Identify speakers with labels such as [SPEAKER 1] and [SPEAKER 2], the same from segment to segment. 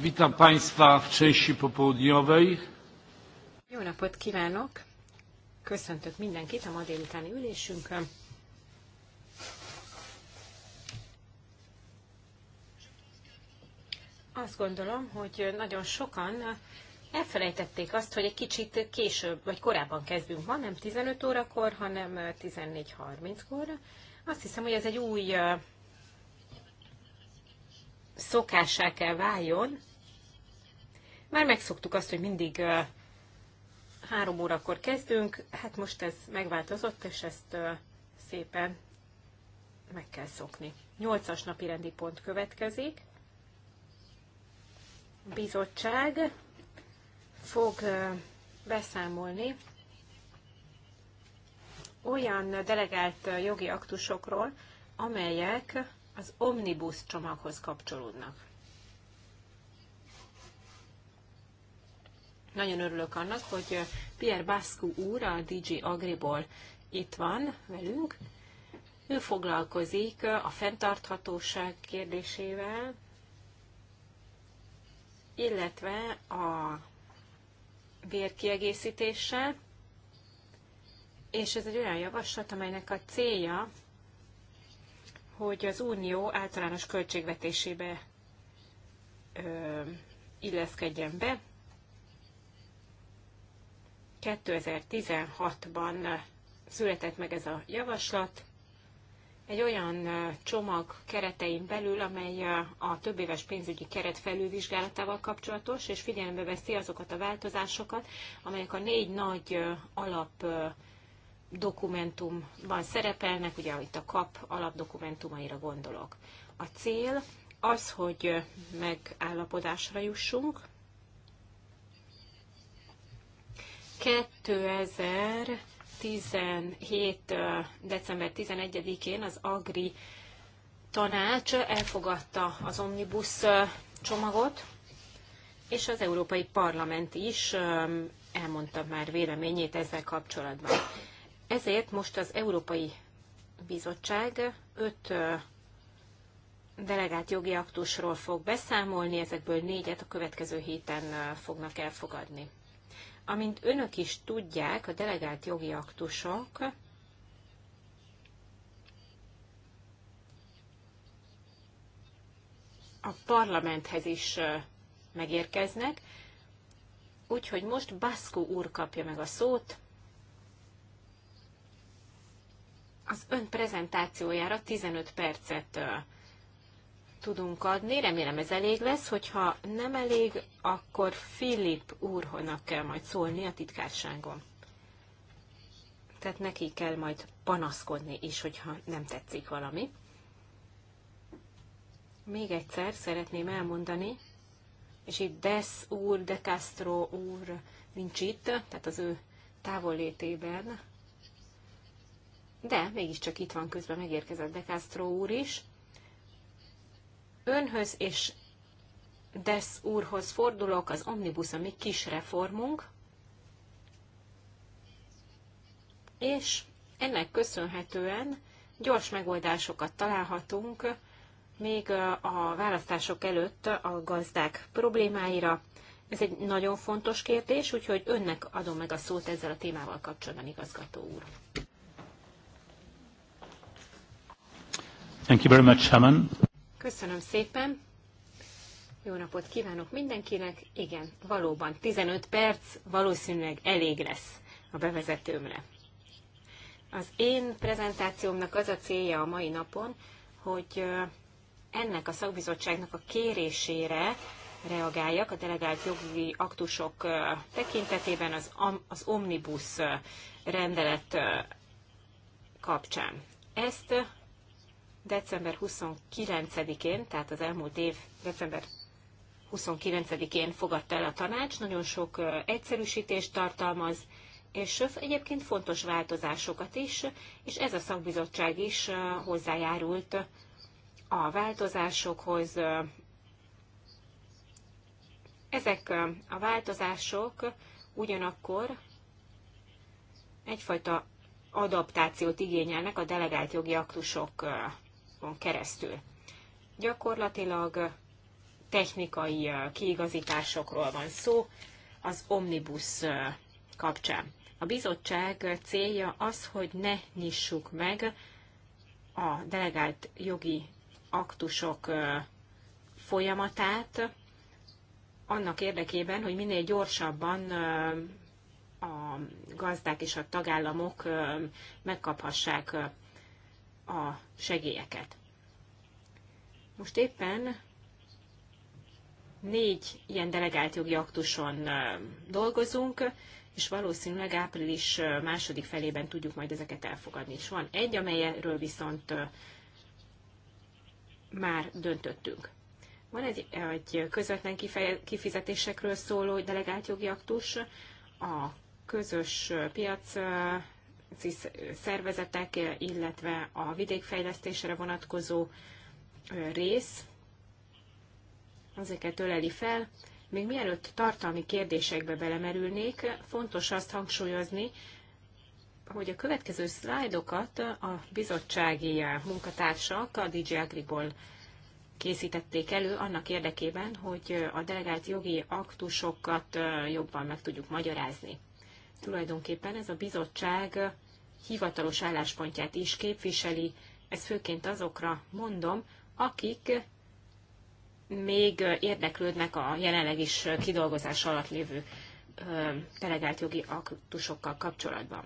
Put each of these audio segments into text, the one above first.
[SPEAKER 1] Vitam Państwa w części popołudniowej.
[SPEAKER 2] Jó napot kívánok! Köszöntök mindenkit a ma délutáni ülésünkön. Azt gondolom, hogy nagyon sokan elfelejtették azt, hogy egy kicsit később vagy korábban kezdünk ma, nem 15 órakor, hanem 14.30-kor. Azt hiszem, hogy ez egy új szokássá kell váljon, már megszoktuk azt, hogy mindig három órakor kezdünk, hát most ez megváltozott, és ezt szépen meg kell szokni. Nyolcas napi rendi pont következik. A bizottság fog beszámolni olyan delegált jogi aktusokról, amelyek az omnibus csomaghoz kapcsolódnak. Nagyon örülök annak, hogy Pierre Bascu úr a DJ Agriból itt van velünk. Ő foglalkozik a fenntarthatóság kérdésével, illetve a vérkiegészítéssel, és ez egy olyan javaslat, amelynek a célja, hogy az unió általános költségvetésébe ö, illeszkedjen be, 2016-ban eh, született meg ez a javaslat, egy olyan eh, csomag keretein belül, amely eh, a több éves pénzügyi keret felülvizsgálatával kapcsolatos, és figyelembe veszi azokat a változásokat, amelyek a négy nagy alap dokumentumban szerepelnek, ugye itt a KAP alapdokumentumaira gondolok. A cél az, hogy megállapodásra jussunk, 2017. december 11-én az Agri tanács elfogadta az omnibus csomagot, és az Európai Parlament is elmondta már véleményét ezzel kapcsolatban. Ezért most az Európai Bizottság öt delegált jogi aktusról fog beszámolni, ezekből négyet a következő héten fognak elfogadni. Amint önök is tudják, a delegált jogi aktusok a parlamenthez is megérkeznek, úgyhogy most Baszkó úr kapja meg a szót. Az ön prezentációjára 15 percet tudunk adni. Remélem ez elég lesz, hogyha nem elég, akkor Filip úrhonak kell majd szólni a titkárságon. Tehát neki kell majd panaszkodni is, hogyha nem tetszik valami. Még egyszer szeretném elmondani, és itt Desz úr, De Castro úr nincs itt, tehát az ő távollétében, de mégiscsak itt van közben megérkezett De Castro úr is, önhöz és Desz úrhoz fordulok, az Omnibus a mi kis reformunk, és ennek köszönhetően gyors megoldásokat találhatunk még a választások előtt a gazdák problémáira. Ez egy nagyon fontos kérdés, úgyhogy önnek adom meg a szót ezzel a témával kapcsolatban, igazgató úr.
[SPEAKER 1] Thank you very much, Shaman.
[SPEAKER 2] Köszönöm szépen. Jó napot kívánok mindenkinek. Igen, valóban 15 perc valószínűleg elég lesz a bevezetőmre. Az én prezentációmnak az a célja a mai napon, hogy ennek a szakbizottságnak a kérésére reagáljak a delegált jogi aktusok tekintetében az, az omnibus rendelet kapcsán. Ezt december 29-én, tehát az elmúlt év december 29-én fogadta el a tanács, nagyon sok egyszerűsítést tartalmaz, és egyébként fontos változásokat is, és ez a szakbizottság is hozzájárult a változásokhoz. Ezek a változások ugyanakkor egyfajta adaptációt igényelnek a delegált jogi aktusok keresztül. Gyakorlatilag technikai kiigazításokról van szó az omnibus kapcsán. A bizottság célja az, hogy ne nyissuk meg a delegált jogi aktusok folyamatát, annak érdekében, hogy minél gyorsabban a gazdák és a tagállamok megkaphassák a segélyeket. Most éppen négy ilyen delegált jogi aktuson dolgozunk, és valószínűleg április második felében tudjuk majd ezeket elfogadni. És van egy, amelyről viszont már döntöttünk. Van egy, egy közvetlen kifizetésekről szóló delegált jogi aktus, a közös piac szervezetek, illetve a vidékfejlesztésre vonatkozó rész, ezeket öleli fel. Még mielőtt tartalmi kérdésekbe belemerülnék, fontos azt hangsúlyozni, hogy a következő szlájdokat a bizottsági munkatársak a DJ Agribol készítették elő annak érdekében, hogy a delegált jogi aktusokat jobban meg tudjuk magyarázni tulajdonképpen ez a bizottság hivatalos álláspontját is képviseli. Ez főként azokra mondom, akik még érdeklődnek a jelenleg is kidolgozás alatt lévő delegált jogi aktusokkal kapcsolatban.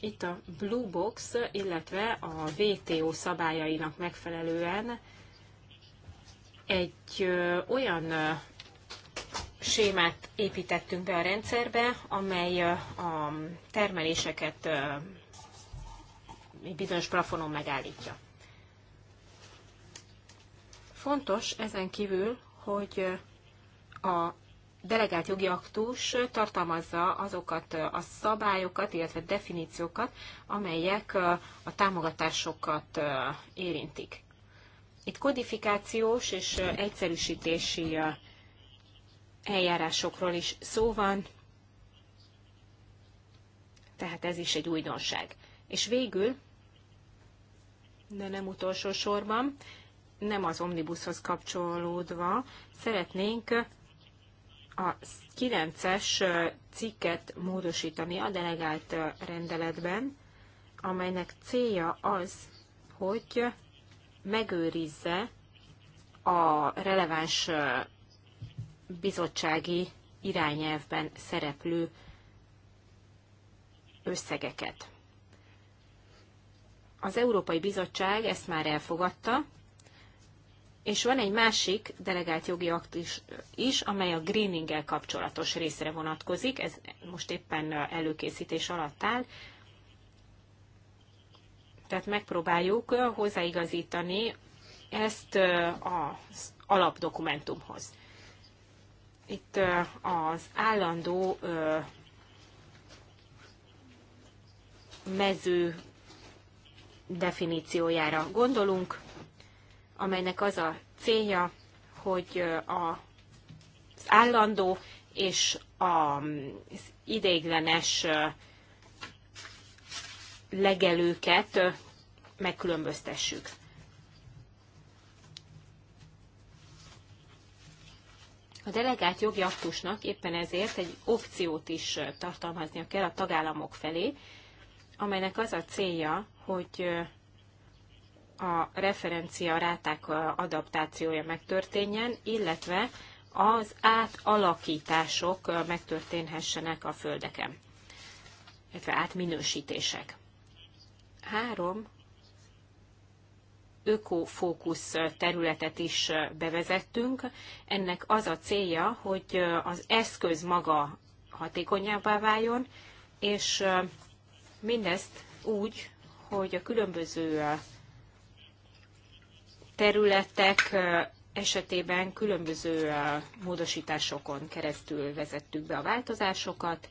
[SPEAKER 2] Itt a Blue Box, illetve a WTO szabályainak megfelelően egy olyan sémát építettünk be a rendszerbe, amely a termeléseket bizonyos plafonon megállítja. Fontos ezen kívül, hogy a delegált jogi aktus tartalmazza azokat a szabályokat, illetve definíciókat, amelyek a támogatásokat érintik. Itt kodifikációs és egyszerűsítési eljárásokról is szó van, tehát ez is egy újdonság. És végül, de nem utolsó sorban, nem az omnibuszhoz kapcsolódva, szeretnénk a 9-es cikket módosítani a delegált rendeletben, amelynek célja az, hogy megőrizze a releváns bizottsági irányelvben szereplő összegeket. Az Európai Bizottság ezt már elfogadta, és van egy másik delegált jogi aktus is, amely a greeninggel kapcsolatos részre vonatkozik, ez most éppen előkészítés alatt áll, tehát megpróbáljuk hozzáigazítani ezt az alapdokumentumhoz itt az állandó mező definíciójára gondolunk, amelynek az a célja, hogy az állandó és az ideiglenes legelőket megkülönböztessük. A delegált jogi aktusnak éppen ezért egy opciót is tartalmaznia kell a tagállamok felé, amelynek az a célja, hogy a referencia ráták adaptációja megtörténjen, illetve az átalakítások megtörténhessenek a földeken, illetve átminősítések. Három ökofókusz területet is bevezettünk. Ennek az a célja, hogy az eszköz maga hatékonyabbá váljon, és mindezt úgy, hogy a különböző területek esetében különböző módosításokon keresztül vezettük be a változásokat,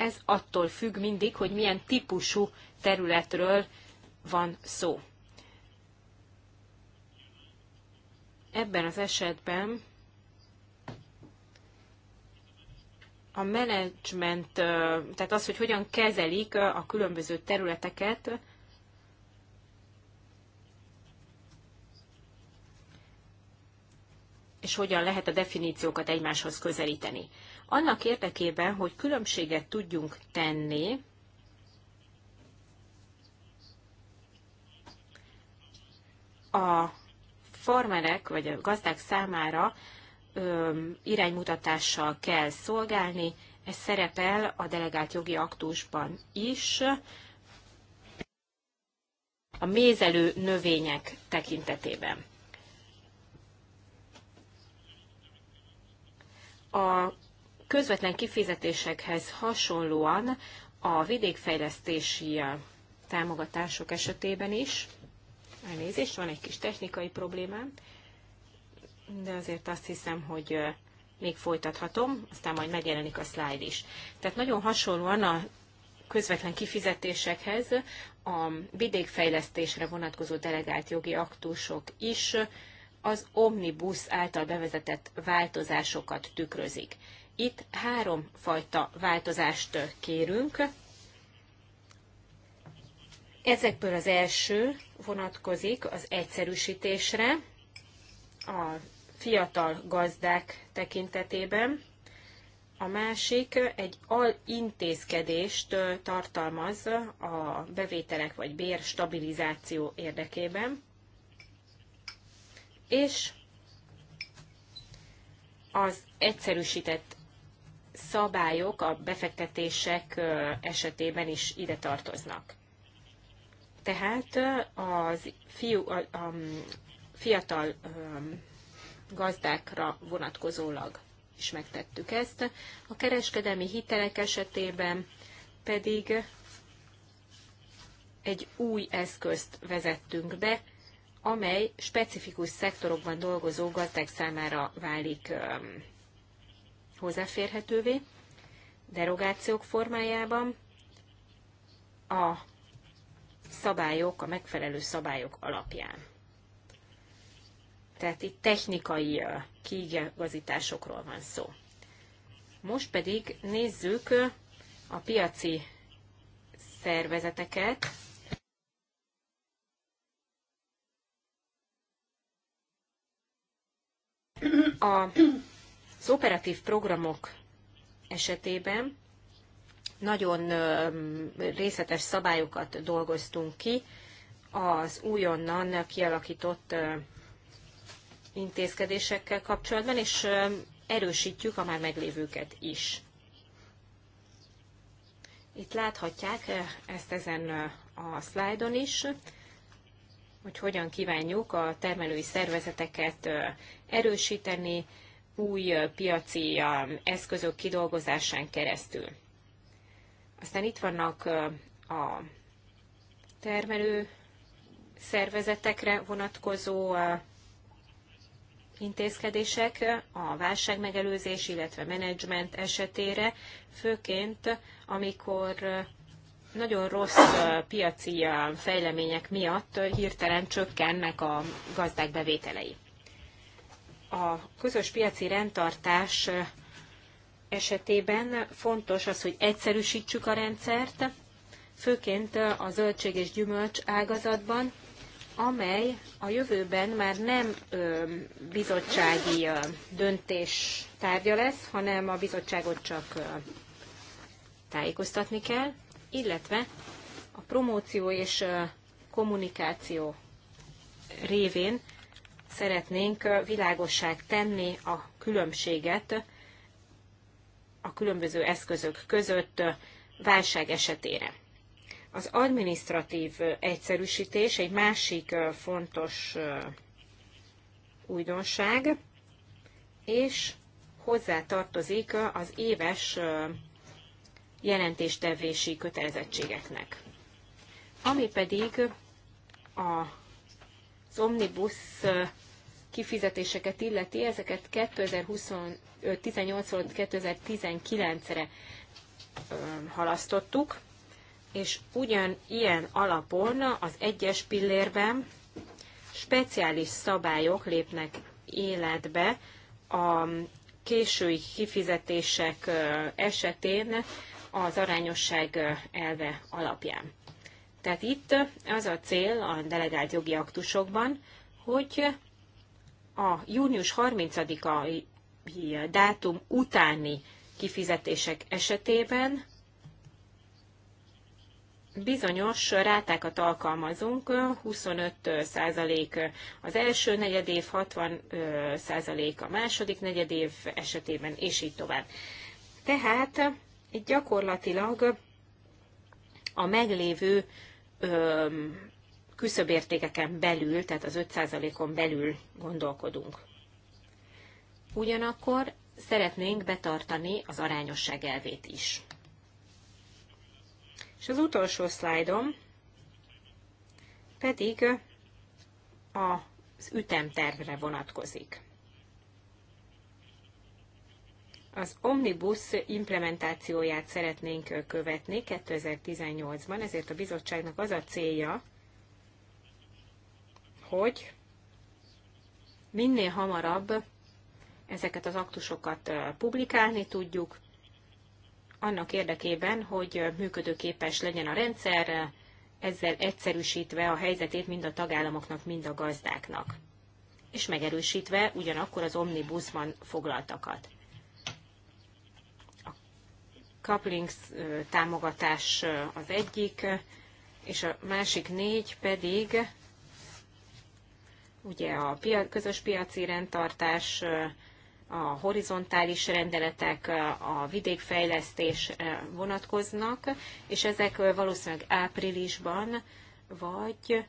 [SPEAKER 2] ez attól függ mindig, hogy milyen típusú területről van szó. Ebben az esetben a menedzsment, tehát az, hogy hogyan kezelik a különböző területeket, és hogyan lehet a definíciókat egymáshoz közelíteni. Annak érdekében, hogy különbséget tudjunk tenni a farmerek vagy a gazdák számára ö, iránymutatással kell szolgálni, ez szerepel a delegált jogi aktusban is, a mézelő növények tekintetében. A közvetlen kifizetésekhez hasonlóan a vidékfejlesztési eh, támogatások esetében is, elnézést, van egy kis technikai problémám, de azért azt hiszem, hogy eh, még folytathatom, aztán majd megjelenik a slide is. Tehát nagyon hasonlóan a közvetlen kifizetésekhez a vidékfejlesztésre vonatkozó delegált jogi aktusok is az omnibus által bevezetett változásokat tükrözik. Itt három fajta változást kérünk. Ezekből az első vonatkozik az egyszerűsítésre a fiatal gazdák tekintetében. A másik egy alintézkedést tartalmaz a bevételek vagy bér stabilizáció érdekében, és az egyszerűsített szabályok a befektetések esetében is ide tartoznak. Tehát az fiú, a, a fiatal gazdákra vonatkozólag is megtettük ezt. A kereskedelmi hitelek esetében pedig egy új eszközt vezettünk be, amely specifikus szektorokban dolgozó gazdák számára válik hozzáférhetővé derogációk formájában a szabályok, a megfelelő szabályok alapján. Tehát itt technikai kiigazításokról van szó. Most pedig nézzük a piaci szervezeteket, a az operatív programok esetében nagyon részletes szabályokat dolgoztunk ki az újonnan kialakított intézkedésekkel kapcsolatban, és erősítjük a már meglévőket is. Itt láthatják ezt ezen a szlájdon is, hogy hogyan kívánjuk a termelői szervezeteket erősíteni, új piaci eszközök kidolgozásán keresztül. Aztán itt vannak a termelő szervezetekre vonatkozó intézkedések a válságmegelőzés, illetve menedzsment esetére, főként amikor nagyon rossz piaci fejlemények miatt hirtelen csökkennek a gazdák bevételei a közös piaci rendtartás esetében fontos az, hogy egyszerűsítsük a rendszert, főként a zöldség és gyümölcs ágazatban, amely a jövőben már nem bizottsági döntés tárgya lesz, hanem a bizottságot csak tájékoztatni kell, illetve a promóció és kommunikáció révén szeretnénk világosság tenni a különbséget a különböző eszközök között válság esetére. Az administratív egyszerűsítés egy másik fontos újdonság, és hozzá tartozik az éves jelentéstevési kötelezettségeknek. Ami pedig a az omnibus kifizetéseket illeti, ezeket 2018-ról 2019-re halasztottuk, és ugyan ilyen alapon az egyes pillérben speciális szabályok lépnek életbe a késői kifizetések esetén az arányosság elve alapján. Tehát itt az a cél a delegált jogi aktusokban, hogy a június 30 a dátum utáni kifizetések esetében bizonyos rátákat alkalmazunk, 25% az első év, 60% a második év esetében, és így tovább. Tehát itt gyakorlatilag a meglévő küszöbértékeken belül, tehát az 5%-on belül gondolkodunk. Ugyanakkor szeretnénk betartani az arányosság elvét is. És az utolsó szlájdom pedig az ütemtervre vonatkozik. Az Omnibus implementációját szeretnénk követni 2018-ban, ezért a bizottságnak az a célja, hogy minél hamarabb ezeket az aktusokat publikálni tudjuk, annak érdekében, hogy működőképes legyen a rendszer, ezzel egyszerűsítve a helyzetét mind a tagállamoknak, mind a gazdáknak, és megerősítve ugyanakkor az omnibusban foglaltakat. A couplings támogatás az egyik, és a másik négy pedig ugye a közös piaci rendtartás, a horizontális rendeletek a vidékfejlesztés vonatkoznak, és ezek valószínűleg áprilisban vagy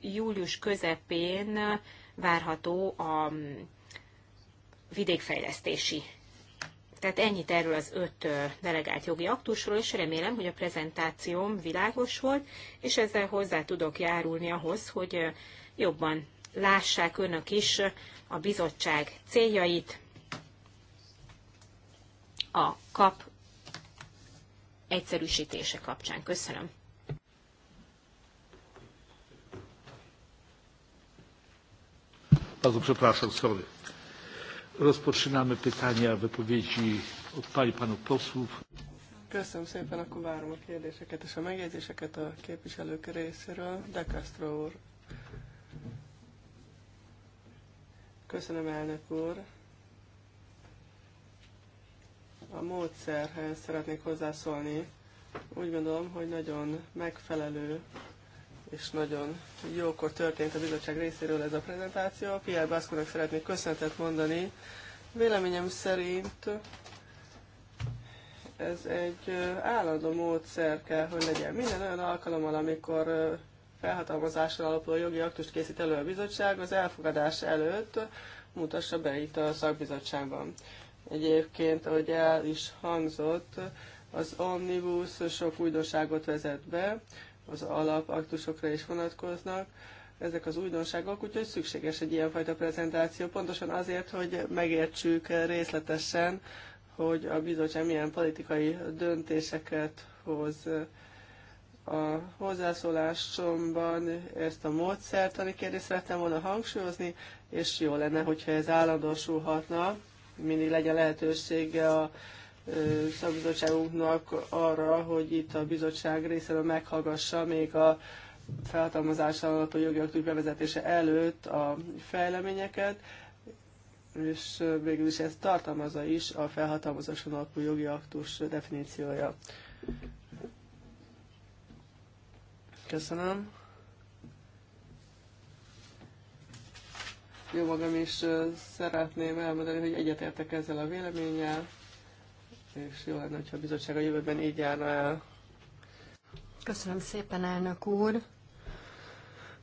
[SPEAKER 2] július közepén várható a vidékfejlesztési. Tehát ennyit erről az öt delegált jogi aktusról, és remélem, hogy a prezentációm világos volt, és ezzel hozzá tudok járulni ahhoz, hogy jobban lássák önök is a bizottság céljait a kap egyszerűsítése kapcsán. Köszönöm.
[SPEAKER 1] Bardzo przepraszam, sorry. Rozpoczynamy pytania, wypowiedzi od pani panów
[SPEAKER 3] posłów. Köszönöm szépen, akkor várom a kérdéseket és a megjegyzéseket a képviselők részéről. De Castro úr Köszönöm, elnök úr. A módszerhez szeretnék hozzászólni. Úgy gondolom, hogy nagyon megfelelő és nagyon jókor történt a bizottság részéről ez a prezentáció. Pierre Baszkónak szeretnék köszönetet mondani. Véleményem szerint ez egy állandó módszer kell, hogy legyen. Minden olyan alkalommal, amikor felhatalmazásra alapuló jogi aktust készít elő a bizottság, az elfogadás előtt mutassa be itt a szakbizottságban. Egyébként, ahogy el is hangzott, az Omnibus sok újdonságot vezet be, az alapaktusokra is vonatkoznak ezek az újdonságok, úgyhogy szükséges egy ilyenfajta prezentáció, pontosan azért, hogy megértsük részletesen, hogy a bizottság milyen politikai döntéseket hoz a hozzászólásomban ezt a módszertani kérdést szerettem volna hangsúlyozni, és jó lenne, hogyha ez állandósulhatna, mindig legyen lehetősége a szakbizottságunknak arra, hogy itt a bizottság részéről meghallgassa még a felhatalmazás alatt a jogi aktus bevezetése előtt a fejleményeket, és végül is ez tartalmazza is a felhatalmazáson alapú jogi aktus definíciója. Köszönöm. Jó magam is szeretném elmondani, hogy egyetértek ezzel a véleménnyel, és jó lenne, hogyha a bizottság a jövőben így járna el.
[SPEAKER 4] Köszönöm szépen, elnök úr.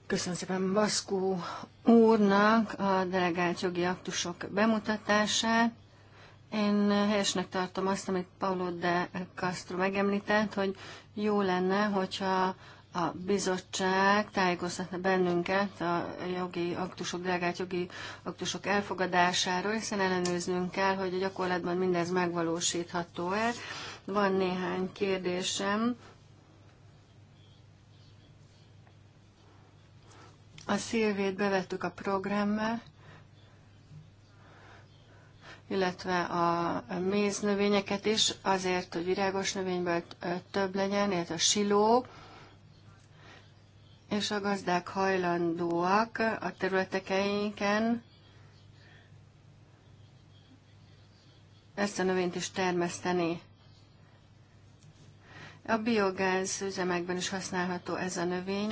[SPEAKER 4] Köszönöm szépen Baszkó úrnak a delegált jogi aktusok bemutatását. Én helyesnek tartom azt, amit Paulo de Castro megemlített, hogy jó lenne, hogyha a bizottság tájékoztatna bennünket a jogi aktusok, delegált jogi aktusok elfogadásáról, hiszen ellenőznünk kell, hogy a gyakorlatban mindez megvalósítható-e. Van néhány kérdésem. A Szilvét bevettük a programba, illetve a méznövényeket is, azért, hogy virágos növényből több legyen, illetve a siló és a gazdák hajlandóak a területekeinken ezt a növényt is termeszteni. A biogáz üzemekben is használható ez a növény.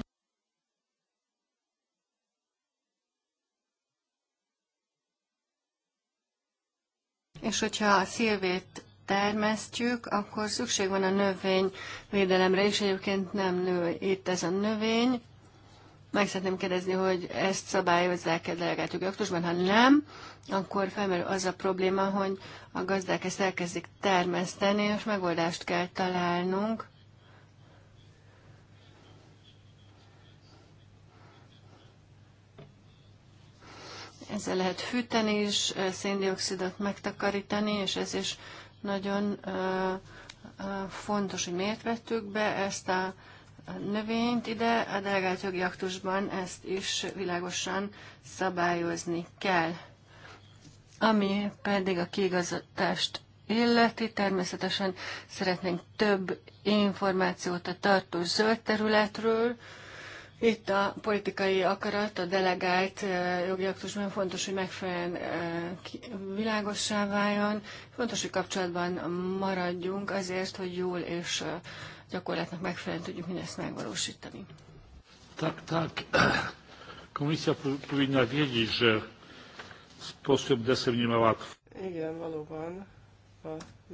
[SPEAKER 4] És hogyha a szilvét termesztjük, akkor szükség van a növény védelemre, és egyébként nem nő itt ez a növény. Meg szeretném kérdezni, hogy ezt szabályozzák-e delegáltuk aktusban, ha nem, akkor felmerül az a probléma, hogy a gazdák ezt elkezdik termeszteni, és megoldást kell találnunk. Ezzel lehet fűteni is, széndiokszidot megtakarítani, és ez is nagyon fontos, hogy miért vettük be ezt a növényt ide, a delegált jogi aktusban ezt is világosan szabályozni kell. Ami pedig a kiigazatást illeti, természetesen szeretnénk több információt a tartós zöld területről, itt a politikai akarat a delegált jogi aktusban fontos, hogy megfelelően világossá váljon, fontos, hogy kapcsolatban maradjunk azért, hogy jól és gyakorlatnak megfelelően tudjuk mindezt megvalósítani.
[SPEAKER 1] Tak, tak. Komisja powinna wiedzieć, że sposób desem nie ma łatw.
[SPEAKER 3] Igen, valóban. A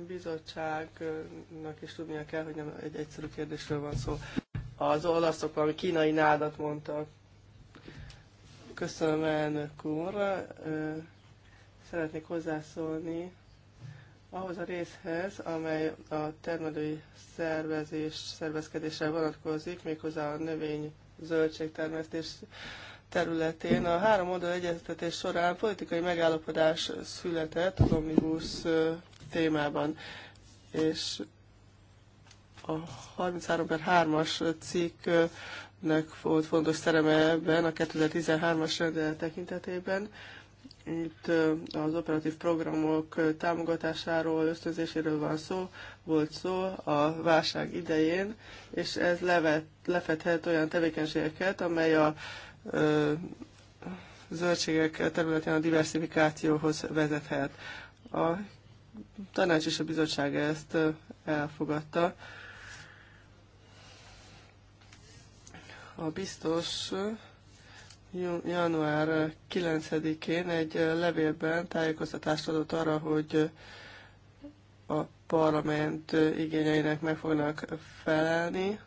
[SPEAKER 3] bizottságnak is tudnia kell, hogy nem egy egyszerű kérdésről van szó az olaszok valami kínai nádat mondtak. Köszönöm, elnök úr. Szeretnék hozzászólni ahhoz a részhez, amely a termelői szervezés, szervezkedésre vonatkozik, méghozzá a növény zöldségtermesztés területén. A három oldal egyeztetés során politikai megállapodás született az omnibus témában, és a 33 per 3-as cikknek volt fontos szereme ebben a 2013-as rendelet tekintetében. Itt az operatív programok támogatásáról, ösztönzéséről van szó, volt szó a válság idején, és ez levet, lefedhet olyan tevékenységeket, amely a ö, zöldségek területén a diversifikációhoz vezethet. A tanács és a bizottság ezt elfogadta. a biztos január 9-én egy levélben tájékoztatást adott arra, hogy a parlament igényeinek meg fognak felelni,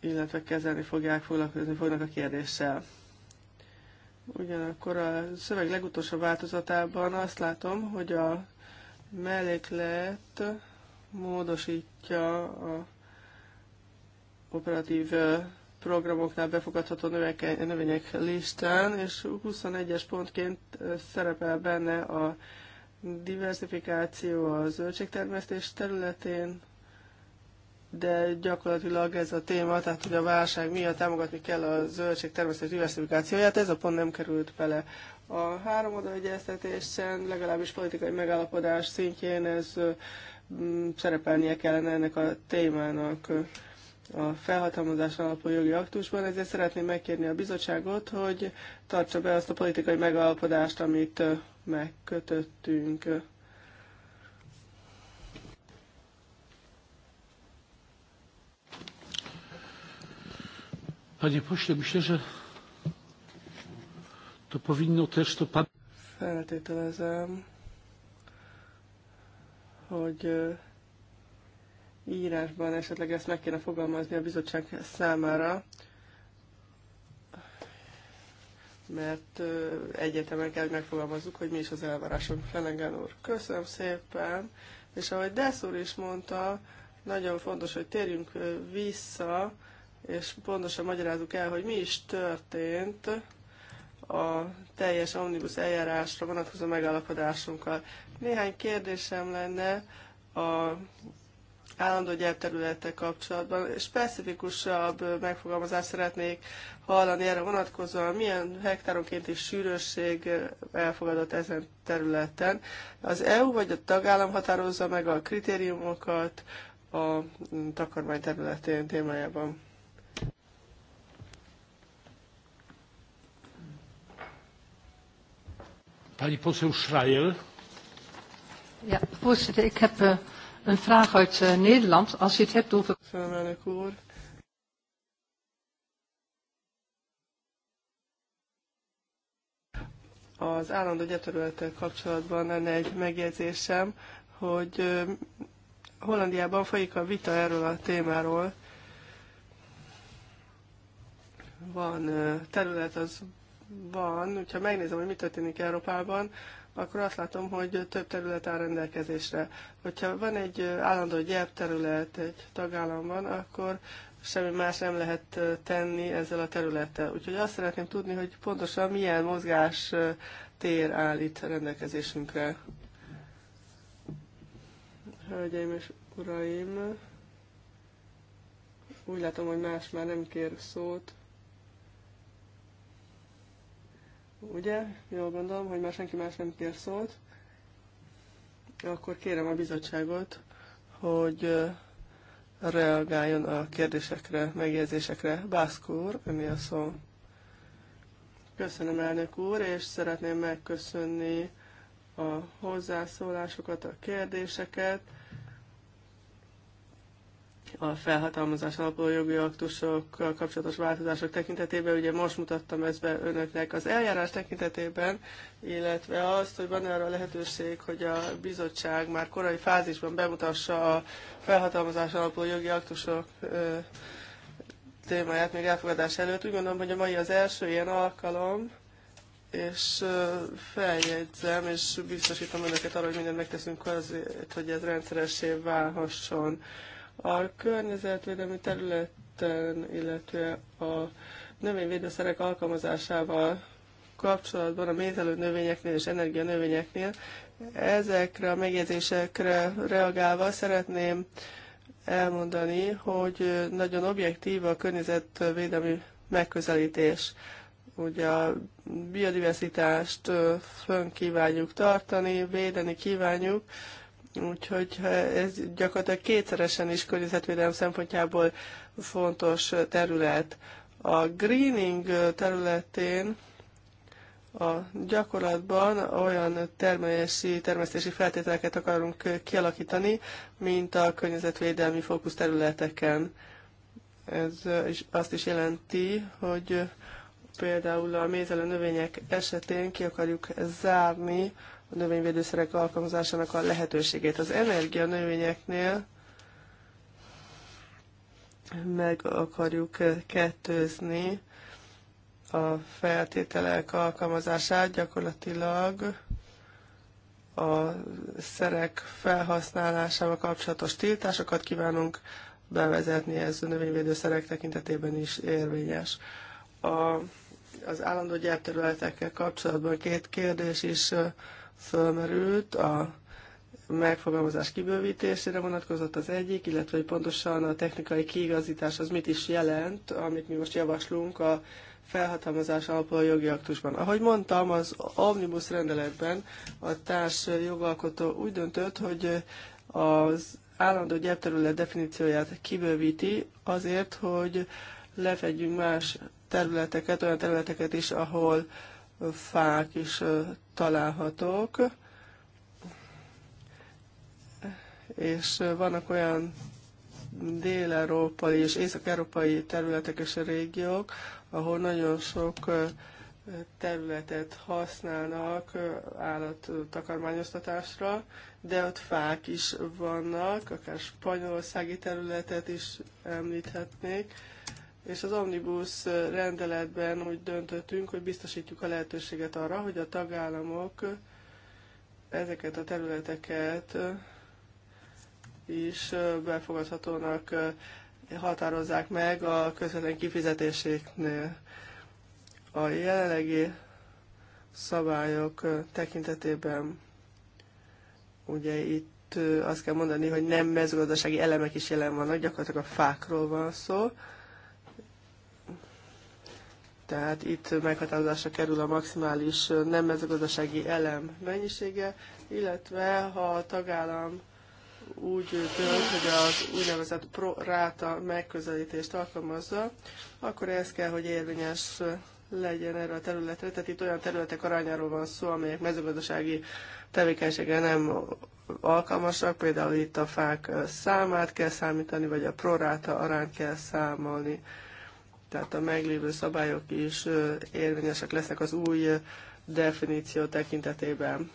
[SPEAKER 3] illetve kezelni fogják, foglalkozni fognak a kérdéssel. Ugyanakkor a szöveg legutolsó változatában azt látom, hogy a melléklet módosítja a operatív programoknál befogadható növények listán, és 21-es pontként szerepel benne a diversifikáció a zöldségtermesztés területén, de gyakorlatilag ez a téma, tehát hogy a válság miatt támogatni kell a zöldségtermesztés diversifikációját, ez a pont nem került bele. A három odaegyeztetésen, legalábbis politikai megállapodás szintjén ez szerepelnie kellene ennek a témának a felhatalmazás alapú jogi aktusban, ezért szeretném megkérni a bizottságot, hogy tartsa be azt a politikai megállapodást, amit megkötöttünk.
[SPEAKER 1] Panie pośle, myślę, że to powinno też to pan...
[SPEAKER 3] Feltételezem, hogy írásban esetleg ezt meg kéne fogalmazni a bizottság számára, mert egyetemen kell, hogy megfogalmazzuk, hogy mi is az elvárásunk. Fenegen úr, köszönöm szépen, és ahogy Deszúr is mondta, nagyon fontos, hogy térjünk vissza, és pontosan magyarázzuk el, hogy mi is történt a teljes omnibus eljárásra vonatkozó megállapodásunkkal. Néhány kérdésem lenne a állandó gyárterületek kapcsolatban. Specifikusabb megfogalmazást szeretnék hallani erre vonatkozóan, milyen is sűrűség elfogadott ezen területen. Az EU vagy a tagállam határozza meg a kritériumokat a takarmány területén témájában.
[SPEAKER 1] Pani poseł Schreier.
[SPEAKER 4] Ja, voorzitter, ik
[SPEAKER 3] heb uh, Een vraag uit uh, Nederland. Als je het hebt over... Az állandó gyakorlattal kapcsolatban lenne egy megjegyzésem, hogy uh, Hollandiában folyik a vita erről a témáról. Van uh, terület, az van. hogyha megnézem, hogy mi történik Európában, akkor azt látom, hogy több terület áll rendelkezésre. Hogyha van egy állandó gyárterület egy tagállamban, akkor semmi más nem lehet tenni ezzel a területtel. Úgyhogy azt szeretném tudni, hogy pontosan milyen mozgás tér áll itt rendelkezésünkre. Hölgyeim és uraim, úgy látom, hogy más már nem kér szót. Ugye? Jól gondolom, hogy már senki más nem kér szót. Akkor kérem a bizottságot, hogy reagáljon a kérdésekre, megjegyzésekre. úr, mi a szó? Köszönöm, elnök úr, és szeretném megköszönni a hozzászólásokat, a kérdéseket a felhatalmazás alapuló jogi aktusokkal kapcsolatos változások tekintetében. Ugye most mutattam ezt be önöknek az eljárás tekintetében, illetve azt, hogy van arra a lehetőség, hogy a bizottság már korai fázisban bemutassa a felhatalmazás alapuló jogi aktusok témáját még elfogadás előtt. Úgy gondolom, hogy a mai az első ilyen alkalom, és feljegyzem, és biztosítom önöket arra, hogy mindent megteszünk azért, hogy ez rendszeressé válhasson. A környezetvédelmi területen, illetve a növényvédőszerek alkalmazásával kapcsolatban a mézelő növényeknél és energia növényeknél. Ezekre a megjegyzésekre reagálva szeretném elmondani, hogy nagyon objektív a környezetvédelmi megközelítés. Ugye a biodiversitást fönn kívánjuk tartani, védeni kívánjuk, Úgyhogy ez gyakorlatilag kétszeresen is környezetvédelem szempontjából fontos terület. A greening területén a gyakorlatban olyan termelési, termesztési feltételeket akarunk kialakítani, mint a környezetvédelmi fókusz területeken. Ez is, azt is jelenti, hogy például a mézelő növények esetén ki akarjuk zárni növényvédőszerek alkalmazásának a lehetőségét. Az energia növényeknél meg akarjuk kettőzni a feltételek alkalmazását gyakorlatilag a szerek felhasználásával kapcsolatos tiltásokat kívánunk bevezetni, ez a növényvédőszerek tekintetében is érvényes. A, az állandó gyárterületekkel kapcsolatban két kérdés is fölmerült a megfogalmazás kibővítésére vonatkozott az egyik, illetve hogy pontosan a technikai kiigazítás az mit is jelent, amit mi most javaslunk a felhatalmazás a jogi aktusban. Ahogy mondtam, az omnibus rendeletben a társ jogalkotó úgy döntött, hogy az állandó gyepterület definícióját kibővíti azért, hogy lefedjünk más területeket, olyan területeket is, ahol fák is találhatók, és vannak olyan dél-európai és észak-európai területek és régiók, ahol nagyon sok területet használnak állattakarmányoztatásra, de ott fák is vannak, akár spanyolországi területet is említhetnék, és az omnibus rendeletben úgy döntöttünk, hogy biztosítjuk a lehetőséget arra, hogy a tagállamok ezeket a területeket is befogadhatónak határozzák meg a közvetlen kifizetéséknél. A jelenlegi szabályok tekintetében ugye itt azt kell mondani, hogy nem mezőgazdasági elemek is jelen vannak, gyakorlatilag a fákról van szó, tehát itt meghatározásra kerül a maximális nem mezőgazdasági elem mennyisége, illetve ha a tagállam úgy dönt, hogy az úgynevezett ráta megközelítést alkalmazza, akkor ez kell, hogy érvényes legyen erre a területre. Tehát itt olyan területek arányáról van szó, amelyek mezőgazdasági tevékenysége nem alkalmasak, például itt a fák számát kell számítani, vagy a proráta arányt kell számolni tehát a meglévő szabályok is érvényesek lesznek az új definíció tekintetében.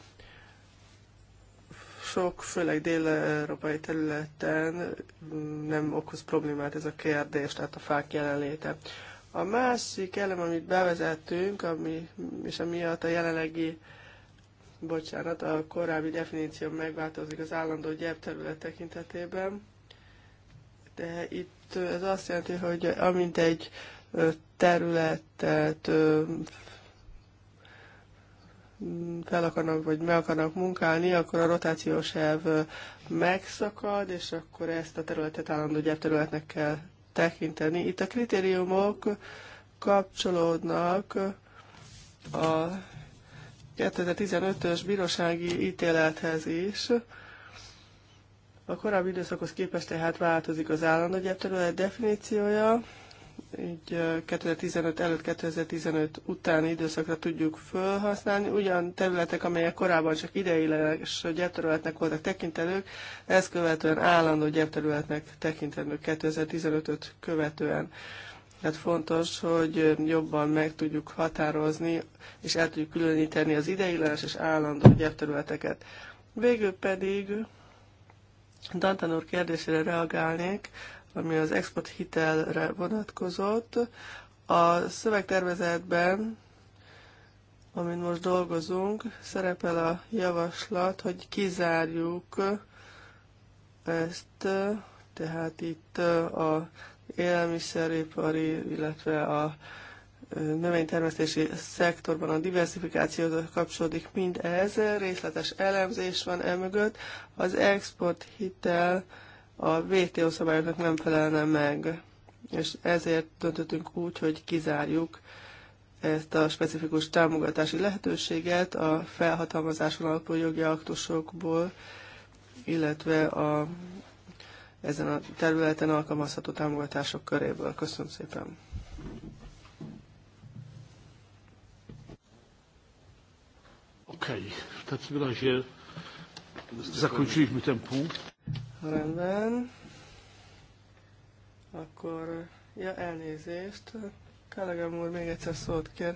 [SPEAKER 3] Sok, főleg dél-európai területen nem okoz problémát ez a kérdés, tehát a fák jelenléte. A másik elem, amit bevezettünk, ami, és amiatt a jelenlegi, bocsánat, a korábbi definíció megváltozik az állandó gyep terület tekintetében, de itt ez azt jelenti, hogy amint egy területet fel akarnak, vagy meg akarnak munkálni, akkor a rotációs elv megszakad, és akkor ezt a területet állandó gyárterületnek kell tekinteni. Itt a kritériumok kapcsolódnak a 2015-ös bírósági ítélethez is, a korábbi időszakhoz képest tehát változik az állandó gyepterület definíciója, így 2015 előtt, 2015 utáni időszakra tudjuk felhasználni. Ugyan területek, amelyek korábban csak és gyepterületnek voltak tekintelők, ezt követően állandó gyepterületnek tekintendők 2015-öt követően. Tehát fontos, hogy jobban meg tudjuk határozni, és el tudjuk különíteni az ideiglenes és állandó gyepterületeket. Végül pedig Dantan úr kérdésére reagálnék, ami az export hitelre vonatkozott. A szövegtervezetben, amin most dolgozunk, szerepel a javaslat, hogy kizárjuk ezt, tehát itt a élelmiszeripari, illetve a növénytermesztési szektorban a diversifikációhoz kapcsolódik mind mindez, részletes elemzés van emögött. Az export hitel a WTO szabályoknak nem felelne meg, és ezért döntöttünk úgy, hogy kizárjuk ezt a specifikus támogatási lehetőséget a felhatalmazáson alapú jogi aktusokból, illetve a ezen a területen alkalmazható támogatások köréből. Köszönöm szépen!
[SPEAKER 1] Okej, okay. w takim razie zakończyliśmy ten punkt.
[SPEAKER 3] Rendben. Akkor, ja elnézést. Kalegem úr még egyszer szót kér.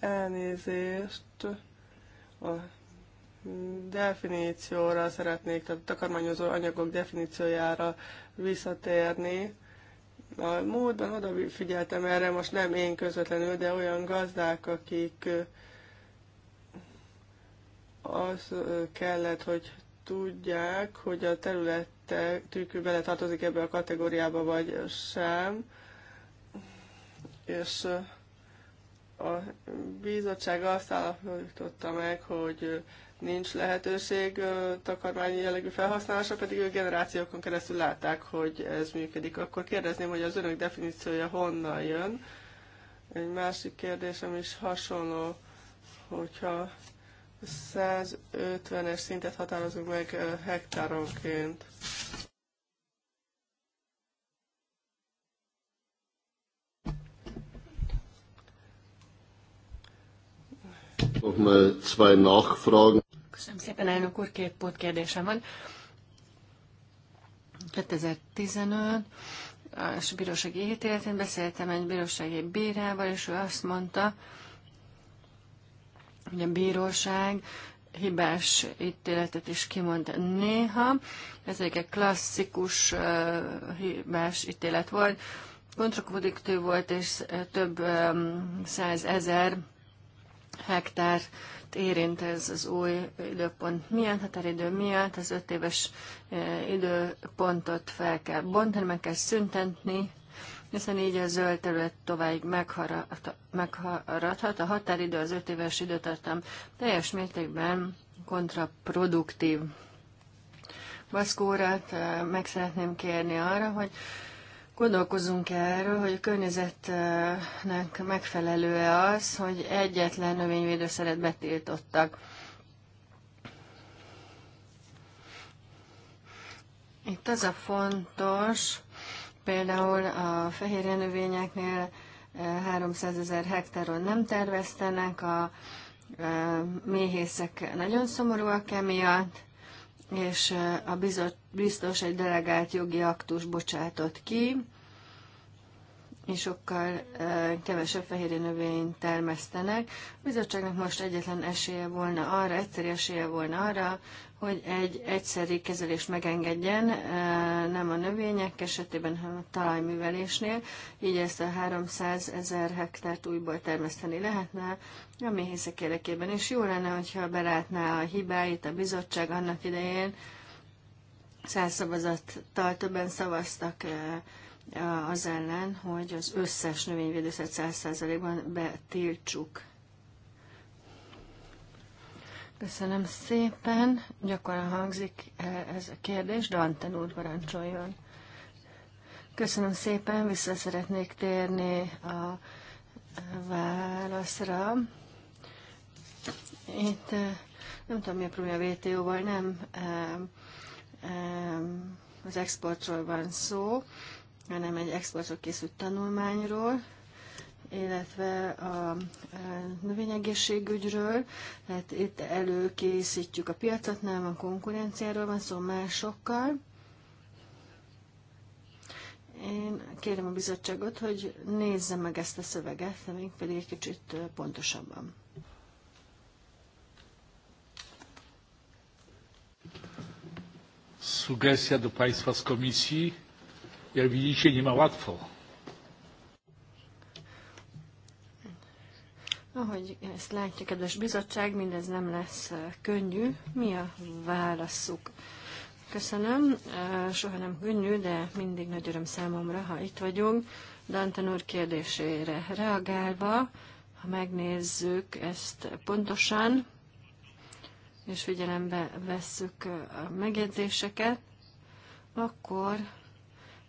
[SPEAKER 3] Elnézést. A definícióra szeretnék, tehát a takarmányozó anyagok definíciójára visszatérni. A múltban odafigyeltem erre, most nem én közvetlenül, de olyan gazdák, akik az kellett, hogy tudják, hogy a területük bele tartozik ebbe a kategóriába, vagy sem. És a bizottság azt állapította meg, hogy nincs lehetőség takarmányi jellegű felhasználásra, pedig ők generációkon keresztül látták, hogy ez működik. Akkor kérdezném, hogy az önök definíciója honnan jön. Egy másik kérdésem is hasonló, hogyha 150-es szintet határozunk meg hektáronként.
[SPEAKER 4] Köszönöm szépen, elnök úr, két kérdésem van. 2015 a bírósági ítéletén beszéltem egy bírósági bírával, és ő azt mondta, hogy a bíróság hibás ítéletet is kimond néha. Ez egy klasszikus uh, hibás ítélet volt. Kontraproduktív volt, és több um, százezer hektár érint ez az új időpont milyen határidő miatt, az öt éves időpontot fel kell bontani, meg kell szüntetni, hiszen így a zöld terület tovább megharadhat. A határidő az öt éves időtartam teljes mértékben kontraproduktív. Baszkórát meg szeretném kérni arra, hogy Gondolkozunk erről, hogy a környezetnek megfelelő-e az, hogy egyetlen növényvédőszeret betiltottak. Itt az a fontos, Például a fehérje növényeknél 300 eh, ezer hektáron nem terveztenek, a eh, méhészek nagyon szomorúak emiatt, és eh, a biztos egy delegált jogi aktus bocsátott ki, és sokkal kevesebb fehérje növényt termesztenek. A bizottságnak most egyetlen esélye volna arra, egyszerű esélye volna arra, hogy egy egyszerű kezelést megengedjen, nem a növények esetében, hanem a talajművelésnél. Így ezt a 300 ezer hektárt újból termeszteni lehetne, a méhészek érdekében is jó lenne, hogyha belátná a hibáit a bizottság annak idején, száz szavazattal többen szavaztak az ellen, hogy az összes növényvédőszert 100%-ban betiltsuk. Köszönöm szépen. Gyakran hangzik eh, ez a kérdés. Danten úr parancsoljon. Köszönöm szépen. Vissza szeretnék térni a válaszra. Itt eh, nem tudom, mi a probléma WTO-val, nem eh, az exportról van szó hanem egy exportra készült tanulmányról, illetve a növényegészségügyről. Tehát itt előkészítjük a piacot, nem a konkurenciáról van szó szóval másokkal. Én kérem a bizottságot, hogy nézze meg ezt a szöveget, de még pedig egy kicsit pontosabban.
[SPEAKER 1] Sugestia do País Faz Comissi, Jak widzicie, nie ma łatwo.
[SPEAKER 4] Ahogy ezt látja, kedves bizottság, mindez nem lesz könnyű. Mi a válaszuk? Köszönöm. Soha nem könnyű, de mindig nagy öröm számomra, ha itt vagyunk. Danten úr kérdésére reagálva, ha megnézzük ezt pontosan, és figyelembe vesszük a megjegyzéseket, akkor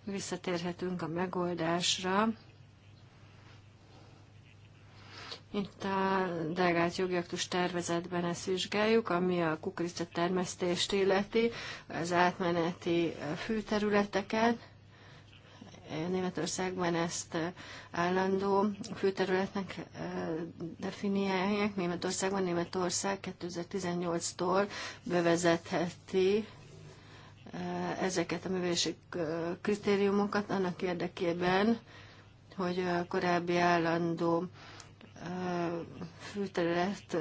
[SPEAKER 4] visszatérhetünk a megoldásra. Itt a delegált jogjaktus tervezetben ezt vizsgáljuk, ami a kukorica termesztést illeti, az átmeneti fűterületeket. Németországban ezt állandó főterületnek eh, definiálják. Németországban Németország 2018-tól bevezetheti ezeket a művelési kritériumokat annak érdekében, hogy a korábbi állandó fűterület,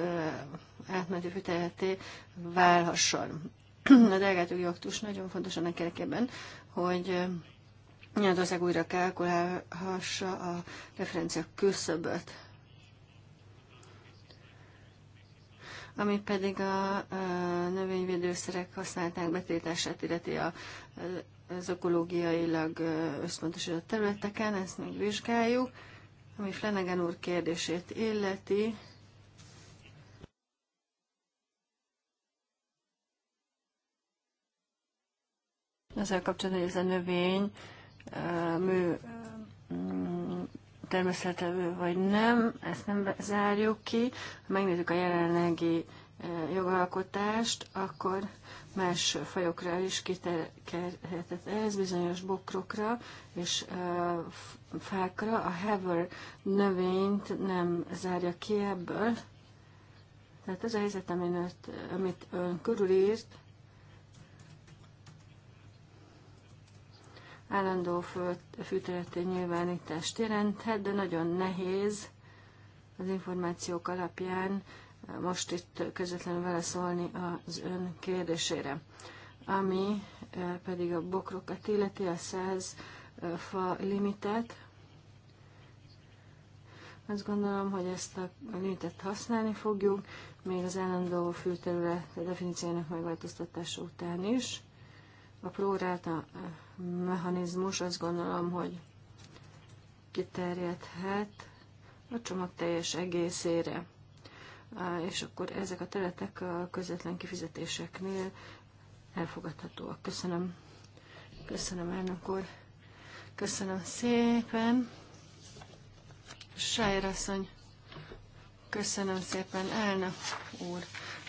[SPEAKER 4] átmeneti fűterületé válhasson. A delegált jogi aktus nagyon fontos annak érdekében, hogy Németország újra kalkulálhassa a referencia küszöböt. ami pedig a, a növényvédőszerek használták betétását illeti a, az ökológiailag összpontosított területeken, ezt még vizsgáljuk. Ami Flanagan úr kérdését illeti, ezzel kapcsolatban, hogy ez a növény mű természetevő vagy nem, ezt nem zárjuk ki. Ha megnézzük a jelenlegi e, jogalkotást, akkor más fajokra is kiterhetett. ez, bizonyos bokrokra és e, fákra. A hever növényt nem zárja ki ebből. Tehát az a helyzet, amit, amit ön körülírt, állandó fűtöleti nyilvánítást jelenthet, de nagyon nehéz az információk alapján eh, most itt közvetlenül válaszolni az ön kérdésére. Ami eh, pedig a bokrokat illeti, a 100 eh, fa limitet, azt gondolom, hogy ezt a limitet használni fogjuk, még az állandó fűterület definíciójának megváltoztatása után is. A próráta mechanizmus azt gondolom, hogy kiterjedhet a csomag teljes egészére. És akkor ezek a területek a közvetlen kifizetéseknél elfogadhatóak. Köszönöm. Köszönöm, elnök úr. Köszönöm szépen. Sajrasszony. köszönöm szépen, elnök úr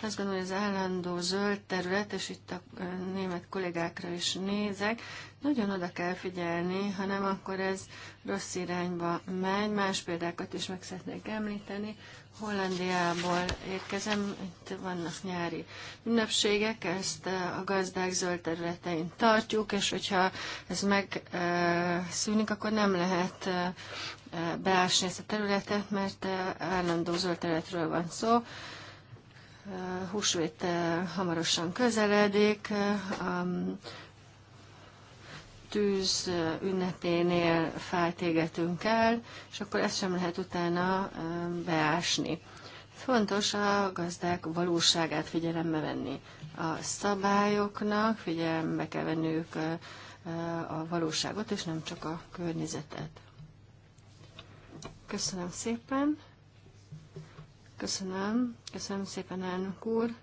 [SPEAKER 4] azt gondolom, hogy az állandó zöld terület, és itt a német kollégákra is nézek, nagyon oda kell figyelni, hanem akkor ez rossz irányba megy. Más példákat is meg szeretnék említeni. Hollandiából érkezem, itt vannak nyári ünnepségek, ezt a gazdák zöld területein tartjuk, és hogyha ez megszűnik, akkor nem lehet beásni ezt a területet, mert állandó zöld területről van szó. Uh, húsvét uh, hamarosan közeledik, a uh, um, tűz ünnepénél fájt égetünk el, és akkor ezt sem lehet utána um, beásni. Fontos a gazdák valóságát figyelembe venni. A szabályoknak figyelembe kell venniük a valóságot, és nem csak a környezetet. Köszönöm szépen! Köszönöm. Köszönöm szépen, elnök úr.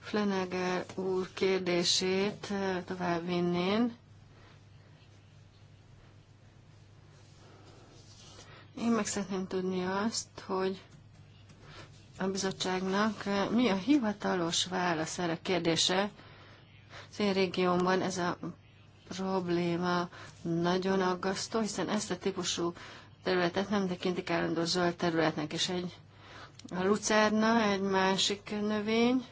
[SPEAKER 4] Fleneger úr kérdését eh, továbbvinnén. Én meg szeretném tudni azt, hogy a bizottságnak eh, mi a hivatalos válasz erre kérdése. Az én régiómban ez a probléma nagyon aggasztó, hiszen ezt a típusú területet nem tekintik állandó zöld területnek, és egy a lucerna, egy másik növény.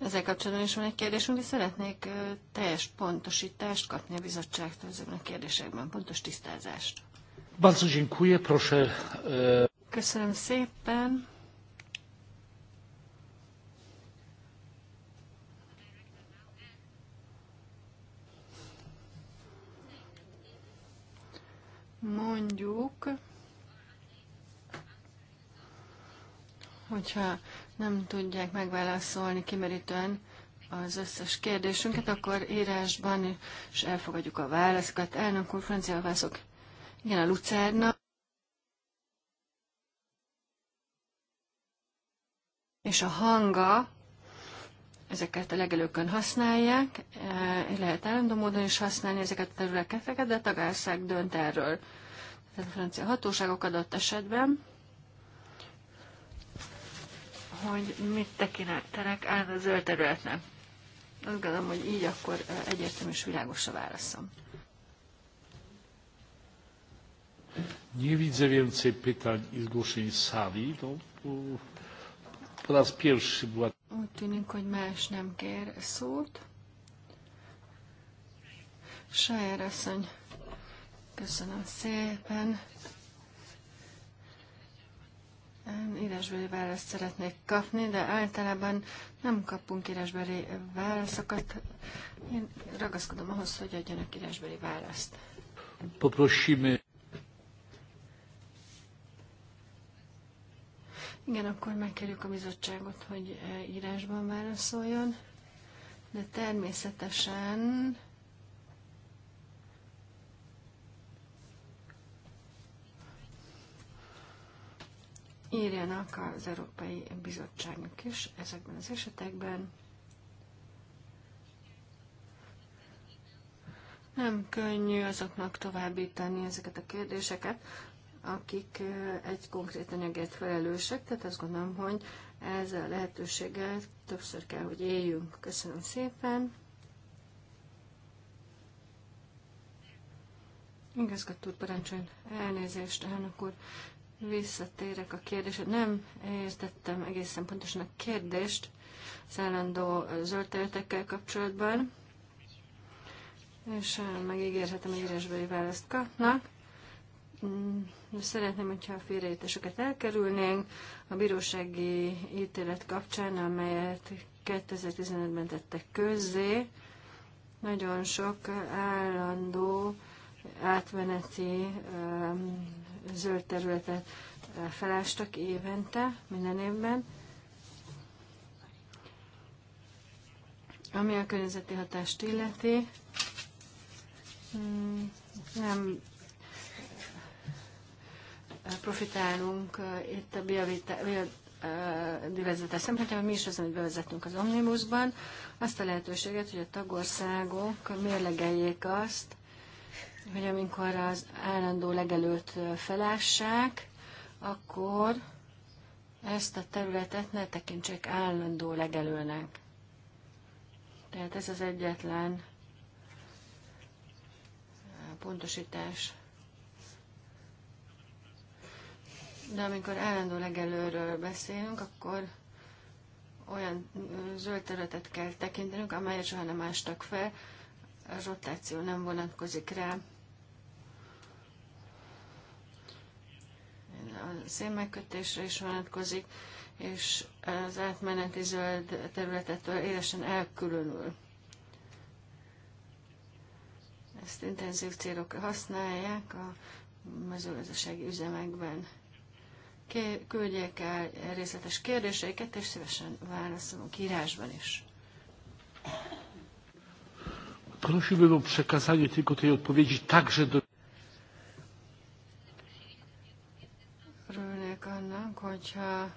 [SPEAKER 4] Ezzel kapcsolatban is van egy kérdésünk, és szeretnék teljes pontosítást kapni a bizottságtól ezekben a kérdésekben, pontos tisztázást. E, Köszönöm szépen. mondjuk, hogyha nem tudják megválaszolni kimerítően az összes kérdésünket, akkor írásban is elfogadjuk a válaszokat. Elnök úr, francia válaszok. Igen, a Lucerna. És a hanga ezeket a legelőkön használják, eh, lehet állandó módon is használni ezeket a területeket, de a tagország dönt erről. Tehát a francia hatóságok adott esetben, hogy mit tekintenek át a zöld területnek. Azt gondolom, hogy így akkor eh, egyértelmű és világos a válaszom.
[SPEAKER 1] Nie widzę więcej pytań i zgłoszeń z sali. No,
[SPEAKER 4] úgy tűnik, hogy más nem kér szót. Sajer asszony, köszönöm szépen. Írásbeli választ szeretnék kapni, de általában nem kapunk írásbeli válaszokat. Én ragaszkodom ahhoz, hogy adjanak írásbeli választ.
[SPEAKER 1] Poprosimy
[SPEAKER 4] Igen, akkor megkérjük a bizottságot, hogy eh, írásban válaszoljon, de természetesen írjanak az Európai Bizottságnak is ezekben az esetekben. Nem könnyű azoknak továbbítani ezeket a kérdéseket, akik egy konkrét anyagért felelősek, tehát azt gondolom, hogy ez a lehetőséggel többször kell, hogy éljünk. Köszönöm szépen! Igazgató úr, parancsoljon elnézést, elnök úr. Visszatérek a kérdésre. Nem értettem egészen pontosan a kérdést az állandó zöldterületekkel kapcsolatban, és megígérhetem, hogy írásbeli választ kapnak. Mm, szeretném, hogyha a félreértéseket elkerülnénk. A bírósági ítélet kapcsán, amelyet 2015-ben tettek közzé, nagyon sok állandó átmeneti zöld területet eh, felástak évente, minden évben. Ami a környezeti hatást illeti, mm, nem profitálunk eh, itt a biodiverzitás eh, szempontjából, mi is az, hogy bevezetünk az omnibusban, azt a lehetőséget, hogy a tagországok mérlegeljék azt, hogy amikor az állandó legelőt eh, felássák, akkor ezt a területet ne tekintsék állandó legelőnek. Tehát ez az egyetlen pontosítás De amikor állandó legelőről beszélünk, akkor olyan zöld területet kell tekintenünk, amelyet soha nem ástak fel, a rotáció nem vonatkozik rá. A szénmegkötésre is vonatkozik, és az átmeneti zöld területettől élesen elkülönül. Ezt intenzív célok használják a mezőgazdasági üzemekben küldjék el részletes kérdéseiket, és szívesen válaszolunk írásban is.
[SPEAKER 1] Prosimy o przekazanie tylko tej odpowiedzi także do...
[SPEAKER 4] Örülnék annak, hogyha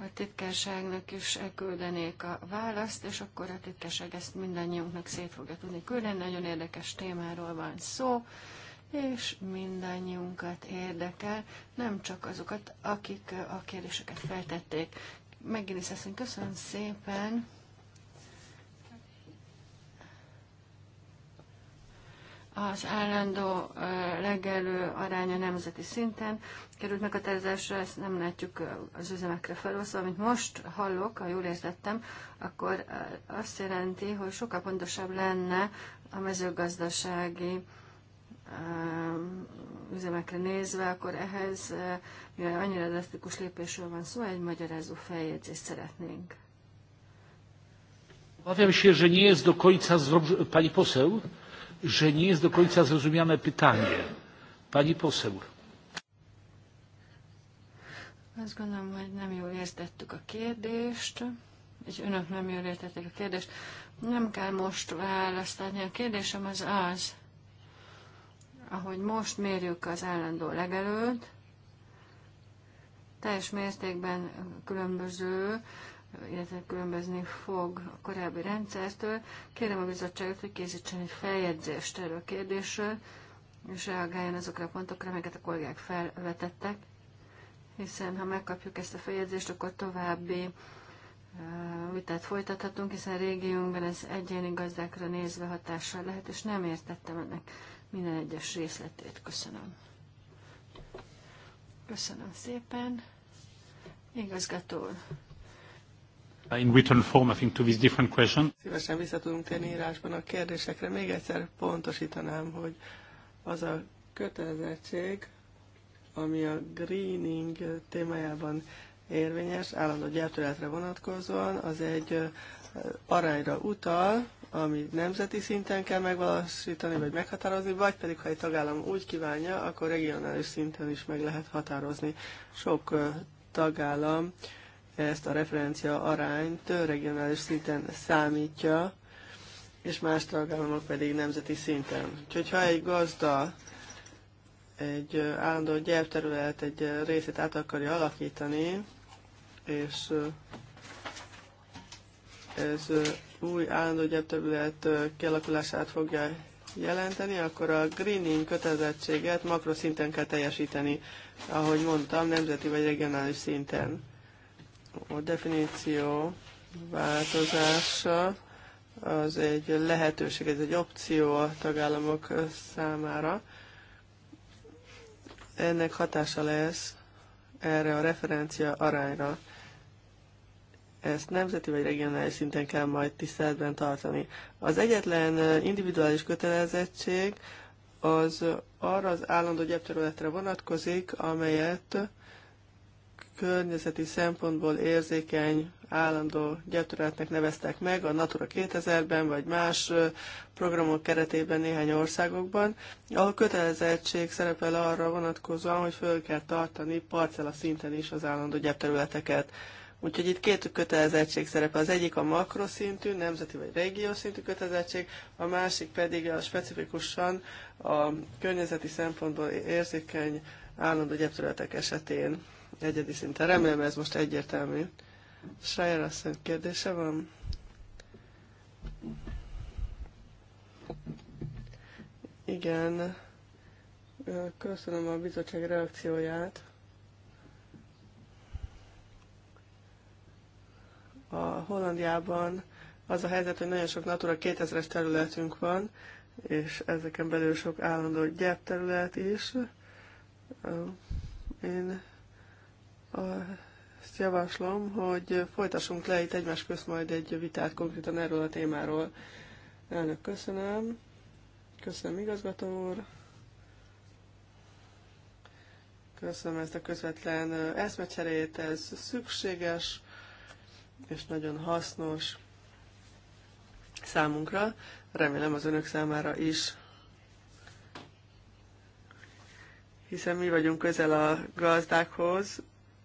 [SPEAKER 4] a titkárságnak is elküldenék a választ, és akkor a titkárság ezt mindannyiunknak szét fogja tudni küldeni. Nagyon érdekes témáról van szó és mindannyiunkat érdekel, nem csak azokat, akik a kérdéseket feltették. Megint is eszünk, köszönöm szépen! az állandó legelő aránya nemzeti szinten került meghatározásra, ezt nem látjuk az üzemekre felhozva. Szóval, amit most hallok, ha jól értettem, akkor azt jelenti, hogy sokkal pontosabb lenne a mezőgazdasági üzemekre nézve, akkor ehhez, eh, mivel annyira drasztikus lépésről van szó, egy magyarázó feljegyzést szeretnénk.
[SPEAKER 1] Obawiam się, że nie jest do końca, pani poseł, że nie jest do końca zrozumiane pytanie. Pani poseł.
[SPEAKER 4] Azt gondolom, hogy nem jól értettük a kérdést, és önök nem jól értették a kérdést. Nem kell most választani. A kérdésem az az, ahogy most mérjük az állandó legelőt, teljes mértékben különböző, illetve különbözni fog a korábbi rendszertől. Kérem a bizottságot, hogy készítsen egy feljegyzést erről a kérdésről, és reagáljon azokra a pontokra, amelyeket a kollégák felvetettek, hiszen ha megkapjuk ezt a feljegyzést, akkor további vitát folytathatunk, hiszen régiónkban ez egyéni gazdákra nézve hatással lehet, és nem értettem ennek minden egyes részletét. Köszönöm. Köszönöm szépen. Igazgató
[SPEAKER 1] in written form, I think, to these different
[SPEAKER 3] questions. Szívesen vissza tudunk térni írásban a kérdésekre. Még egyszer pontosítanám, hogy az a kötelezettség, ami a greening témájában érvényes, állandó gyártőletre vonatkozóan, az egy arányra utal, amit nemzeti szinten kell megvalósítani, vagy meghatározni, vagy pedig, ha egy tagállam úgy kívánja, akkor regionális szinten is meg lehet határozni. Sok tagállam ezt a referencia arányt regionális szinten számítja, és más tagállamok pedig nemzeti szinten. Úgyhogy ha egy gazda egy állandó gyerterület egy részét át akarja alakítani, és ez új állandó gyepterület kialakulását fogja jelenteni, akkor a greening kötelezettséget makroszinten kell teljesíteni, ahogy mondtam, nemzeti vagy regionális szinten. A definíció változása az egy lehetőség, ez egy opció a tagállamok számára. Ennek hatása lesz erre a referencia arányra. Ezt nemzeti vagy regionális szinten kell majd tiszteletben tartani. Az egyetlen individuális kötelezettség az arra az állandó gyepterületre vonatkozik, amelyet környezeti szempontból érzékeny állandó gyepterületnek neveztek meg a Natura 2000-ben, vagy más programok keretében néhány országokban, ahol kötelezettség szerepel arra vonatkozóan, hogy föl kell tartani parcella szinten is az állandó gyepterületeket. Úgyhogy itt két kötelezettség szerepe. Az egyik a makroszintű, nemzeti vagy régió szintű kötelezettség, a másik pedig a specifikusan a környezeti szempontból érzékeny állandó gyepterületek esetén egyedi szinten. Remélem ez most egyértelmű. Sájer asszony kérdése van? Igen. Köszönöm a bizottság reakcióját. A Hollandiában az a helyzet, hogy nagyon sok Natura 2000-es területünk van, és ezeken belül sok állandó terület is. Én azt javaslom, hogy folytassunk le itt egymás közt majd egy vitát konkrétan erről a témáról. Elnök, köszönöm. Köszönöm, igazgató úr. Köszönöm ezt a közvetlen eszmecserét, ez szükséges és nagyon hasznos számunkra, remélem az önök számára is, hiszen mi vagyunk közel a gazdákhoz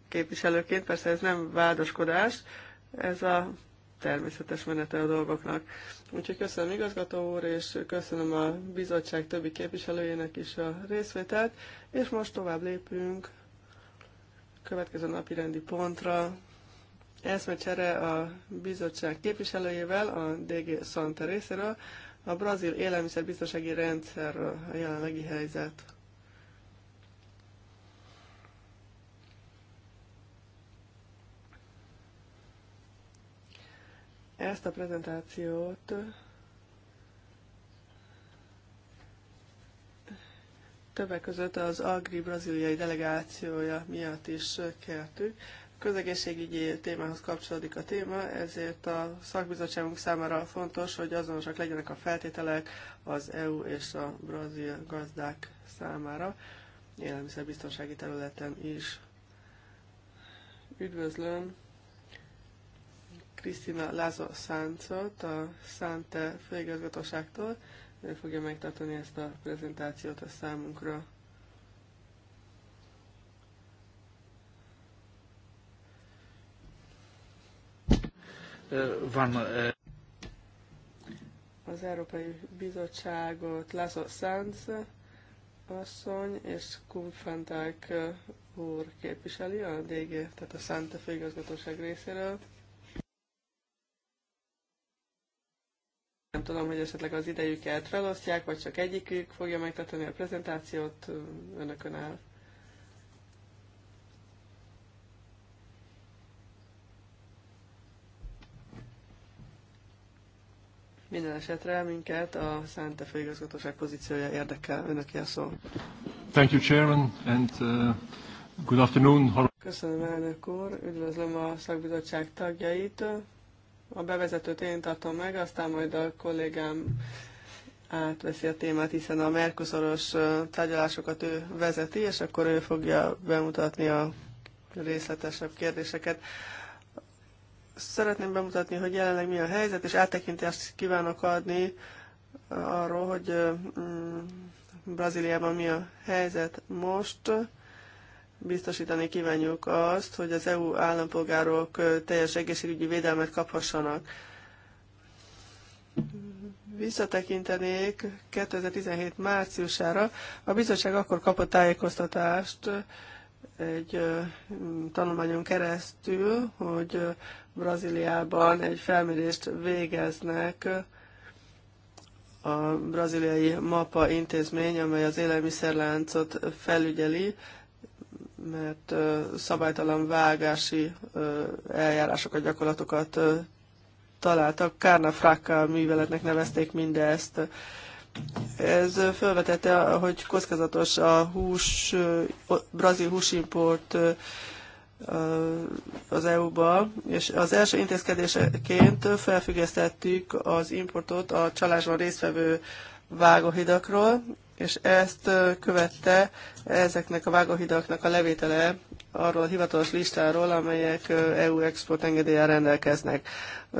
[SPEAKER 3] képviselőként, persze ez nem vádoskodás, ez a természetes menete a dolgoknak. Úgyhogy köszönöm igazgató úr, és köszönöm a bizottság többi képviselőjének is a részvételt, és most tovább lépünk következő napi rendi pontra, eszmecsere a bizottság képviselőjével, a DG Santa részéről, a brazil élelmiszerbiztonsági rendszerről a jelenlegi helyzet. Ezt a prezentációt többek között az Agri braziliai delegációja miatt is kértük közegészségügyi témához kapcsolódik a téma, ezért a szakbizottságunk számára fontos, hogy azonosak legyenek a feltételek az EU és a brazil gazdák számára, élelmiszerbiztonsági területen is. Üdvözlöm Krisztina Lázo Száncot, a Szánte főigazgatóságtól. Ő fogja megtartani ezt a prezentációt a számunkra. van... Az Európai Bizottságot László Szánc asszony és Kumfenták úr képviseli a DG, tehát a Santa Főigazgatóság részéről. Nem tudom, hogy esetleg az idejüket felosztják, vagy csak egyikük fogja megtartani a prezentációt, önökön áll. Minden esetre minket a Szente Főigazgatóság pozíciója érdekel. Önök a szó.
[SPEAKER 1] Thank you, Chairman, and uh, good afternoon.
[SPEAKER 3] Köszönöm, elnök úr. Üdvözlöm a szakbizottság tagjait. A bevezetőt én tartom meg, aztán majd a kollégám átveszi a témát, hiszen a Mercosoros uh, tárgyalásokat ő vezeti, és akkor ő fogja bemutatni a részletesebb kérdéseket. Szeretném bemutatni, hogy jelenleg mi a helyzet, és áttekintést kívánok adni arról, hogy mm, Brazíliában mi a helyzet most. Biztosítani kívánjuk azt, hogy az EU állampolgárok teljes egészségügyi védelmet kaphassanak. Visszatekintenék 2017 márciusára. A bizottság akkor kapott tájékoztatást, egy tanulmányon keresztül, hogy Brazíliában egy felmérést végeznek a braziliai MAPA intézmény, amely az élelmiszerláncot felügyeli, mert szabálytalan vágási eljárásokat, gyakorlatokat találtak. Kárna Fráka műveletnek nevezték mindezt. Ez felvetette, hogy kockázatos a hús, brazil húsimport az EU-ba, és az első intézkedéseként felfüggesztettük az importot a csalásban résztvevő vágóhidakról, és ezt követte ezeknek a vágóhidaknak a levétele arról a hivatalos listáról, amelyek EU export engedéllyel rendelkeznek.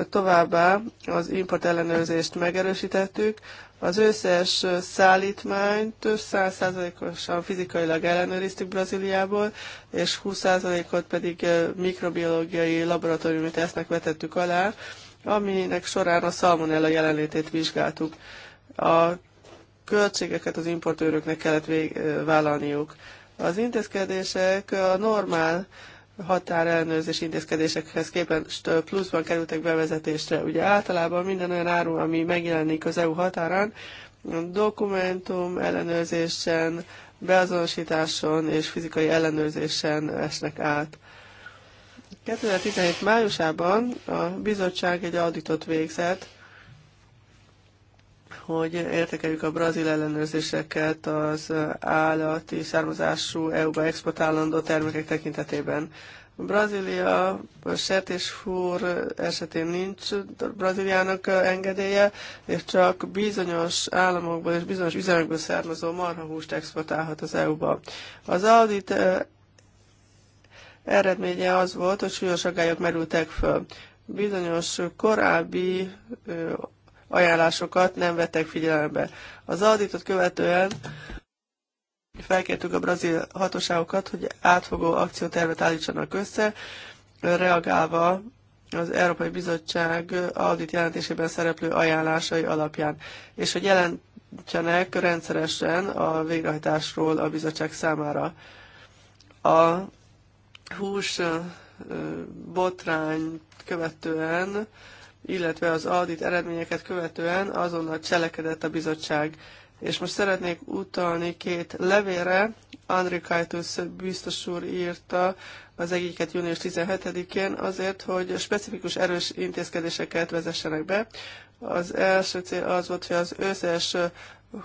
[SPEAKER 3] Továbbá az import ellenőrzést megerősítettük, az összes szállítmányt 100%-osan fizikailag ellenőriztük Brazíliából, és 20%-ot pedig mikrobiológiai laboratóriumi tesznek vetettük alá, aminek során a szalmonella jelenlétét vizsgáltuk. A költségeket az importőröknek kellett vég, vállalniuk. Az intézkedések a normál határellenőrzés intézkedésekhez képest pluszban kerültek bevezetésre. Ugye általában minden olyan áru, ami megjelenik az EU határán, dokumentum ellenőrzésen, beazonosításon és fizikai ellenőrzésen esnek át. 2017 májusában a bizottság egy auditot végzett hogy értékeljük a brazil ellenőrzéseket az állati származású EU-ba exportálandó termékek tekintetében. Brazília sertéshúr esetén nincs braziliának engedélye, és csak bizonyos államokból és bizonyos üzemekből származó marhahúst exportálhat az EU-ba. Az audit eredménye az volt, hogy súlyos aggályok merültek föl. Bizonyos korábbi ajánlásokat nem vettek figyelembe. Az auditot követően felkértük a brazil hatóságokat, hogy átfogó akciótervet állítsanak össze, reagálva az Európai Bizottság audit jelentésében szereplő ajánlásai alapján, és hogy jelentsenek rendszeresen a végrehajtásról a bizottság számára. A hús botrány követően illetve az audit eredményeket követően azonnal cselekedett a bizottság. És most szeretnék utalni két levélre. Andri Kajtusz biztos úr írta az egyiket június 17-én azért, hogy specifikus erős intézkedéseket vezessenek be. Az első cél az volt, hogy az összes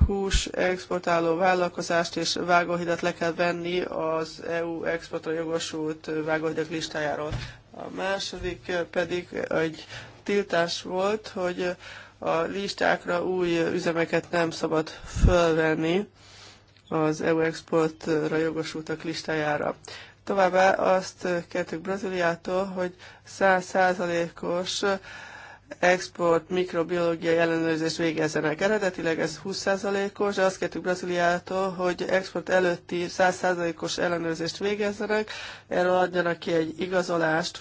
[SPEAKER 3] hús exportáló vállalkozást és vágóhidat le kell venni az EU exportra jogosult vágóhidak listájáról. A második pedig egy tiltás volt, hogy a listákra új üzemeket nem szabad fölvenni az EU exportra jogosultak listájára. Továbbá azt kértük Brazíliától, hogy 100%-os export mikrobiológiai ellenőrzés végezzenek. Eredetileg ez 20%-os, de azt kértük Brazíliától, hogy export előtti 100%-os ellenőrzést végezzenek, erről adjanak ki egy igazolást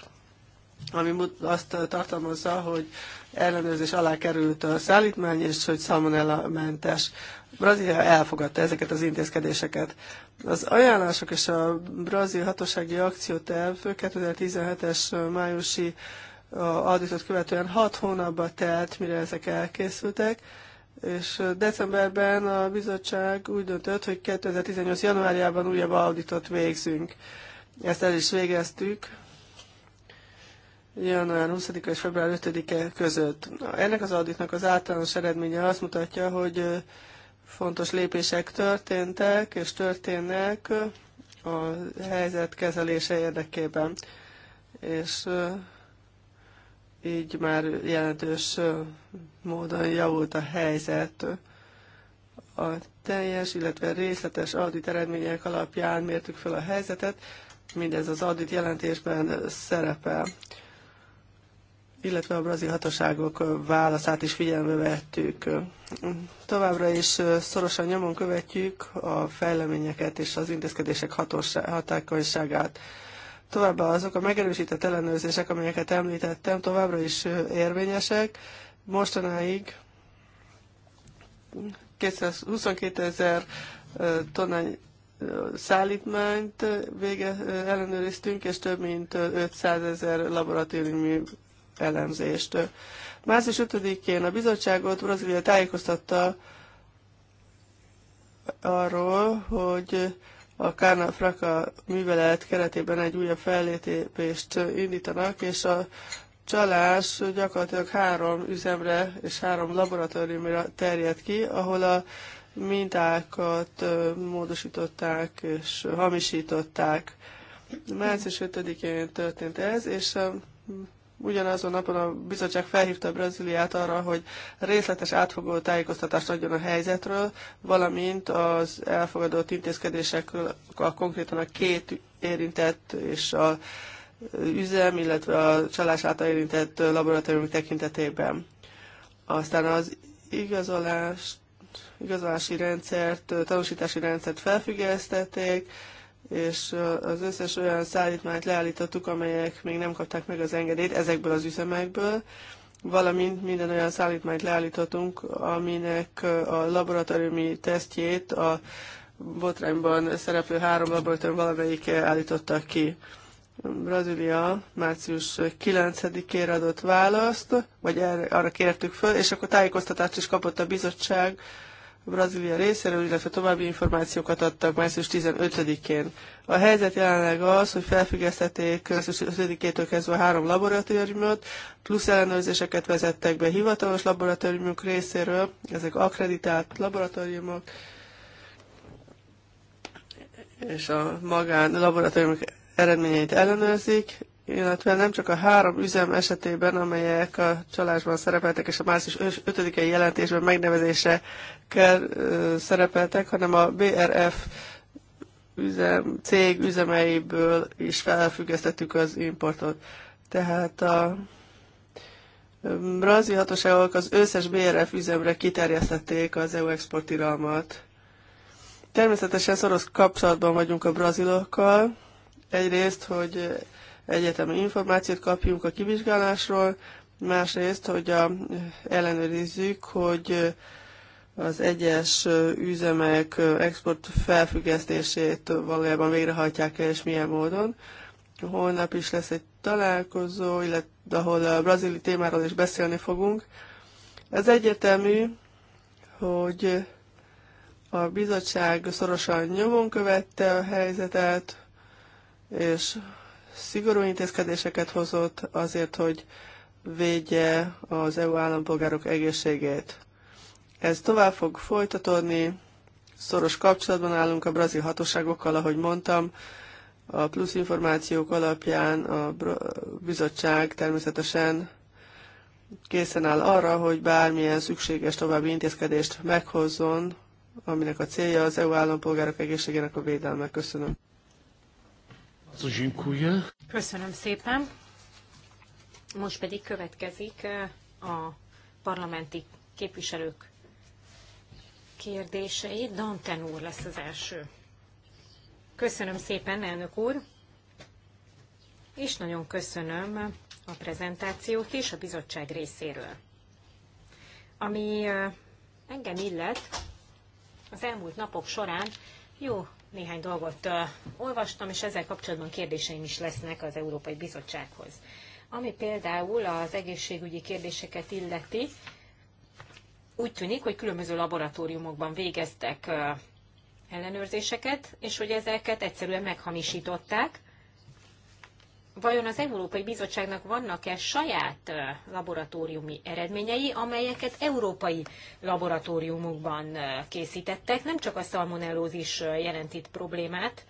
[SPEAKER 3] ami azt tartalmazza, hogy ellenőrzés alá került a szállítmány, és hogy salmonella mentes. Brazília elfogadta ezeket az intézkedéseket. Az ajánlások és a brazil hatósági akcióterv 2017-es májusi auditot követően 6 hónapba telt, mire ezek elkészültek, és decemberben a bizottság úgy döntött, hogy 2018. januárjában újabb auditot végzünk. Ezt el is végeztük, január 20 és február 5-e között. Ennek az auditnak az általános eredménye azt mutatja, hogy fontos lépések történtek és történnek a helyzet kezelése érdekében, és így már jelentős módon javult a helyzet. A teljes, illetve részletes audit eredmények alapján mértük fel a helyzetet, mindez az audit jelentésben szerepel illetve a brazil hatóságok válaszát is figyelembe vettük. Továbbra is szorosan nyomon követjük a fejleményeket és az intézkedések hatékonyságát. Továbbá azok a megerősített ellenőrzések, amelyeket említettem, továbbra is érvényesek. Mostanáig 22 ezer tonnányi szállítmányt vége, ellenőriztünk, és több mint 500 ezer laboratóriumi elemzést. Március 5-én a bizottságot Brazília tájékoztatta arról, hogy a Kárna Fraka művelet keretében egy újabb fellépést indítanak, és a csalás gyakorlatilag három üzemre és három laboratóriumra terjed ki, ahol a mintákat módosították és hamisították. Március 5-én történt ez, és a Ugyanazon napon a bizottság felhívta a Brazíliát arra, hogy részletes átfogó tájékoztatást adjon a helyzetről, valamint az elfogadott intézkedésekről, a konkrétan a két érintett és a üzem, illetve a csalás által érintett laboratórium tekintetében. Aztán az igazolást igazolási rendszert, tanúsítási rendszert felfüggesztették, és az összes olyan szállítmányt leállítottuk, amelyek még nem kapták meg az engedélyt ezekből az üzemekből, valamint minden olyan szállítmányt leállítottunk, aminek a laboratóriumi tesztjét a botrányban szereplő három laboratórium valamelyike állítottak ki. Brazília március 9-ére adott választ, vagy arra kértük föl, és akkor tájékoztatást is kapott a bizottság Brazília részéről, illetve további információkat adtak március 15-én. A helyzet jelenleg az, hogy felfüggesztették március 5-től kezdve három laboratóriumot, plusz ellenőrzéseket vezettek be hivatalos laboratóriumok részéről, ezek akreditált laboratóriumok, és a magán laboratóriumok eredményeit ellenőrzik, illetve nem csak a három üzem esetében, amelyek a csalásban szerepeltek, és a március 5-i jelentésben megnevezése cégekkel szerepeltek, hanem a BRF üzem, cég üzemeiből is felfüggesztettük az importot. Tehát a brazil hatóságok az összes BRF üzemre kiterjesztették az EU iralmat. Természetesen szoros kapcsolatban vagyunk a brazilokkal. Egyrészt, hogy egyetemi információt kapjunk a kivizsgálásról, másrészt, hogy a, ellenőrizzük, hogy az egyes üzemek export felfüggesztését valójában végrehajtják el és milyen módon. Holnap is lesz egy találkozó, illetve ahol a brazili témáról is beszélni fogunk. Ez egyetemű, hogy a bizottság szorosan nyomon követte a helyzetet, és szigorú intézkedéseket hozott azért, hogy védje az EU állampolgárok egészségét. Ez tovább fog folytatódni, szoros kapcsolatban állunk a brazil hatóságokkal, ahogy mondtam, a plusz információk alapján a bizottság természetesen készen áll arra, hogy bármilyen szükséges további intézkedést meghozzon, aminek a célja az EU állampolgárok egészségének a védelme. Köszönöm.
[SPEAKER 2] Köszönöm szépen. Most pedig következik eh, a parlamenti képviselők kérdései. Danten úr lesz az első. Köszönöm szépen, elnök úr, és nagyon köszönöm a prezentációt is a bizottság részéről. Ami engem illet, az elmúlt napok során jó néhány dolgot olvastam, és ezzel kapcsolatban kérdéseim is lesznek az Európai Bizottsághoz. Ami például az egészségügyi kérdéseket illeti, úgy tűnik, hogy különböző laboratóriumokban végeztek ellenőrzéseket, és hogy ezeket egyszerűen meghamisították. Vajon az Európai Bizottságnak vannak-e saját laboratóriumi eredményei, amelyeket európai laboratóriumokban készítettek? Nem csak a szalmonellózis jelent itt problémát.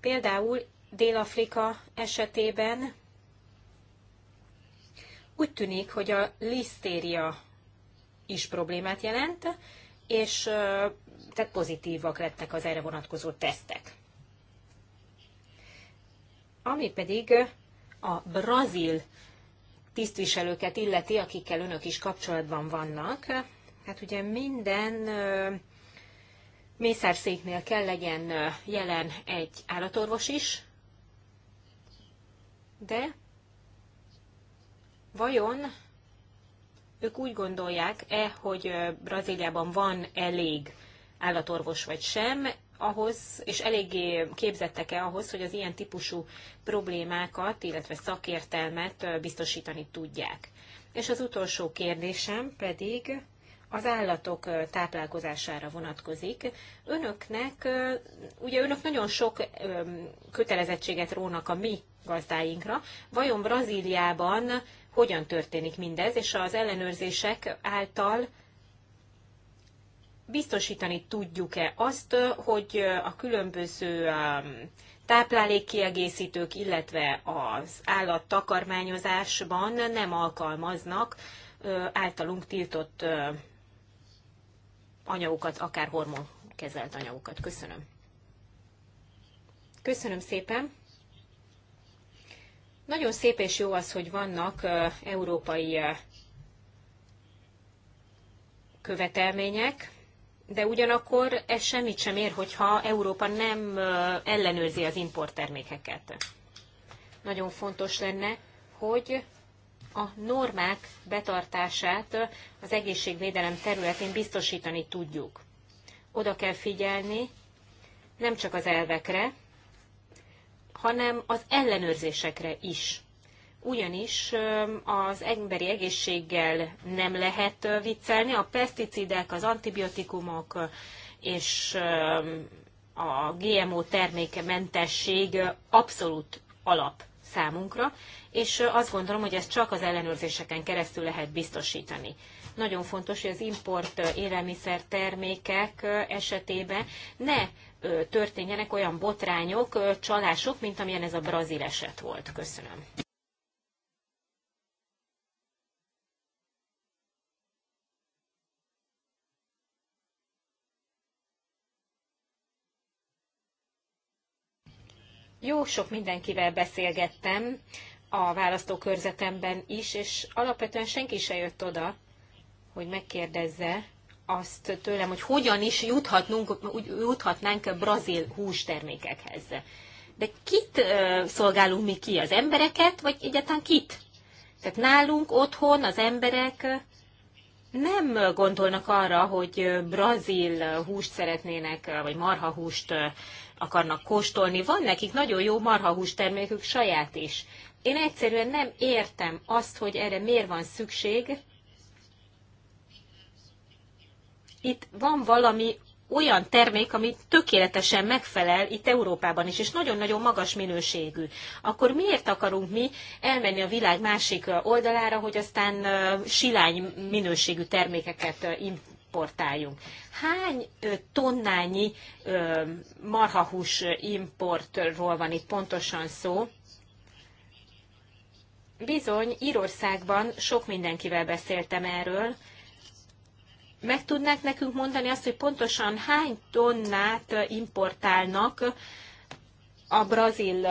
[SPEAKER 2] Például Dél-Afrika esetében úgy tűnik, hogy a lisztéria is problémát jelent, és tehát pozitívak lettek az erre vonatkozó tesztek. Ami pedig a brazil tisztviselőket illeti, akikkel önök is kapcsolatban vannak, hát ugye minden mészárszéknél kell legyen jelen egy állatorvos is, de vajon ők úgy gondolják-e, hogy Brazíliában van elég állatorvos vagy sem, ahhoz, és eléggé képzettek-e ahhoz, hogy az ilyen típusú problémákat, illetve szakértelmet biztosítani tudják. És az utolsó kérdésem pedig az állatok táplálkozására vonatkozik. Önöknek, ugye önök nagyon sok kötelezettséget rónak a mi gazdáinkra, vajon Brazíliában hogyan történik mindez, és az ellenőrzések által biztosítani tudjuk-e azt, hogy a különböző um, táplálékkiegészítők, illetve az állattakarmányozásban nem alkalmaznak általunk tiltott anyagokat, akár hormonkezelt anyagokat. Köszönöm. Köszönöm szépen. Nagyon szép és jó az, hogy vannak európai követelmények, de ugyanakkor ez semmit sem ér, hogyha Európa nem ellenőrzi az importtermékeket. Nagyon fontos lenne, hogy a normák betartását az egészségvédelem területén biztosítani tudjuk. Oda kell figyelni nem csak az elvekre, hanem az ellenőrzésekre is. Ugyanis az emberi egészséggel nem lehet viccelni, a peszticidek, az antibiotikumok és a GMO terméke mentesség abszolút alap számunkra, és azt gondolom, hogy ezt csak az ellenőrzéseken keresztül lehet biztosítani. Nagyon fontos, hogy az import élelmiszer termékek esetében ne történjenek olyan botrányok, csalások, mint amilyen ez a brazil eset volt. Köszönöm. Jó sok mindenkivel beszélgettem a választókörzetemben is, és alapvetően senki se jött oda, hogy megkérdezze, azt tőlem, hogy hogyan is juthatnunk, juthatnánk brazil hústermékekhez. De kit szolgálunk mi ki? Az embereket, vagy egyáltalán kit? Tehát nálunk otthon az emberek nem gondolnak arra, hogy brazil húst szeretnének, vagy marhahúst akarnak kóstolni. Van nekik nagyon jó marhahús termékük saját is. Én egyszerűen nem értem azt, hogy erre miért van szükség, itt van valami olyan termék, ami tökéletesen megfelel itt Európában is, és nagyon-nagyon magas minőségű, akkor miért akarunk mi elmenni a világ másik oldalára, hogy aztán silány minőségű termékeket importáljunk? Hány tonnányi marhahús importról van itt pontosan szó? Bizony, Írországban sok mindenkivel beszéltem erről, meg tudnák nekünk mondani azt, hogy pontosan hány tonnát importálnak a brazil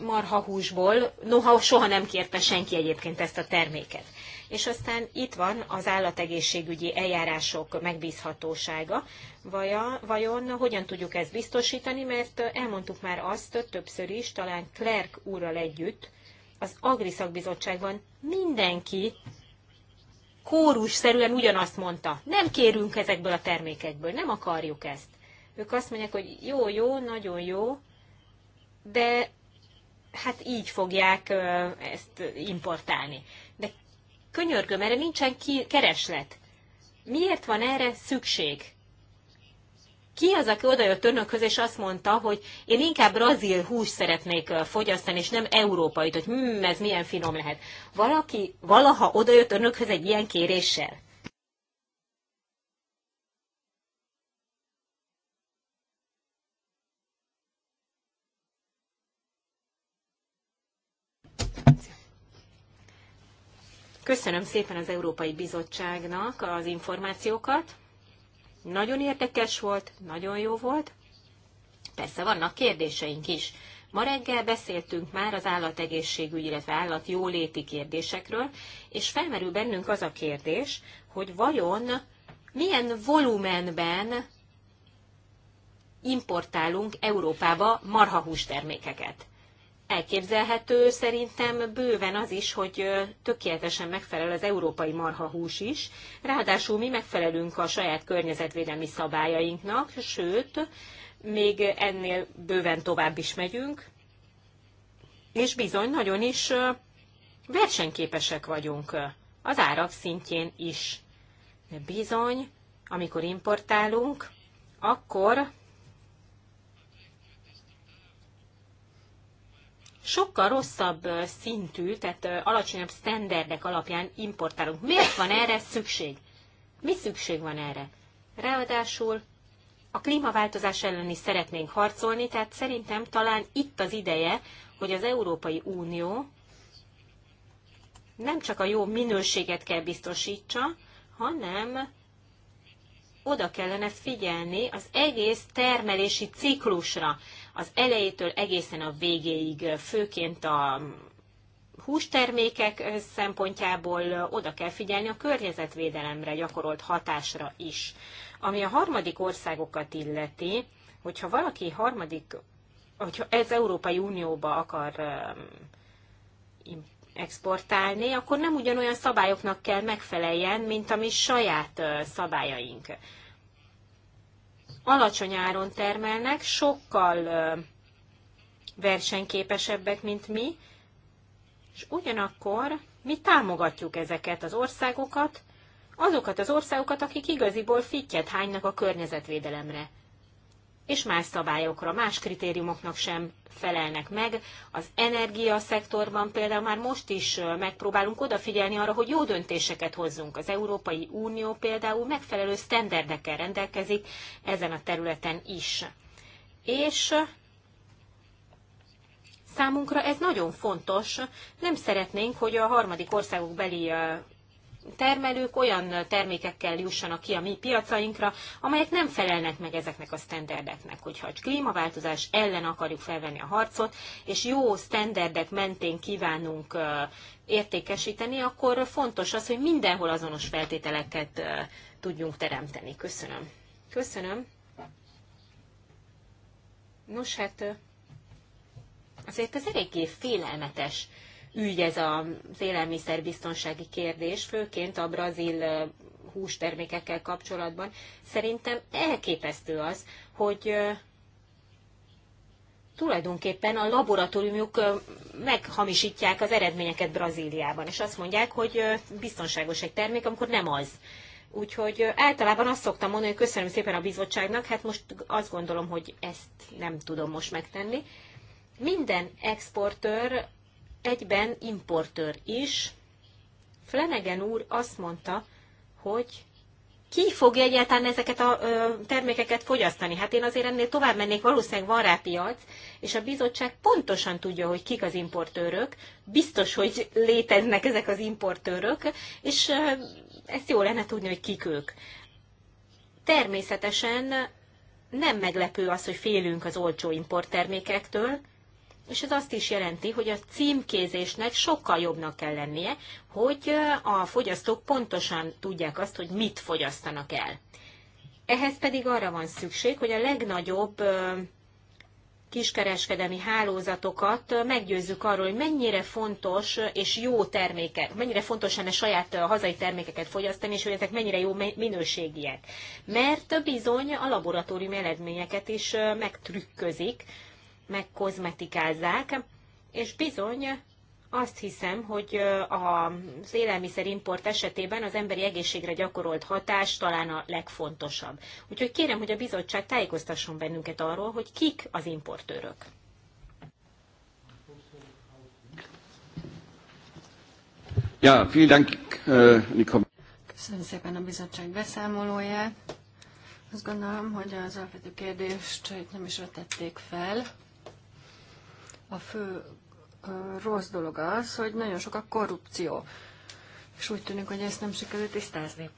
[SPEAKER 2] marhahúsból, noha soha nem kérte senki egyébként ezt a terméket. És aztán itt van az állategészségügyi eljárások megbízhatósága. Vaja, vajon hogyan tudjuk ezt biztosítani, mert elmondtuk már azt többször is, talán Clerk úrral együtt, az Agriszakbizottságban mindenki kórus szerűen ugyanazt mondta. Nem kérünk ezekből a termékekből, nem akarjuk ezt. Ők azt mondják, hogy jó, jó, nagyon jó, de hát így fogják ezt importálni. De könyörgöm, erre nincsen kereslet. Miért van erre szükség? Ki az, aki odajött önökhöz, és azt mondta, hogy én inkább brazil hús szeretnék fogyasztani, és nem európait, hogy hm, ez milyen finom lehet. Valaki valaha odajött önökhöz egy ilyen kéréssel? Köszönöm szépen az Európai Bizottságnak az információkat. Nagyon érdekes volt, nagyon jó volt. Persze vannak kérdéseink is. Ma reggel beszéltünk már az állategészségügy, illetve állatjóléti kérdésekről, és felmerül bennünk az a kérdés, hogy vajon milyen volumenben importálunk Európába marhahús termékeket elképzelhető szerintem bőven az is, hogy tökéletesen megfelel az európai marhahús is. Ráadásul mi megfelelünk a saját környezetvédelmi szabályainknak, sőt, még ennél bőven tovább is megyünk, és bizony nagyon is versenyképesek vagyunk az árak szintjén is. De bizony, amikor importálunk, akkor sokkal rosszabb szintű, tehát alacsonyabb sztenderdek alapján importálunk. Miért van erre szükség? Mi szükség van erre? Ráadásul a klímaváltozás ellen is szeretnénk harcolni, tehát szerintem talán itt az ideje, hogy az Európai Unió nem csak a jó minőséget kell biztosítsa, hanem oda kellene figyelni az egész termelési ciklusra az elejétől egészen a végéig, főként a hústermékek szempontjából oda kell figyelni a környezetvédelemre gyakorolt hatásra is. Ami a harmadik országokat illeti, hogyha valaki harmadik, hogyha ez Európai Unióba akar exportálni, akkor nem ugyanolyan szabályoknak kell megfeleljen, mint ami saját szabályaink alacsony áron termelnek, sokkal versenyképesebbek, mint mi, és ugyanakkor mi támogatjuk ezeket az országokat, azokat az országokat, akik igaziból fittyet hánynak a környezetvédelemre és más szabályokra, más kritériumoknak sem felelnek meg. Az energiaszektorban például már most is megpróbálunk odafigyelni arra, hogy jó döntéseket hozzunk. Az Európai Unió például megfelelő sztenderdekkel rendelkezik ezen a területen is. És számunkra ez nagyon fontos. Nem szeretnénk, hogy a harmadik országok beli termelők olyan termékekkel jussanak ki a mi piacainkra, amelyek nem felelnek meg ezeknek a sztenderdeknek. Hogyha a klímaváltozás ellen akarjuk felvenni a harcot, és jó sztenderdek mentén kívánunk értékesíteni, akkor fontos az, hogy mindenhol azonos feltételeket tudjunk teremteni. Köszönöm. Köszönöm. Nos, hát azért ez eléggé félelmetes ügy ez az élelmiszerbiztonsági kérdés, főként a brazil hústermékekkel kapcsolatban. Szerintem elképesztő az, hogy tulajdonképpen a laboratóriumok meghamisítják az eredményeket Brazíliában, és azt mondják, hogy biztonságos egy termék, amikor nem az. Úgyhogy általában azt szoktam mondani, hogy köszönöm szépen a bizottságnak, hát most azt gondolom, hogy ezt nem tudom most megtenni. Minden exportőr egyben importőr is. Flanagan úr azt mondta, hogy ki fogja egyáltalán ezeket a ö, termékeket fogyasztani? Hát én azért ennél tovább mennék, valószínűleg van rá piac, és a bizottság pontosan tudja, hogy kik az importőrök, biztos, hogy léteznek ezek az importőrök, és ö, ezt jó lenne tudni, hogy kik ők. Természetesen nem meglepő az, hogy félünk az olcsó importtermékektől, és ez azt is jelenti, hogy a címkézésnek sokkal jobbnak kell lennie, hogy a fogyasztók pontosan tudják azt, hogy mit fogyasztanak el. Ehhez pedig arra van szükség, hogy a legnagyobb kiskereskedelmi hálózatokat meggyőzzük arról, hogy mennyire fontos és jó termékek, mennyire fontos lenne saját hazai termékeket fogyasztani, és hogy ezek mennyire jó minőségiek. Mert bizony a laboratórium eredményeket is megtrükközik megkozmetikázzák, és bizony azt hiszem, hogy az élelmiszerimport esetében az emberi egészségre gyakorolt hatás talán a legfontosabb. Úgyhogy kérem, hogy a bizottság tájékoztasson bennünket arról, hogy kik az importőrök.
[SPEAKER 4] Ja, vielen Dank, äh,
[SPEAKER 2] Köszönöm szépen a
[SPEAKER 4] bizottság beszámolóját. Azt gondolom, hogy az alapvető kérdést nem is vetették fel a fő rossz dolog az, hogy nagyon sok a korrupció. És úgy tűnik, hogy ezt nem sikerült tisztázni.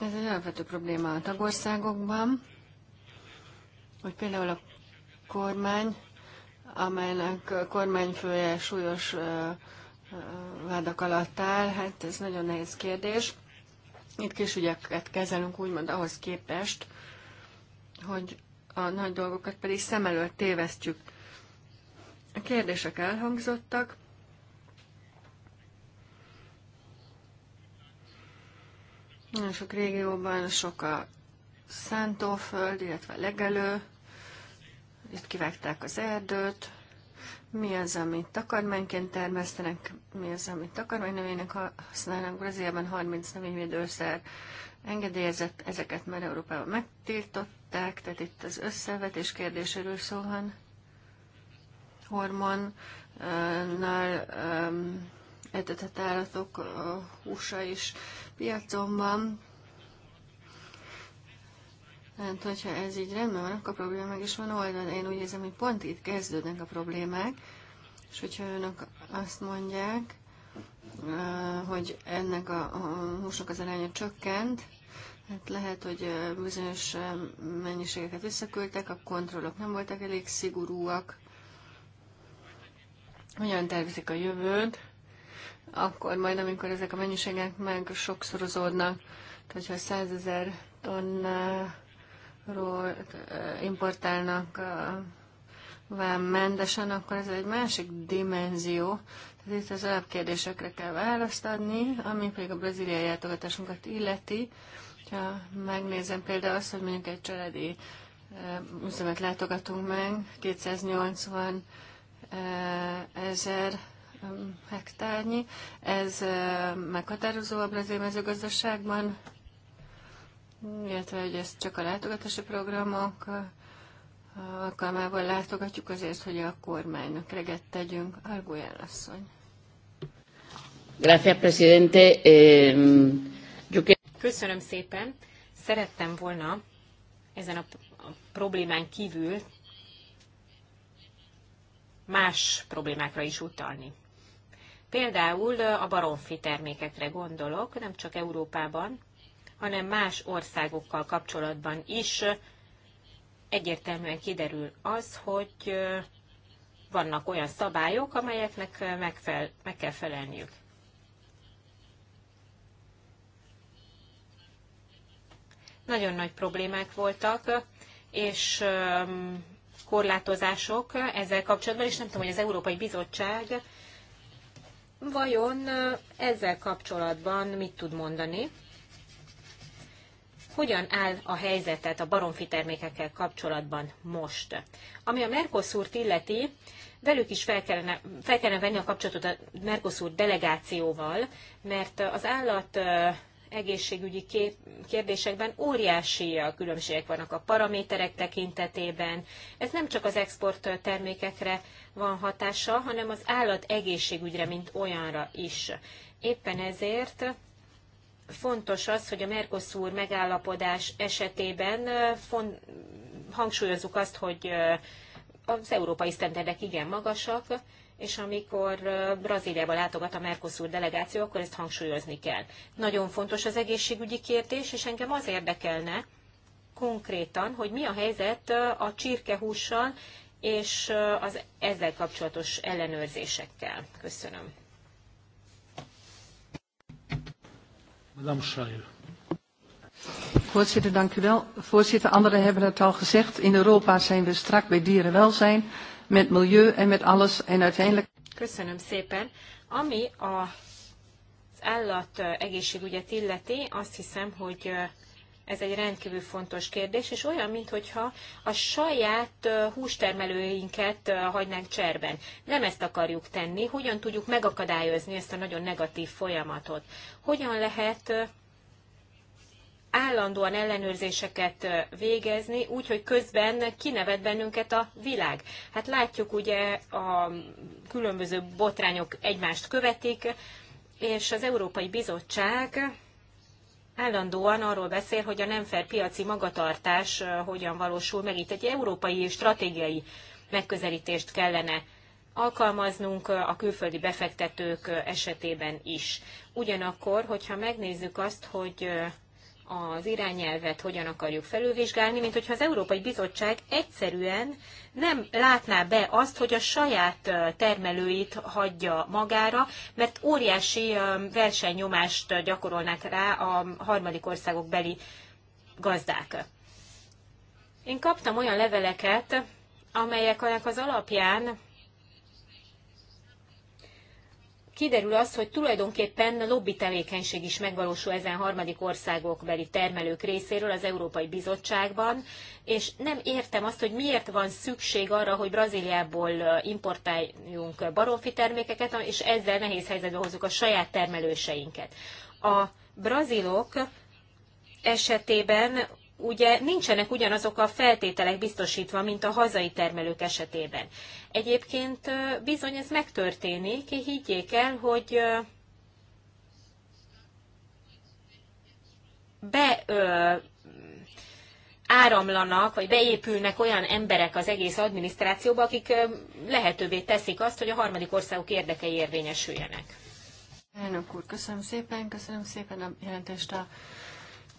[SPEAKER 4] Ez egy alapvető probléma a tagországokban, hogy például a kormány, amelynek kormányfője súlyos vádak alatt áll, hát ez nagyon nehéz kérdés. Itt kis ügyeket kezelünk úgymond ahhoz képest, hogy a nagy dolgokat pedig szem előtt tévesztjük. A kérdések elhangzottak. Nagyon sok régióban sok a szántóföld, illetve legelő. Itt kivágták az erdőt, mi az, amit takarmányként termesztenek, mi az, amit takarmánynövénynek használnak. Brazíliában 30 növényvédőszer engedélyezett, ezeket már Európában megtiltották, tehát itt az összevetés kérdéséről van. hormonnal um, állatok uh, húsa is piacon van mert hogyha ez így rendben van, akkor a probléma meg is van oldva. Én úgy érzem, hogy pont itt kezdődnek a problémák, és hogyha önök azt mondják, hogy ennek a húsnak az aránya csökkent, hát lehet, hogy bizonyos mennyiségeket visszaküldtek, a kontrollok nem voltak elég szigorúak. Hogyan tervezik a jövőt? Akkor majd, amikor ezek a mennyiségek meg sokszorozódnak, tehát ha 100 tonna ról importálnak vámmentesen, akkor ez egy másik dimenzió. Tehát itt az alapkérdésekre kell választ adni, ami pedig a braziliai látogatásunkat illeti. Ha megnézem például azt, hogy mondjuk egy családi üzemet látogatunk meg, 280 ezer hektárnyi. Ez meghatározó a brazil mezőgazdaságban, illetve hogy ezt csak a látogatási programok alkalmával látogatjuk azért, hogy a kormánynak reggelt
[SPEAKER 2] tegyünk. Arguján asszony. Gracias, presidente. Köszönöm szépen. Szerettem volna ezen a problémán kívül más problémákra is utalni. Például a baromfi termékekre gondolok, nem csak Európában, hanem más országokkal kapcsolatban is egyértelműen kiderül az, hogy vannak olyan szabályok, amelyeknek megfel, meg kell felelniük. Nagyon nagy problémák voltak, és korlátozások ezzel kapcsolatban, és nem tudom, hogy az Európai Bizottság vajon ezzel kapcsolatban mit tud mondani hogyan áll a helyzetet a baromfi termékekkel kapcsolatban most. Ami a Mercosur-t illeti, velük is fel kellene, fel kellene venni a kapcsolatot a Mercosur delegációval, mert az állat egészségügyi kérdésekben óriási a különbségek vannak a paraméterek tekintetében. Ez nem csak az export termékekre van hatása, hanem az állat egészségügyre, mint olyanra is. Éppen ezért fontos az, hogy a Mercosur megállapodás esetében hangsúlyozzuk azt, hogy az európai sztenderdek igen magasak, és amikor Brazíliába látogat a Mercosur delegáció, akkor ezt hangsúlyozni kell. Nagyon fontos az egészségügyi kérdés, és engem az érdekelne konkrétan, hogy mi a helyzet a csirkehússal és az ezzel kapcsolatos ellenőrzésekkel. Köszönöm.
[SPEAKER 1] Madame Schreier.
[SPEAKER 4] Voorzitter, dank u wel. Voorzitter, anderen hebben het al gezegd. In Europa zijn we strak bij dierenwelzijn, met milieu en met alles. En uiteindelijk...
[SPEAKER 2] Köszönöm szépen. Ami az állat egészségügyet illeti, azt hiszem, hogy ez egy rendkívül fontos kérdés, és olyan, mintha a saját hústermelőinket hagynánk cserben. Nem ezt akarjuk tenni, hogyan tudjuk megakadályozni ezt a nagyon negatív folyamatot. Hogyan lehet állandóan ellenőrzéseket végezni, úgy, hogy közben kinevet bennünket a világ. Hát látjuk ugye a különböző botrányok egymást követik, és az Európai Bizottság állandóan arról beszél, hogy a nem fair piaci magatartás hogyan valósul meg. Itt egy európai stratégiai megközelítést kellene alkalmaznunk a külföldi befektetők esetében is. Ugyanakkor, hogyha megnézzük azt, hogy az irányelvet hogyan akarjuk felülvizsgálni, mint hogyha az Európai Bizottság egyszerűen nem látná be azt, hogy a saját termelőit hagyja magára, mert óriási versenynyomást gyakorolnak rá a harmadik országok beli gazdák. Én kaptam olyan leveleket, amelyek az alapján kiderül az, hogy tulajdonképpen lobby tevékenység is megvalósul ezen harmadik országokbeli termelők részéről az Európai Bizottságban, és nem értem azt, hogy miért van szükség arra, hogy Brazíliából importáljunk baromfi termékeket, és ezzel nehéz helyzetbe hozzuk a saját termelőseinket. A brazilok esetében ugye nincsenek ugyanazok a feltételek biztosítva, mint a hazai termelők esetében. Egyébként bizony ez megtörténik, higgyék el, hogy be áramlanak, vagy beépülnek olyan emberek az egész adminisztrációba, akik lehetővé teszik azt, hogy a harmadik országok érdekei érvényesüljenek.
[SPEAKER 4] Elnök úr, köszönöm szépen, köszönöm szépen a jelentést a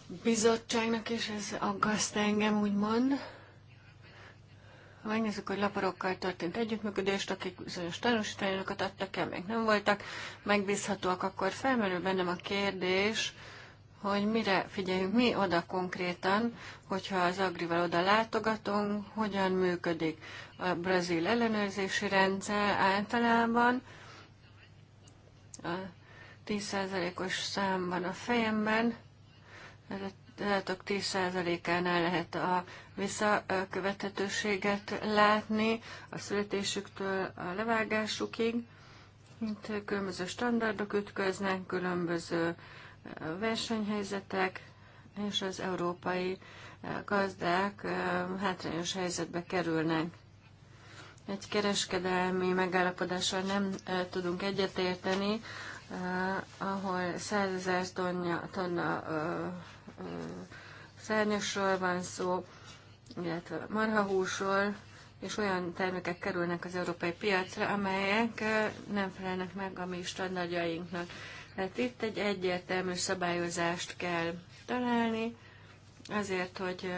[SPEAKER 4] bizottságnak, és ez aggaszt engem, úgymond. Ha megnézzük, hogy laparokkal történt együttműködést, akik bizonyos tanúsítványokat adtak el, még nem voltak megbízhatóak, akkor felmerül bennem a kérdés, hogy mire figyeljünk mi oda konkrétan, hogyha az agrival oda látogatunk, hogyan működik a brazil ellenőrzési rendszer általában. A 10%-os számban a fejemben, adatok 10%-ánál lehet a visszakövethetőséget látni a születésüktől a levágásukig. Itt különböző standardok ütköznek, különböző versenyhelyzetek, és az európai gazdák hátrányos helyzetbe kerülnek. Egy kereskedelmi megállapodással nem tudunk egyetérteni, ahol 100 ezer tonna, tonna szárnyasról van szó, illetve marhahúsról, és olyan termékek kerülnek az európai piacra, amelyek nem felelnek meg a mi standardjainknak. Tehát itt egy egyértelmű szabályozást kell találni, azért, hogy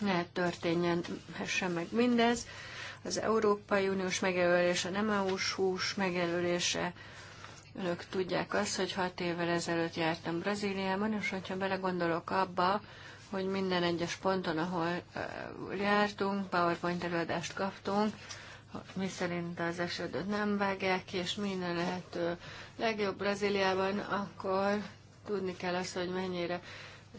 [SPEAKER 4] ne történjen sem meg mindez. Az Európai Uniós megjelölése, nem EU-s hús megjelölése, Önök tudják azt, hogy hat évvel ezelőtt jártam Brazíliában, és hogyha belegondolok abba, hogy minden egyes ponton, ahol jártunk, PowerPoint előadást kaptunk, mi szerint az esetet nem vágják ki, és minden lehető legjobb Brazíliában, akkor tudni kell azt, hogy mennyire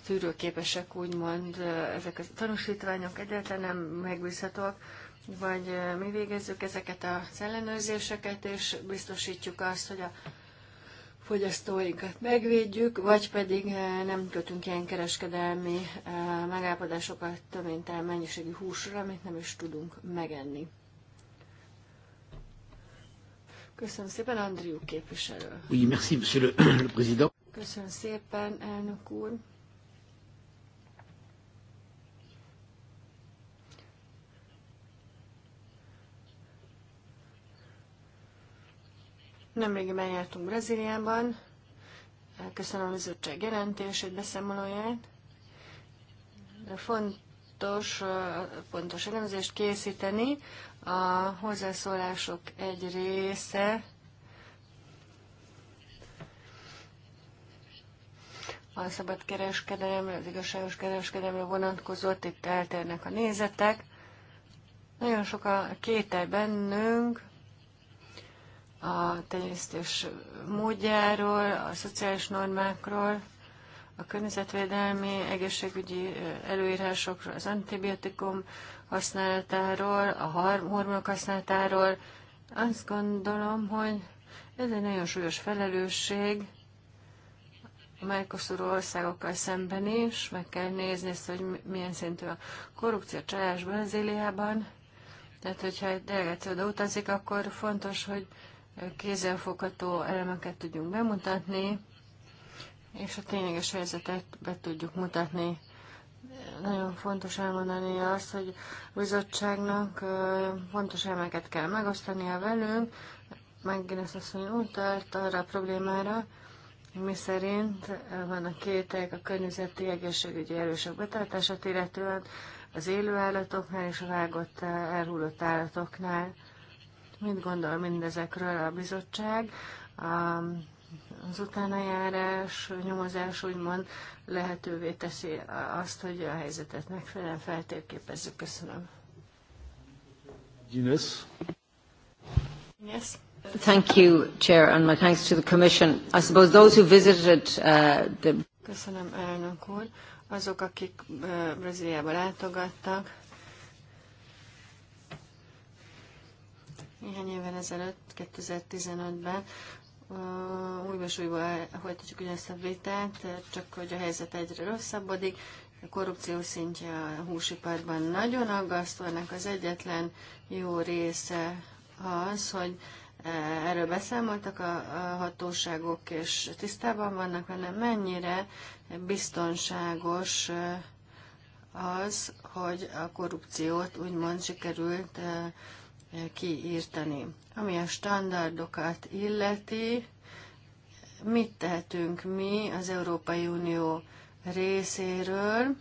[SPEAKER 4] tűrőképesek úgymond ezek a tanúsítványok egyáltalán nem megbízhatóak, vagy mi végezzük ezeket a ellenőrzéseket, és biztosítjuk azt, hogy a fogyasztóinkat megvédjük, vagy pedig eh, nem kötünk ilyen kereskedelmi eh, megállapodásokat töménytelen mennyiségű húsra, amit nem is tudunk megenni. Köszönöm szépen, Andriu képviselő.
[SPEAKER 1] Oui, merci, monsieur le, président.
[SPEAKER 4] Köszönöm szépen, elnök úr. Nemrégiben jártunk Brazíliában, köszönöm a bizottság jelentését, beszámolóját. Fontos, pontos elemzést készíteni. A hozzászólások egy része a szabad kereskedelemre, az igazságos kereskedelemre vonatkozott, itt eltérnek a nézetek. Nagyon sok a kétel bennünk, a tenyésztés módjáról, a szociális normákról, a környezetvédelmi, egészségügyi előírásokról, az antibiotikum használatáról, a hormonok használatáról. Azt gondolom, hogy ez egy nagyon súlyos felelősség a Mercosur országokkal szemben is. Meg kell nézni ezt, hogy milyen szintű a korrupció csalás Brazíliában. Tehát, hogyha egy delegáció utazik, akkor fontos, hogy kézzelfogható elemeket tudjunk bemutatni, és a tényleges helyzetet be tudjuk mutatni. Nagyon fontos elmondani azt, hogy a bizottságnak fontos elemeket kell megosztania velünk. Megint azt mondja, utalt arra a problémára, mi szerint van a kétek a környezeti egészségügyi erősök betartását illetően az élő állatoknál és a vágott elhullott állatoknál. Mit gondol mindezekről a bizottság? Az utánajárás, nyomozás úgymond lehetővé teszi azt, hogy a helyzetet megfelelően feltérképezzük. Köszönöm. Guinness. Yes.
[SPEAKER 2] Thank you, Chair, and my thanks to the Commission. I suppose those who visited uh, the...
[SPEAKER 4] Köszönöm, elnök úr. Azok, akik uh, Brazíliába látogattak, Néhány évvel ezelőtt, 2015-ben újba súlyba folytatjuk ugyanezt a vitát, csak hogy a helyzet egyre rosszabbodik. A korrupció szintje a húsiparban nagyon aggasztó, ennek az egyetlen jó része az, hogy e, erről beszámoltak a hatóságok, és tisztában vannak vele, mennyire biztonságos az, hogy a korrupciót úgymond sikerült kiírtani. Ami a standardokat illeti, mit tehetünk mi az Európai Unió részéről?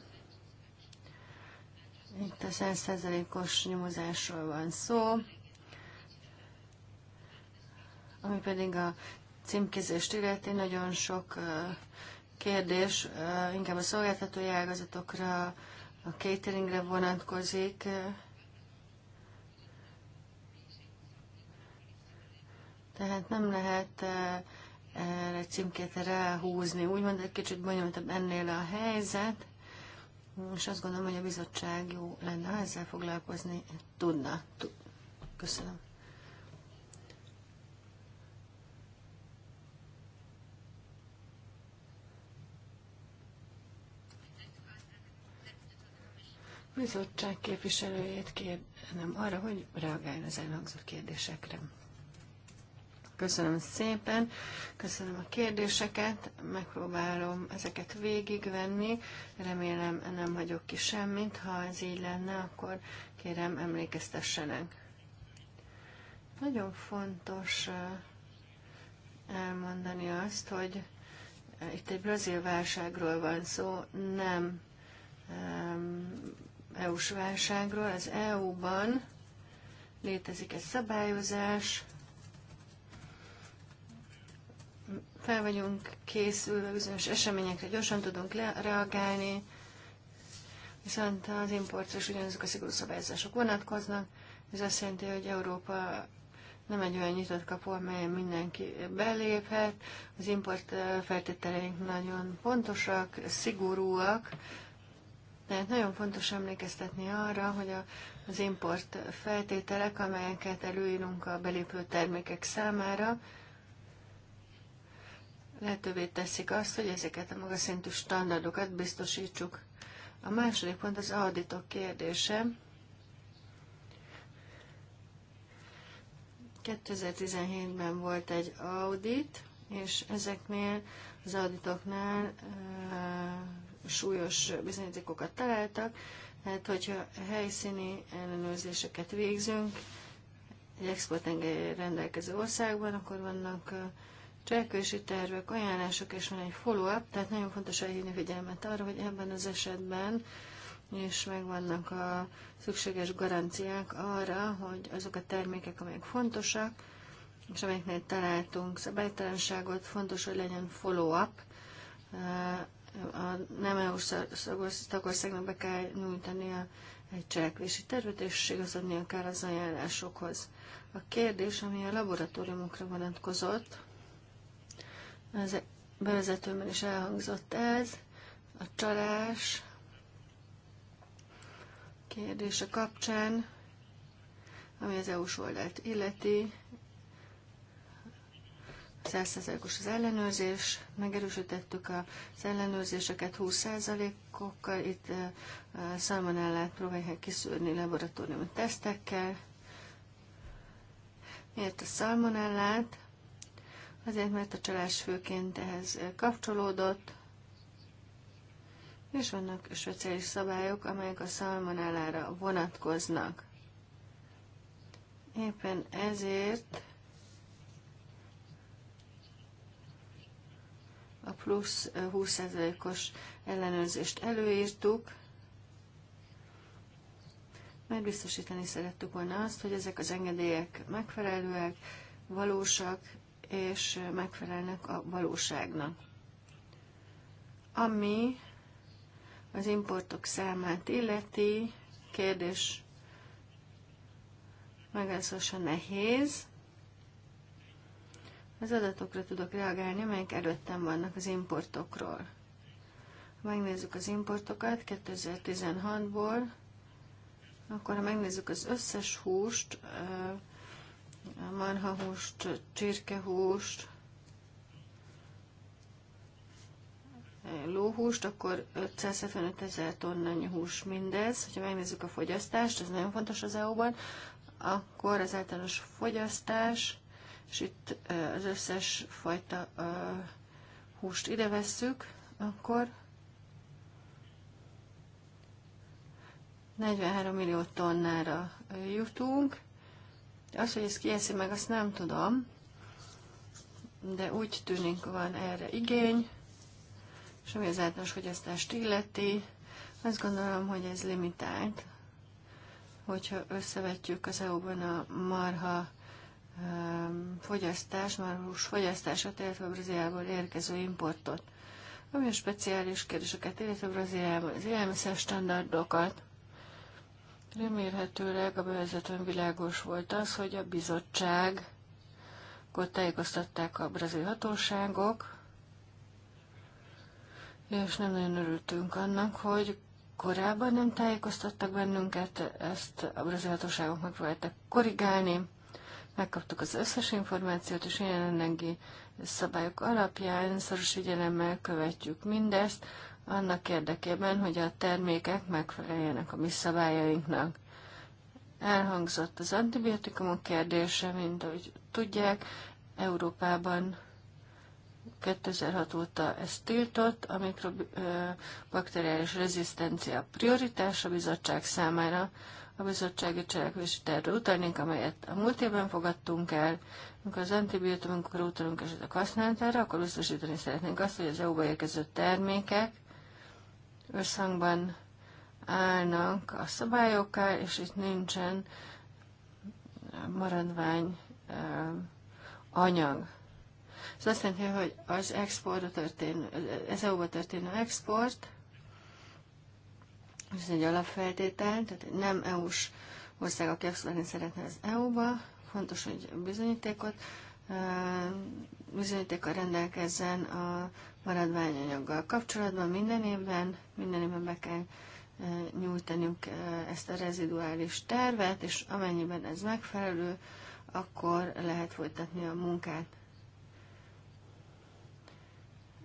[SPEAKER 4] Itt a 100%-os nyomozásról van szó, ami pedig a címkézést illeti, nagyon sok kérdés inkább a szolgáltatói ágazatokra, a cateringre vonatkozik, Tehát nem lehet erre címkét ráhúzni. Úgymond egy kicsit bonyolultabb ennél a helyzet, és azt gondolom, hogy a bizottság jó lenne, ha ezzel foglalkozni tudna. Köszönöm. bizottság képviselőjét kérnem arra, hogy reagáljon az elhangzott kérdésekre. Köszönöm szépen, köszönöm a kérdéseket, megpróbálom ezeket végigvenni, remélem nem hagyok ki semmit, ha ez így lenne, akkor kérem emlékeztessenek. Nagyon fontos eh, elmondani azt, hogy eh, itt egy brazil válságról van szó, nem EU-s válságról. Az EU-ban létezik egy szabályozás, fel vagyunk készülve bizonyos eseményekre, gyorsan tudunk le- reagálni, viszont az importra is ugyanazok a szigorú szabályozások vonatkoznak. Ez azt jelenti, hogy Európa nem egy olyan nyitott kapu, amelyen mindenki beléphet. Az import eh, feltételeink nagyon pontosak, szigorúak, tehát nagyon fontos emlékeztetni arra, hogy a, az import feltételek, amelyeket előírunk a belépő termékek számára, lehetővé teszik azt, hogy ezeket a magas szintű standardokat biztosítsuk. A második pont az auditok kérdése. 2017-ben volt egy audit, és ezeknél az auditoknál e, súlyos bizonyítékokat találtak, tehát hogyha helyszíni ellenőrzéseket végzünk egy exportengely rendelkező országban, akkor vannak e, cselekvési tervek, ajánlások és van egy follow-up, tehát nagyon fontos elhívni figyelmet arra, hogy ebben az esetben és megvannak a szükséges garanciák arra, hogy azok a termékek, amelyek fontosak, és amelyeknél találtunk szabálytalanságot, fontos, hogy legyen follow-up. A nem eu tagországnak be kell nyújtania egy cselekvési tervet, és igazodnia kell az ajánlásokhoz. A kérdés, ami a laboratóriumokra vonatkozott, az bevezetőben is elhangzott ez, a csalás kérdése kapcsán, ami az EU-s oldalt illeti, százszerzalékos az ellenőrzés, megerősítettük az ellenőrzéseket 20%-okkal, itt szalmonellát próbálják kiszűrni laboratóriumi tesztekkel. Miért a szalmonellát? azért mert a csalás főként ehhez kapcsolódott, és vannak speciális szabályok, amelyek a szalmonellára vonatkoznak. Éppen ezért a plusz 20%-os ellenőrzést előírtuk, mert biztosítani szerettük volna azt, hogy ezek az engedélyek megfelelőek, valósak, és megfelelnek a valóságnak. Ami az importok számát illeti, kérdés megállszósan nehéz. Az adatokra tudok reagálni, amelyek előttem vannak az importokról. Ha megnézzük az importokat 2016-ból, akkor ha megnézzük az összes húst, a marhahúst, csirkehúst, lóhúst, akkor 575 ezer tonnányi hús mindez. Ha megnézzük a fogyasztást, ez nagyon fontos az EU-ban, akkor az általános fogyasztás, és itt az összes fajta húst ide vesszük, akkor 43 millió tonnára jutunk, az, hogy ezt kieszi meg, azt nem tudom, de úgy tűnik van erre igény, és ami az általános fogyasztást illeti, azt gondolom, hogy ez limitált, hogyha összevetjük az EU-ban a marha um, fogyasztás, marhús fogyasztását, illetve a Brazíliából érkező importot. Ami a speciális kérdéseket, illetve Brazíliában az élelmiszer standardokat, Remélhetőleg a bevezetőn világos volt az, hogy a bizottság akkor tájékoztatták a brazil hatóságok, és nem nagyon örültünk annak, hogy korábban nem tájékoztattak bennünket, ezt a brazil hatóságok megpróbáltak korrigálni, megkaptuk az összes információt, és ilyen jelenlegi szabályok alapján szoros figyelemmel követjük mindezt, annak érdekében, hogy a termékek megfeleljenek a mi szabályainknak. Elhangzott az antibiotikumok kérdése, mint ahogy tudják, Európában 2006 óta ez tiltott, a mikrobakteriális rezisztencia prioritás a bizottság számára. A bizottsági cselekvési tervre utalnénk, amelyet a múlt évben fogadtunk el. Amikor az antibiotikumokra utalunk esetek használatára, akkor biztosítani szeretnénk azt, hogy az EU-ba érkező termékek összhangban állnak a szabályokkal, és itt nincsen maradvány anyag. Ez azt jelenti, hogy az exportra történő, az EU-ba történő export, ez egy alapfeltétel, tehát nem EU-s ország, aki exportálni szeretne az EU-ba, fontos, hogy bizonyítékot, bizonyítékkal rendelkezzen a maradványanyaggal kapcsolatban minden évben, minden évben be kell e, nyújtaniuk e, ezt a reziduális tervet, és amennyiben ez megfelelő, akkor lehet folytatni a munkát.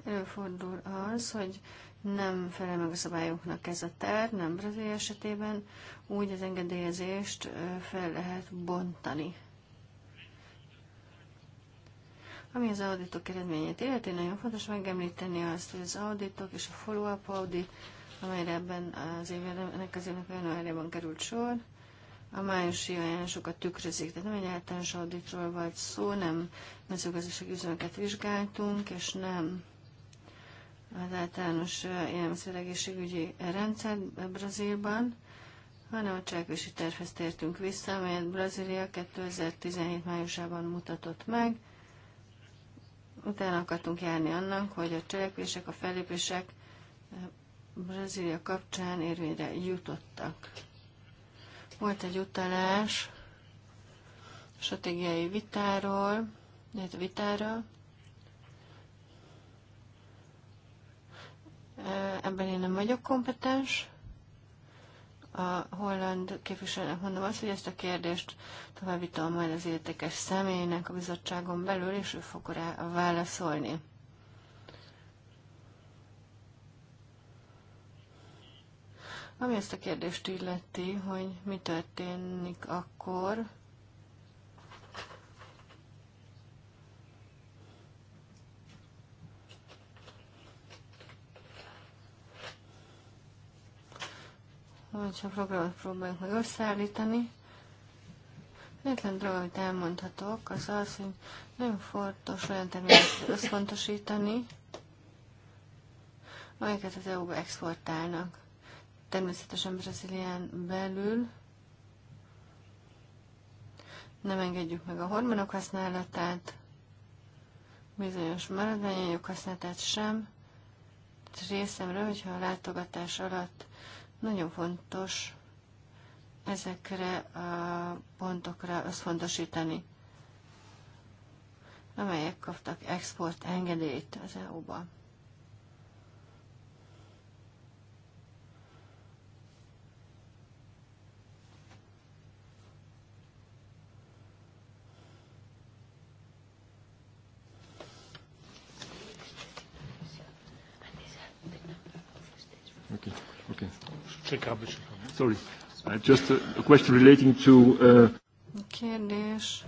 [SPEAKER 4] Előfordul az, hogy nem felel meg a szabályoknak ez a terv, nem Brazília esetében, úgy az engedélyezést e, fel lehet bontani. Ami az auditok eredményét illeti, nagyon fontos megemlíteni azt, hogy az auditok és a follow-up audit, amelyre ebben az évnek az évnek januárjában került sor, a májusi ajánlásokat tükrözik, tehát nem egy általános auditról volt szó, nem mezőgazdasági üzemeket vizsgáltunk, és nem az általános egészségügyi rendszer Brazílban, hanem a cselekvési tervhez tértünk vissza, amelyet Brazília 2017 májusában mutatott meg, utána akartunk járni annak, hogy a cselekvések, a fellépések eh, Brazília kapcsán érvényre jutottak. Volt egy utalás stratégiai vitáról, a vitára. Eh, Ebben én nem vagyok kompetens a holland képviselőnek mondom azt, hogy ezt a kérdést továbbítom majd az értékes személynek a bizottságon belül, és ő fog rá válaszolni. Ami ezt a kérdést illeti, hogy mi történik akkor, Van csak programot próbáljuk meg összeállítani. Egyetlen dolog, amit elmondhatok, az az, hogy nagyon fontos olyan termékeket összpontosítani, amelyeket az EU-ba exportálnak. Természetesen Brazílián belül nem engedjük meg a hormonok használatát, bizonyos maradványanyagok használatát sem. Részemről, hogyha a látogatás alatt nagyon fontos ezekre a pontokra összpontosítani, amelyek kaptak export engedélyt az EU-ba.
[SPEAKER 1] Sorry. Uh, just a question relating to... Uh...
[SPEAKER 4] Kérdés.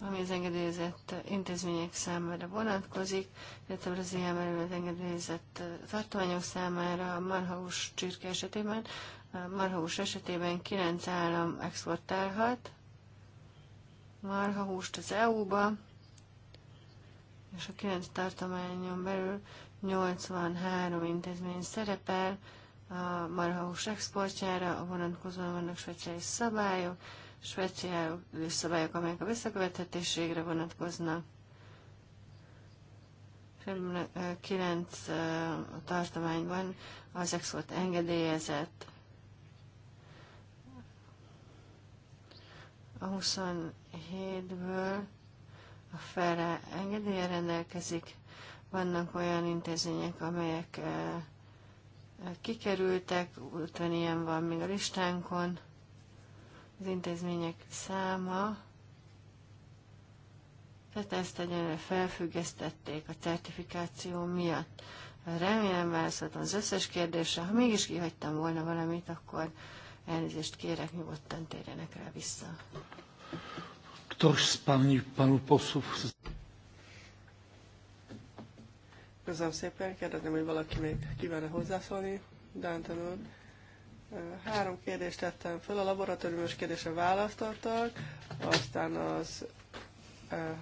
[SPEAKER 4] ami az engedélyezett intézmények számára vonatkozik, illetve az ilyen az engedélyezett uh, tartományok számára a marhaús csirke esetében, a marhaús esetében 9 állam exportálhat marhahúst az EU-ba, és a 9 tartományon belül 83 intézmény szerepel, a marhahús exportjára, a vonatkozóan vannak speciális szabályok, speciális szabályok, amelyek a visszakövethetésségre vonatkoznak. 9 a tartományban az export engedélyezett. A 27-ből a felre engedélye rendelkezik, vannak olyan intézmények, amelyek eh, eh, kikerültek, 50 ilyen van még a listánkon. Az intézmények száma, tehát ezt egyenlőre felfüggesztették a certifikáció miatt. Remélem válaszoltam az összes kérdésre, ha mégis kihagytam volna valamit, akkor elnézést kérek, nyugodtan térjenek rá vissza.
[SPEAKER 1] Ktoś z pani, panu posłów...
[SPEAKER 3] Köszönöm szépen, kérdezném, hogy valaki még kívánna hozzászólni. Dántan úr. Három kérdést tettem föl, a laboratóriumos kérdése választ adtak, aztán az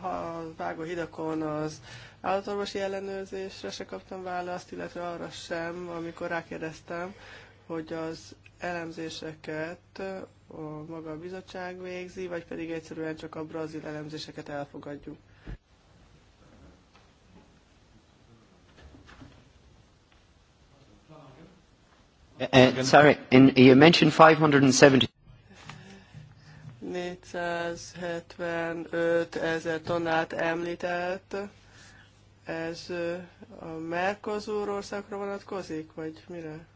[SPEAKER 3] ha a hidakon az állatorvosi ellenőrzésre se kaptam választ, illetve arra sem, amikor rákérdeztem, hogy az elemzéseket a maga a bizottság végzi, vagy pedig egyszerűen csak a brazil elemzéseket elfogadjuk.
[SPEAKER 2] Uh, uh, sorry,
[SPEAKER 4] in, you mentioned 570.
[SPEAKER 3] 475 ezer tonnát említett. Ez a Mercosur országra vonatkozik, vagy mire?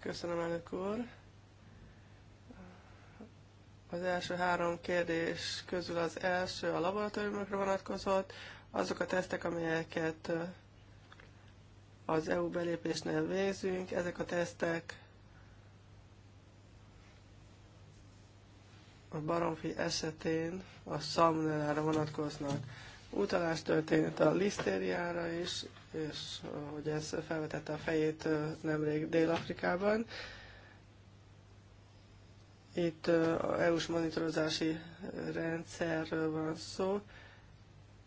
[SPEAKER 3] Köszönöm, elnök úr. Az első három kérdés közül az első a laboratóriumokra vonatkozott, azok a tesztek, amelyeket az EU belépésnél végzünk, ezek a tesztek a baromfi esetén a szamnelára vonatkoznak. Utalás történt a lisztériára is, és hogy ez felvetette a fejét nemrég Dél-Afrikában. Itt a EU-s monitorozási rendszerről van szó.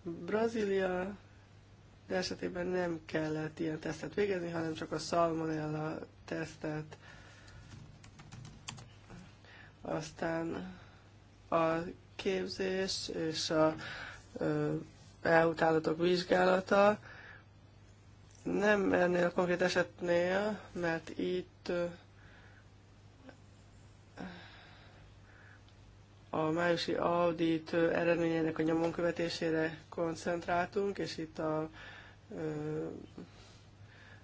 [SPEAKER 3] Brazília esetében nem kellett ilyen tesztet végezni, hanem csak a salmonella tesztet. Aztán a képzés és a elhutállatok vizsgálata. Nem ennél a konkrét esetnél, mert itt a májusi audit eredményének a nyomon követésére koncentráltunk, és itt a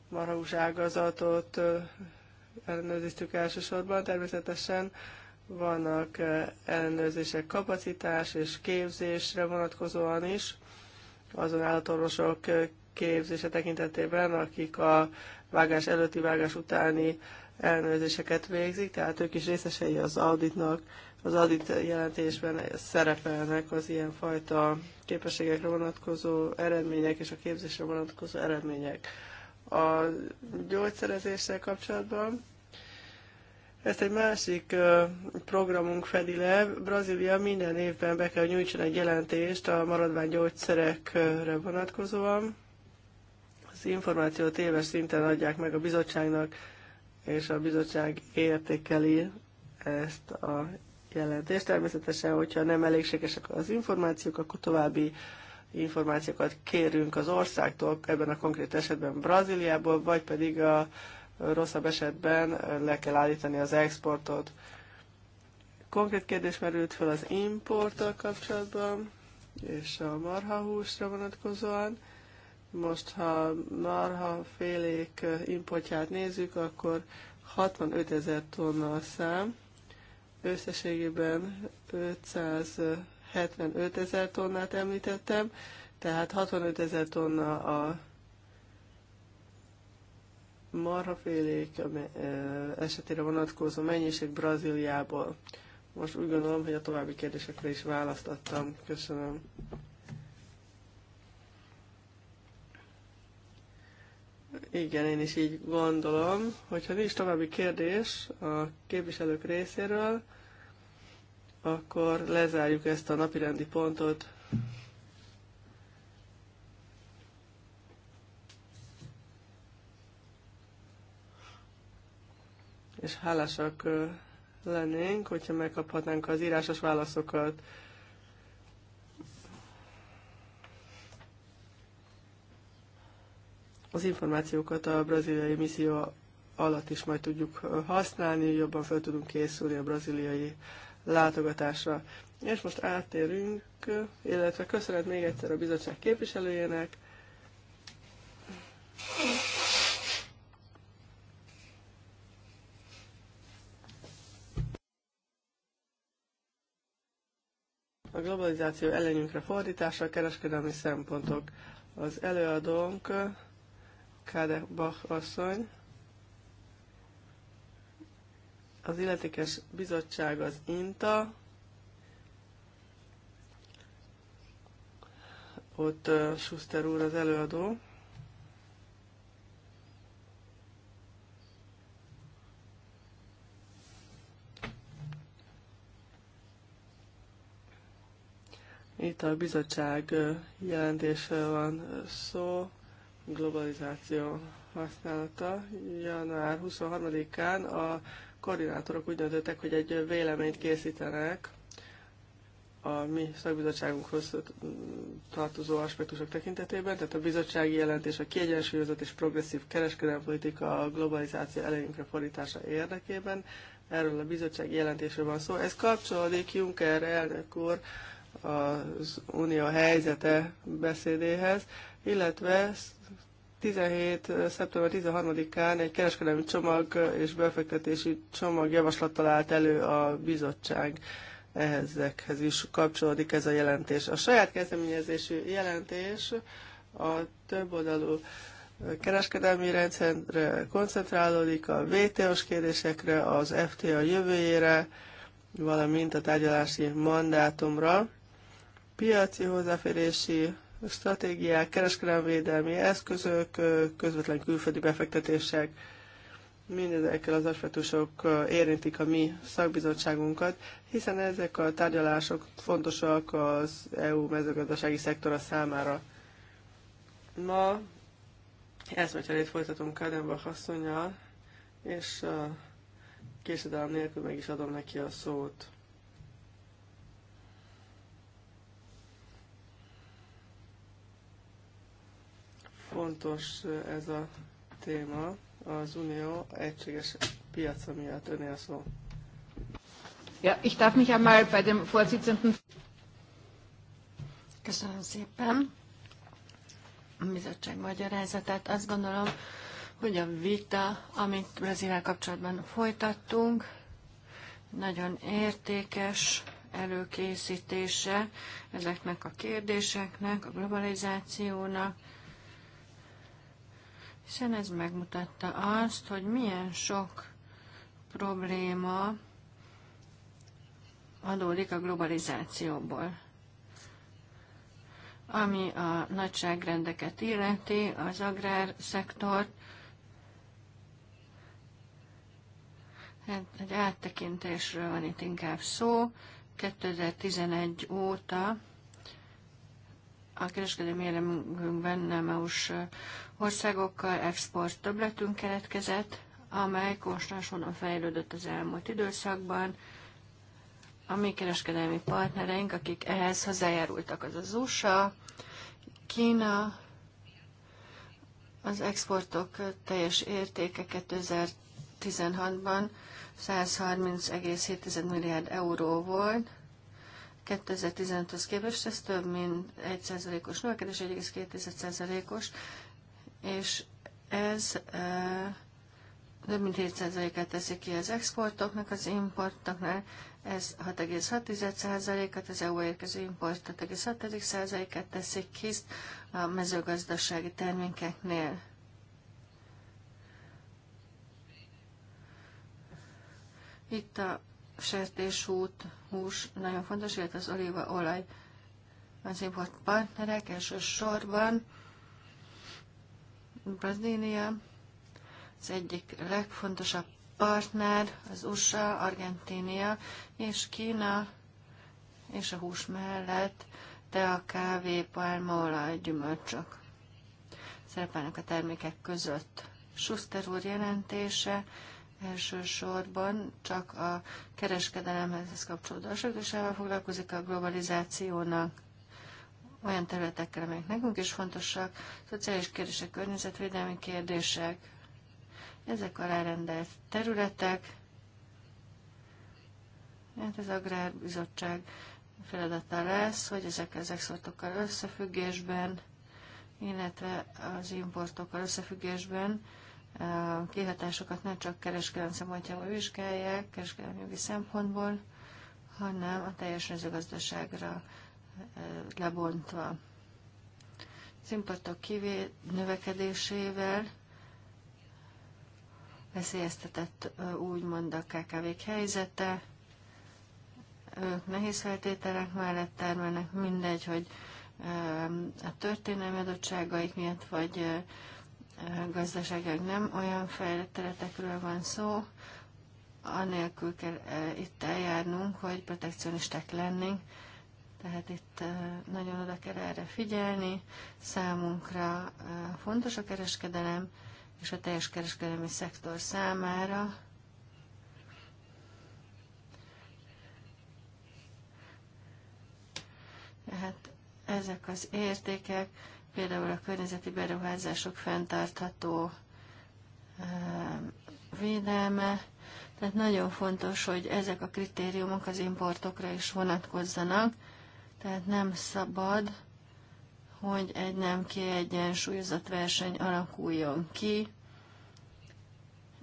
[SPEAKER 3] marhaús ágazatot ellenőriztük elsősorban. Természetesen vannak ellenőrzések kapacitás és képzésre vonatkozóan is, azon állatorvosok képzése tekintetében, akik a vágás előtti, vágás utáni ellenőrzéseket végzik, tehát ők is részesei az auditnak az adit jelentésben szerepelnek az ilyenfajta képességekre vonatkozó eredmények és a képzésre vonatkozó eredmények. A gyógyszerezéssel kapcsolatban ezt egy másik programunk fedi le. Brazília minden évben be kell nyújtson egy jelentést a maradvány gyógyszerekre vonatkozóan. Az információt éves szinten adják meg a bizottságnak, és a bizottság értékeli ezt a jelentést. Természetesen, hogyha nem elégségesek az információk, akkor további információkat kérünk az országtól, ebben a konkrét esetben Brazíliából, vagy pedig a rosszabb esetben le kell állítani az exportot. Konkrét kérdés merült fel az importtal kapcsolatban, és a marhahúsra vonatkozóan. Most, ha marhafélék importját nézzük, akkor 65 ezer tonna a szám, Összességében 575 ezer tonnát említettem, tehát 65 ezer tonna a marhafélék esetére vonatkozó mennyiség Brazíliából. Most úgy gondolom, hogy a további kérdésekre is választattam. Köszönöm. Igen, én is így gondolom, hogyha nincs további kérdés a képviselők részéről, akkor lezárjuk ezt a napirendi pontot. És hálásak lennénk, hogyha megkaphatnánk az írásos válaszokat. Az információkat a braziliai misszió alatt is majd tudjuk használni, jobban fel tudunk készülni a braziliai látogatásra. És most átérünk, illetve köszönet még egyszer a bizottság képviselőjének. A globalizáció ellenünkre fordítása, a kereskedelmi szempontok. Az előadónk Bach asszony. Az illetékes bizottság az INTA. Ott Schuster úr az előadó. Itt a bizottság jelentése van szó globalizáció használata. Január 23-án a koordinátorok úgy döntöttek, hogy egy véleményt készítenek a mi szakbizottságunkhoz tartozó aspektusok tekintetében, tehát a bizottsági jelentés a kiegyensúlyozott és progresszív kereskedelempolitika a globalizáció elejünkre fordítása érdekében. Erről a bizottsági jelentésről van szó. Ez kapcsolódik Juncker elnök úr az unió helyzete beszédéhez, illetve 17. szeptember 13-án egy kereskedelmi csomag és befektetési csomag javaslattal állt elő a bizottság. Ehhezekhez is kapcsolódik ez a jelentés. A saját kezdeményezésű jelentés a több oldalú kereskedelmi rendszerre koncentrálódik, a vto s kérdésekre, az FTA jövőjére, valamint a tárgyalási mandátumra, piaci hozzáférési stratégiák, kereskedelmi eszközök, közvetlen külföldi befektetések, mindezekkel az aspektusok érintik a mi szakbizottságunkat, hiszen ezek a tárgyalások fontosak az EU mezőgazdasági szektora számára. Ma eszmecserét folytatunk Kádenbach asszonynal, és késedelem nélkül meg is adom neki a szót. Fontos ez a téma az unió egységes piaca miatt. Önél szó.
[SPEAKER 4] Ja, ich darf mich einmal bei dem Vorsitzenden. Köszönöm szépen a bizottság magyarázatát. Azt gondolom, hogy a vita, amit Brazíliával kapcsolatban folytattunk, nagyon értékes előkészítése ezeknek a kérdéseknek, a globalizációnak, hiszen ez megmutatta azt, hogy milyen sok probléma adódik a globalizációból. Ami a nagyságrendeket illeti, az agrárszektort, hát egy áttekintésről van itt inkább szó. 2011 óta a kereskedelmi élemünkben nem EU-s országokkal export többletünk keletkezett, amely konstanson fejlődött az elmúlt időszakban. A mi kereskedelmi partnereink, akik ehhez hozzájárultak, az az USA, Kína, az exportok teljes értéke 2016-ban 130,7 milliárd euró volt, 2015-höz képest ez több mint 1%-os növekedés, 1,2%-os, és ez több mint 7 et teszi ki az exportoknak, az importoknál ez 6,6%-at, az EU érkező import 66 et teszik ki a mezőgazdasági termékeknél. Itt a sertéshút, hús nagyon fontos, illetve az olívaolaj az import partnerek elsősorban Brazília az egyik legfontosabb partner, az USA, Argentínia és Kína, és a hús mellett a kávé, pálmaolaj, gyümölcsök szerepelnek a termékek között. Schuster úr jelentése elsősorban csak a kereskedelemhez kapcsolódó aspektusával foglalkozik a globalizációnak olyan területekkel, amelyek nekünk is fontosak, szociális kérdések, környezetvédelmi kérdések, ezek alárendelt területek, Hát az Agrárbizottság feladata lesz, hogy ezek az exportokkal összefüggésben, illetve az importokkal összefüggésben kihatásokat nem csak kereskedelmi szempontjából vizsgálják, kereskedelmi jogi szempontból, hanem a teljes mezőgazdaságra lebontva. Szimpatok kivé növekedésével veszélyeztetett úgymond a kkv helyzete, ők nehéz feltételek mellett termelnek, mindegy, hogy a történelmi adottságaik miatt, vagy gazdaságilag nem olyan fejlett területekről van szó, anélkül kell itt eljárnunk, hogy protekcionisták lennénk, tehát itt nagyon oda kell erre figyelni. Számunkra fontos a kereskedelem, és a teljes kereskedelmi szektor számára. Tehát ezek az értékek, például a környezeti beruházások fenntartható védelme, tehát nagyon fontos, hogy ezek a kritériumok az importokra is vonatkozzanak, tehát nem szabad, hogy egy nem kiegyensúlyozott verseny alakuljon ki.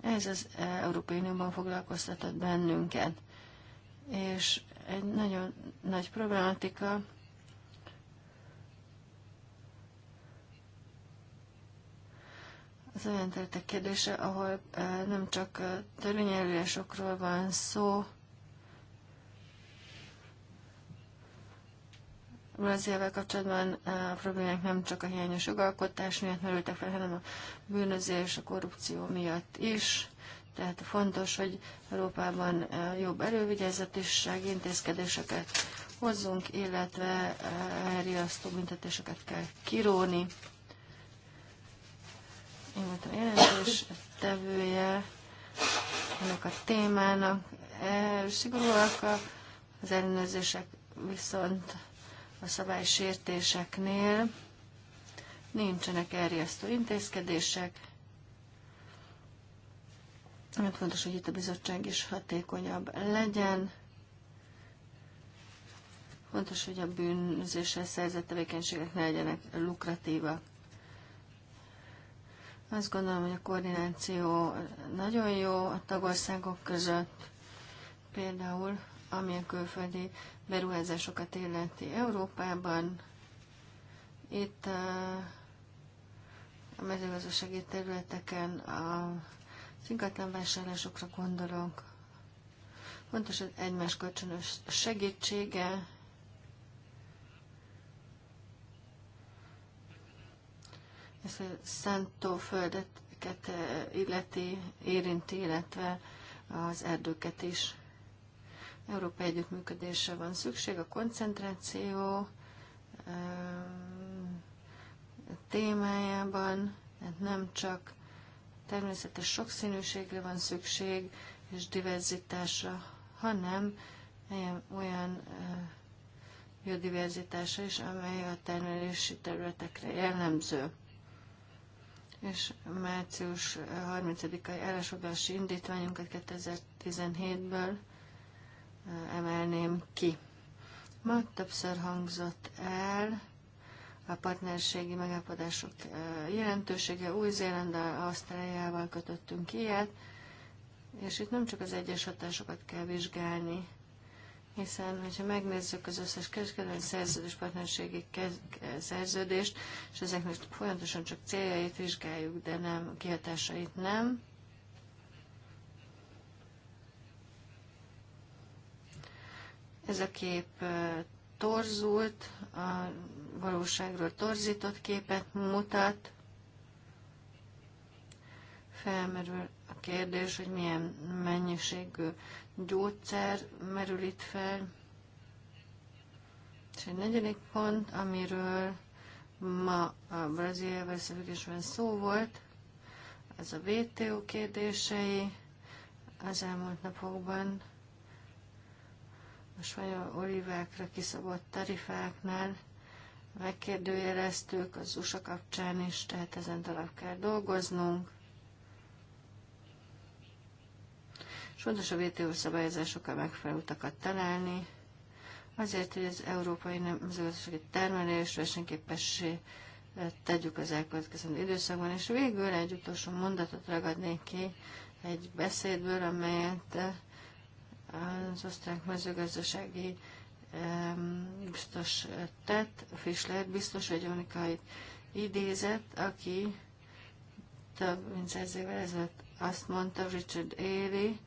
[SPEAKER 4] Ez az Európai Unióban foglalkoztatott bennünket. És egy nagyon nagy problematika, az olyan területek kérdése, ahol eh, nem csak eh, törvényelőrésokról van szó, Brazíliával kapcsolatban eh, a problémák nem csak a hiányos jogalkotás miatt merültek fel, hanem a bűnözés, a korrupció miatt is. Tehát fontos, hogy Európában eh, jobb elővigyázatiság intézkedéseket hozzunk, illetve eh, elriasztó büntetéseket kell kiróni. Én voltam jelentős tevője ennek a témának. Szigorúak az ellenőrzések viszont a szabálysértéseknél nincsenek erjesztő intézkedések, nagyon fontos, hogy itt a bizottság is hatékonyabb legyen. Fontos, hogy a bűnözéssel szerzett tevékenységek ne legyenek lukratívak. Azt gondolom, hogy a koordináció nagyon jó a tagországok között, például ami a külföldi beruházásokat illeti Európában. Itt uh, a mezőgazdasági területeken a ingatlan vásárlásokra gondolok. Fontos az egymás kölcsönös segítsége, ez a szántóföldeket uh, illeti, érinti, illetve az erdőket is. Európai együttműködésre van szükség, a koncentráció ehm, témájában, tehát nem csak természetes sokszínűségre van szükség és diverzitásra, hanem olyan eh, biodiverzitása is, amely a termelési területekre jellemző. És március 30-ai állásfoglalási indítványunkat 2017-ből emelném ki. Ma többször hangzott el a partnerségi megállapodások jelentősége. Új-Zélandal, Ausztráliával kötöttünk ilyet, és itt nem csak az egyes hatásokat kell vizsgálni, hiszen hogyha megnézzük az összes kereskedelmi szerződés, partnerségi szerződést, és ezeknek folyamatosan csak céljait vizsgáljuk, de nem kihatásait nem, Ez a kép torzult, a valóságról torzított képet mutat. Felmerül a kérdés, hogy milyen mennyiségű gyógyszer merül itt fel. És egy negyedik pont, amiről ma a Brazíliával összefüggésben szó volt, Az a WTO kérdései az elmúlt napokban a saja olivákra kiszabott tarifáknál megkérdőjeleztük az USA kapcsán is, tehát ezen talap kell dolgoznunk. És fontos a WTO szabályozásokkal megfelelő utakat találni, azért, hogy az európai nemzetgazdasági termelés versenyképessé tegyük az elkövetkező időszakban. És végül egy utolsó mondatot ragadnék ki egy beszédből, amelyet az osztrák mezőgazdasági biztos tett, Fischler biztos, hogy Onikait idézett, aki több mint száz évvel ezelőtt azt mondta Richard Éri,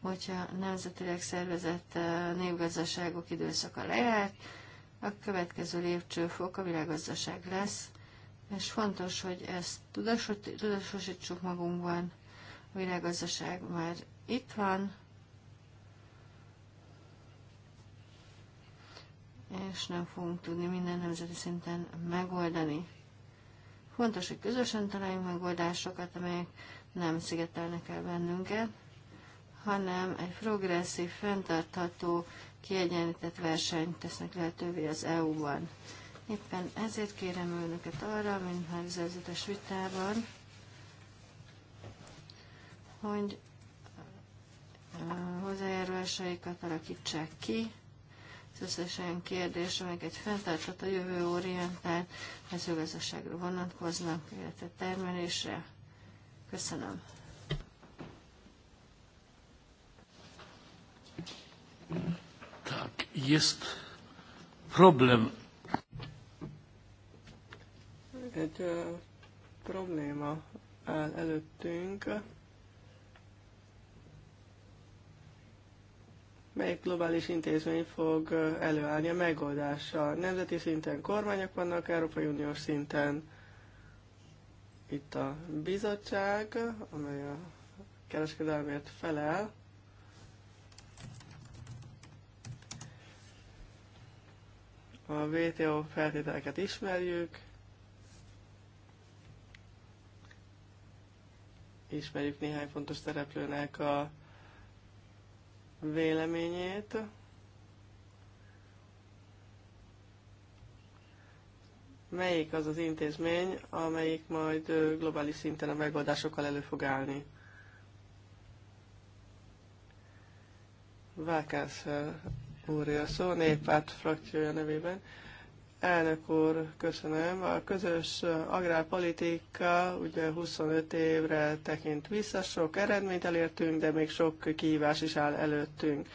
[SPEAKER 4] hogyha nemzetileg szervezett népgazdaságok időszaka lejárt, a következő lépcsőfok a világgazdaság lesz, és fontos, hogy ezt tudatosítsuk magunkban. A világgazdaság már itt van, és nem fogunk tudni minden nemzeti szinten megoldani. Fontos, hogy közösen találjunk megoldásokat, amelyek nem szigetelnek el bennünket, hanem egy progresszív, fenntartható, kiegyenlített versenyt tesznek lehetővé az EU-ban. Éppen ezért kérem önöket arra, mint már az előzetes vitában, hogy hozzájárulásaikat alakítsák ki, az összes olyan kérdés, amelyek egy a jövő orientált mezőgazdaságra vonatkoznak, illetve termelésre. Köszönöm.
[SPEAKER 1] Tak, jest problem.
[SPEAKER 3] Egy uh, probléma áll előttünk. melyik globális intézmény fog előállni a megoldással. Nemzeti szinten kormányok vannak, Európai Uniós szinten itt a bizottság, amely a kereskedelmért felel, A WTO feltételeket ismerjük, ismerjük néhány fontos szereplőnek a véleményét. Melyik az az intézmény, amelyik majd globális szinten a megoldásokkal elő fog állni? Vákász úrja szó néppárt frakciója nevében. Elnök úr, köszönöm. A közös agrárpolitika ugye 25 évre tekint vissza, sok eredményt elértünk, de még sok kihívás is áll előttünk.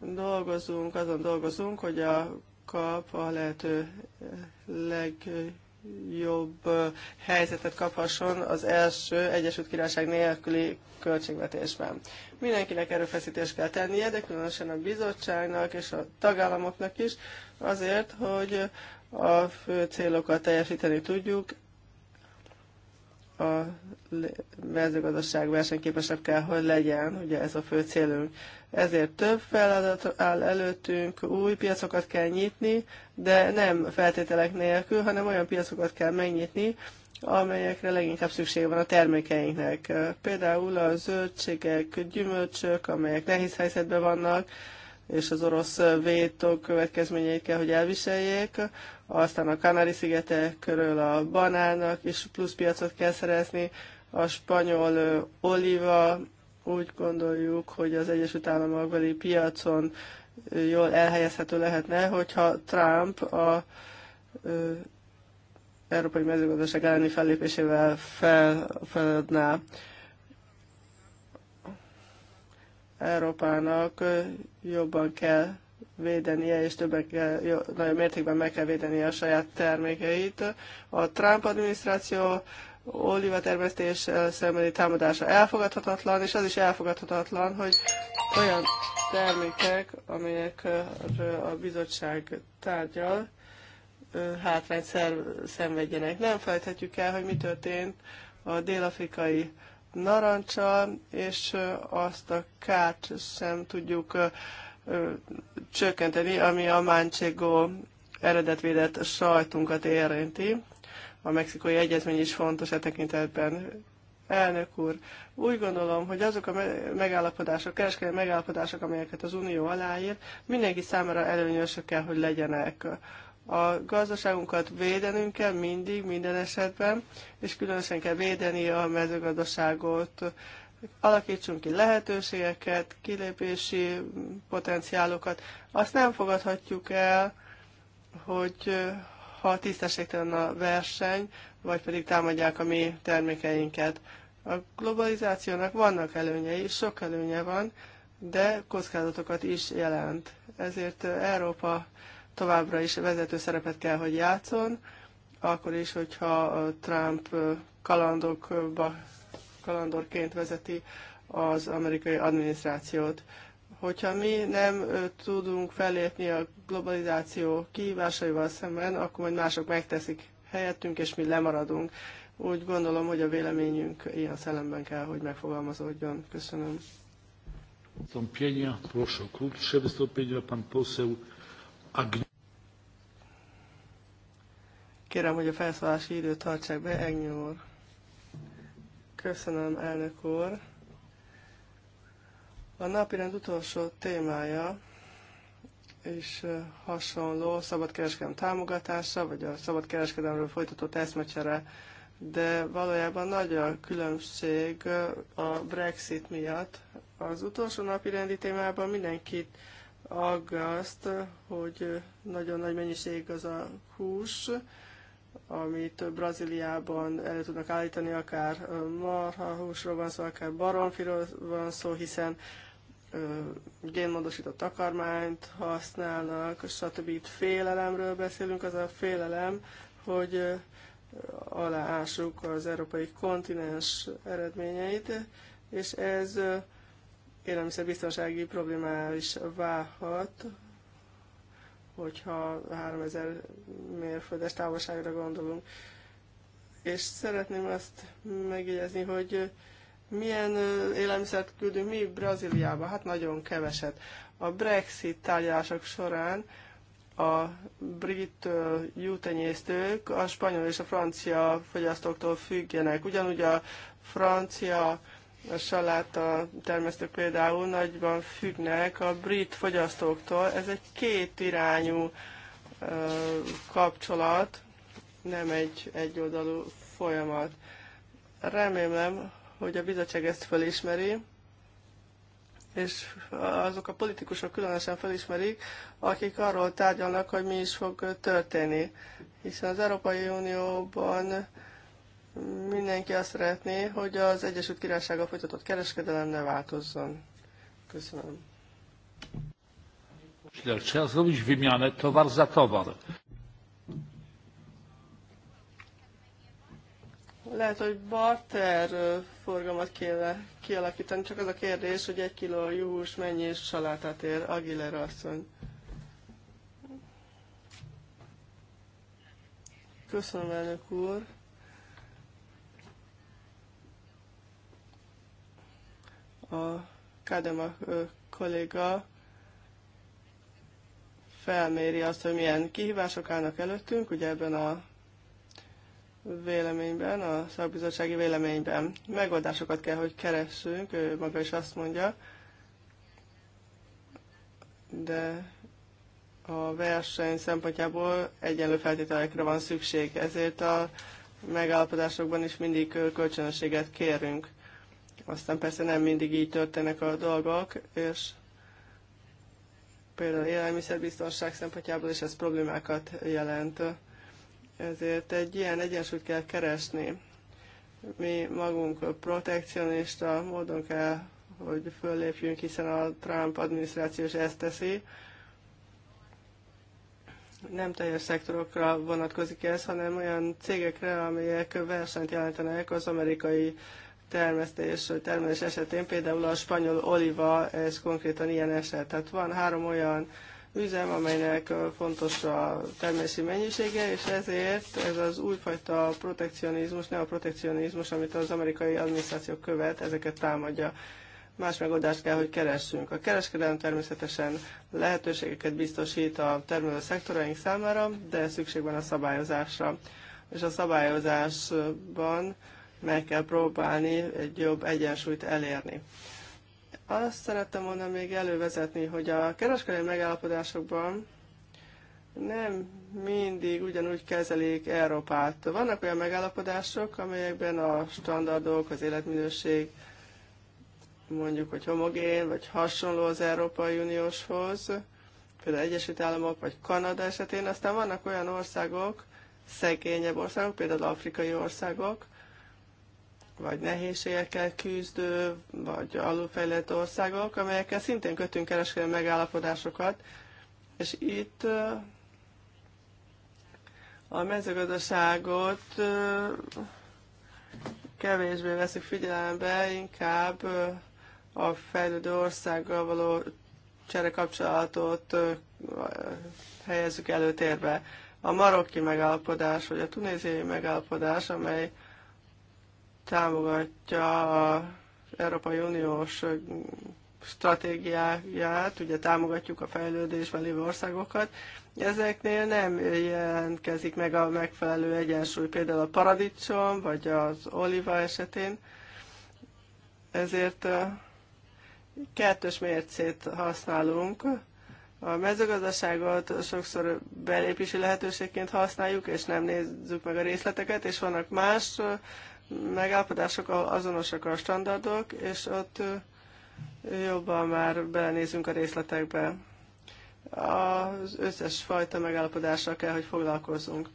[SPEAKER 3] Dolgozunk, azon dolgozunk, hogy a kap a lehető leg jobb helyzetet kaphasson az első Egyesült Királyság nélküli költségvetésben. Mindenkinek erőfeszítést kell tennie, de különösen a bizottságnak és a tagállamoknak is, azért, hogy a fő célokat teljesíteni tudjuk, a mezőgazdaság versenyképesebb kell, hogy legyen, ugye ez a fő célunk. Ezért több feladat áll előttünk, új piacokat kell nyitni, de nem feltételek nélkül, hanem olyan piacokat kell megnyitni, amelyekre leginkább szükség van a termékeinknek. Például a zöldségek, gyümölcsök, amelyek nehéz helyzetben vannak, és az orosz vétó következményeit kell, hogy elviseljék aztán a Kanári-szigetek körül a banának is plusz piacot kell szerezni, a spanyol oliva, úgy gondoljuk, hogy az Egyesült Államokbeli piacon jól elhelyezhető lehetne, hogyha Trump a ö, európai mezőgazdaság elleni fellépésével fel, feladná Európának jobban kell védenie, és többek kell, mértékben meg kell védenie a saját termékeit. A Trump adminisztráció termesztés szembeni támadása elfogadhatatlan, és az is elfogadhatatlan, hogy olyan termékek, amelyek a bizottság tárgyal, hátrányt szenvedjenek. Nem felejthetjük el, hogy mi történt a dél-afrikai narancsal, és azt a kárt sem tudjuk csökkenteni, ami a Manchego eredetvédett sajtunkat érinti. A mexikai egyezmény is fontos e tekintetben. Elnök úr, úgy gondolom, hogy azok a megállapodások, kereskedelmi megállapodások, amelyeket az Unió aláír, mindenki számára előnyösök kell, hogy legyenek. A gazdaságunkat védenünk kell mindig, minden esetben, és különösen kell védeni a mezőgazdaságot, alakítsunk ki lehetőségeket, kilépési potenciálokat. Azt nem fogadhatjuk el, hogy ha tisztességtelen a verseny, vagy pedig támadják a mi termékeinket. A globalizációnak vannak előnyei, sok előnye van, de kockázatokat is jelent. Ezért Európa továbbra is vezető szerepet kell, hogy játszon, akkor is, hogyha Trump kalandokba kalandorként vezeti az amerikai adminisztrációt. Hogyha mi nem tudunk fellépni a globalizáció kihívásaival szemben, akkor majd mások megteszik helyettünk, és mi lemaradunk. Úgy gondolom, hogy a véleményünk ilyen szellemben kell, hogy megfogalmazódjon. Köszönöm. Kérem, hogy a felszólási időt tartsák be, Egnyúr. Köszönöm, elnök úr. A napirend utolsó témája és hasonló szabadkereskedelem támogatása, vagy a szabadkereskedelemről folytatott eszmecsere, de valójában nagy a különbség a Brexit miatt. Az utolsó napi rendi témában mindenkit aggaszt, hogy nagyon nagy mennyiség az a hús, amit Brazíliában elő tudnak állítani, akár marhahúsról van szó, akár baromfiról van szó, hiszen génmódosított takarmányt használnak, stb. Itt félelemről beszélünk, az a félelem, hogy aláássuk az európai kontinens eredményeit, és ez élelmiszerbiztonsági problémá is válhat, hogyha 3000 mérföldes távolságra gondolunk. És szeretném azt megjegyezni, hogy milyen élelmiszert küldünk mi Brazíliába? Hát nagyon keveset. A Brexit tárgyalások során a brit jútenyésztők, a spanyol és a francia fogyasztóktól függenek. Ugyanúgy a francia a saláta termesztők például nagyban függnek a brit fogyasztóktól. Ez egy kétirányú kapcsolat, nem egy egyoldalú folyamat. Remélem, hogy a bizottság ezt felismeri, és azok a politikusok különösen felismerik, akik arról tárgyalnak, hogy mi is fog történni. Hiszen az Európai Unióban Mindenki azt szeretné, hogy az Egyesült Királysága folytatott kereskedelem ne változzon. Köszönöm.
[SPEAKER 1] Trzeba zrobić wymianę towar za towar.
[SPEAKER 3] Lehet, hogy barter forgalmat kéne kialakítani, csak az a kérdés, hogy egy kiló juhús mennyi és salátát ér Aguilera asszony. Köszönöm, elnök úr. a Kadema kolléga felméri azt, hogy milyen kihívások állnak előttünk, ugye ebben a véleményben, a szakbizottsági véleményben megoldásokat kell, hogy keressünk, ő maga is azt mondja, de a verseny szempontjából egyenlő feltételekre van szükség, ezért a megállapodásokban is mindig kölcsönösséget kérünk. Aztán persze nem mindig így történnek a dolgok, és például élelmiszerbiztonság szempontjából is ez problémákat jelent. Ezért egy ilyen egyensúlyt kell keresni. Mi magunk protekcionista módon kell, hogy föllépjünk, hiszen a Trump adminisztráció is ezt teszi. Nem teljes szektorokra vonatkozik ez, hanem olyan cégekre, amelyek versenyt jelentenek az amerikai termesztés vagy termelés esetén, például a spanyol oliva, ez konkrétan ilyen eset. Tehát van három olyan üzem, amelynek fontos a termési mennyisége, és ezért ez az újfajta protekcionizmus, ne a protekcionizmus, amit az amerikai adminisztráció követ, ezeket támadja. Más megoldást kell, hogy keressünk. A kereskedelem természetesen lehetőségeket biztosít a termelő szektoraink számára, de szükség van a szabályozásra. És a szabályozásban meg kell próbálni egy jobb egyensúlyt elérni. Azt szerettem volna még elővezetni, hogy a kereskedelmi megállapodásokban nem mindig ugyanúgy kezelik Európát. Vannak olyan megállapodások, amelyekben a standardok, az életminőség mondjuk, hogy homogén, vagy hasonló az Európai Unióshoz, például Egyesült Államok, vagy Kanada esetén. Aztán vannak olyan országok, szegényebb országok, például afrikai országok, vagy nehézségekkel küzdő, vagy alulfejlett országok, amelyekkel szintén kötünk kereskedelmi megállapodásokat, és itt a mezőgazdaságot kevésbé veszik figyelembe, inkább a fejlődő országgal való cserekapcsolatot helyezzük előtérbe. A marokki megállapodás, vagy a tunéziai megállapodás, amely támogatja az Európai Uniós stratégiáját, ugye támogatjuk a fejlődésben lévő országokat, ezeknél nem jelentkezik meg a megfelelő egyensúly, például a paradicsom vagy az oliva esetén, ezért kettős mércét használunk. A mezőgazdaságot sokszor belépési lehetőségként használjuk, és nem nézzük meg a részleteket, és vannak más megállapodások azonosak a standardok, és ott jobban már belenézünk a részletekbe. Az összes fajta megállapodásra kell, hogy foglalkozzunk.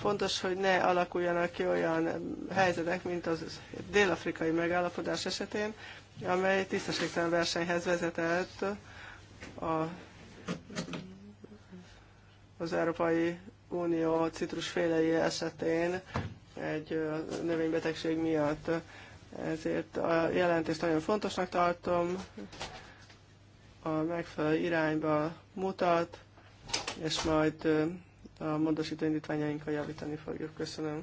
[SPEAKER 3] Fontos, hogy ne alakuljanak ki olyan helyzetek, mint az dél-afrikai megállapodás esetén, amely tisztességtelen versenyhez vezetett a, az Európai Unió citrusfélei esetén egy növénybetegség miatt. Ezért a jelentést nagyon fontosnak tartom, a megfelelő irányba mutat, és majd a módosító indítványainkkal javítani fogjuk. Köszönöm.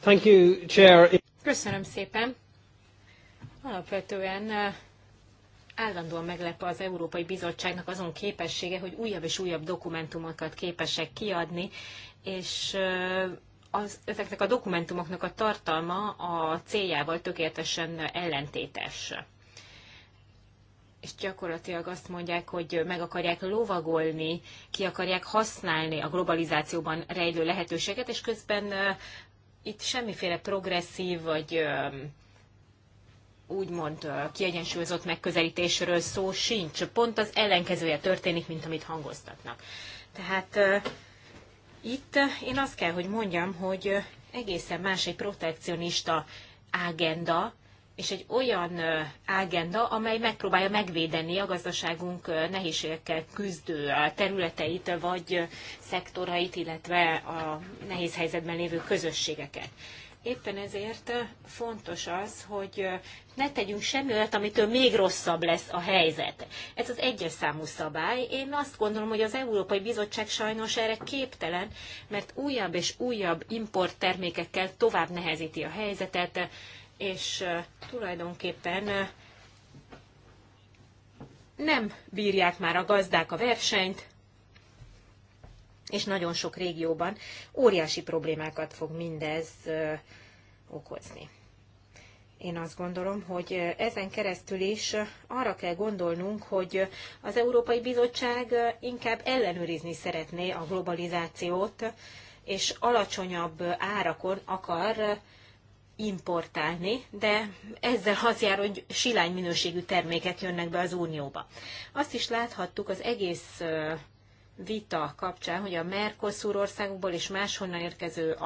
[SPEAKER 2] Thank you, Chair. Köszönöm szépen. Alapvetően állandóan meglep az Európai Bizottságnak azon képessége, hogy újabb és újabb dokumentumokat képesek kiadni, és az, ezeknek a dokumentumoknak a tartalma a céljával tökéletesen ellentétes. És gyakorlatilag azt mondják, hogy meg akarják lovagolni, ki akarják használni a globalizációban rejlő lehetőséget, és közben itt semmiféle progresszív vagy úgymond kiegyensúlyozott megközelítésről szó sincs. Pont az ellenkezője történik, mint amit hangoztatnak. Tehát itt én azt kell, hogy mondjam, hogy egészen más egy protekcionista ágenda, és egy olyan ágenda, amely megpróbálja megvédeni a gazdaságunk nehézségekkel küzdő területeit, vagy szektorait, illetve a nehéz helyzetben lévő közösségeket. Éppen ezért fontos az, hogy ne tegyünk semmi olyat, amitől még rosszabb lesz a helyzet. Ez az egyes számú szabály. Én azt gondolom, hogy az Európai Bizottság sajnos erre képtelen, mert újabb és újabb importtermékekkel tovább nehezíti a helyzetet, és tulajdonképpen nem bírják már a gazdák a versenyt, és nagyon sok régióban óriási problémákat fog mindez okozni. Én azt gondolom, hogy ezen keresztül is arra kell gondolnunk, hogy az Európai Bizottság inkább ellenőrizni szeretné a globalizációt, és alacsonyabb árakon akar importálni, de ezzel az jár, hogy silány minőségű termékek jönnek be az Unióba. Azt is láthattuk az egész vita kapcsán, hogy a Mercosur országokból és máshonnan érkező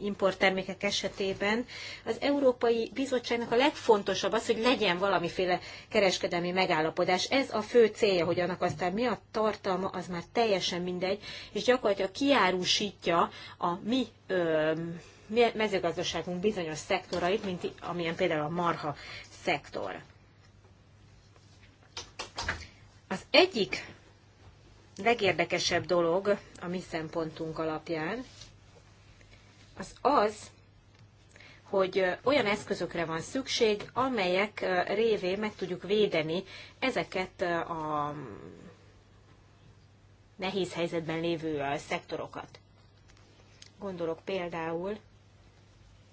[SPEAKER 2] importtermékek esetében az Európai Bizottságnak a legfontosabb az, hogy legyen valamiféle kereskedelmi megállapodás. Ez a fő célja, hogy annak aztán mi a tartalma, az már teljesen mindegy, és gyakorlatilag kiárusítja a mi ö, mezőgazdaságunk bizonyos szektorait, mint amilyen például a marha szektor. Az egyik legérdekesebb dolog a mi szempontunk alapján, az az, hogy olyan eszközökre van szükség, amelyek révén meg tudjuk védeni ezeket a nehéz helyzetben lévő szektorokat. Gondolok például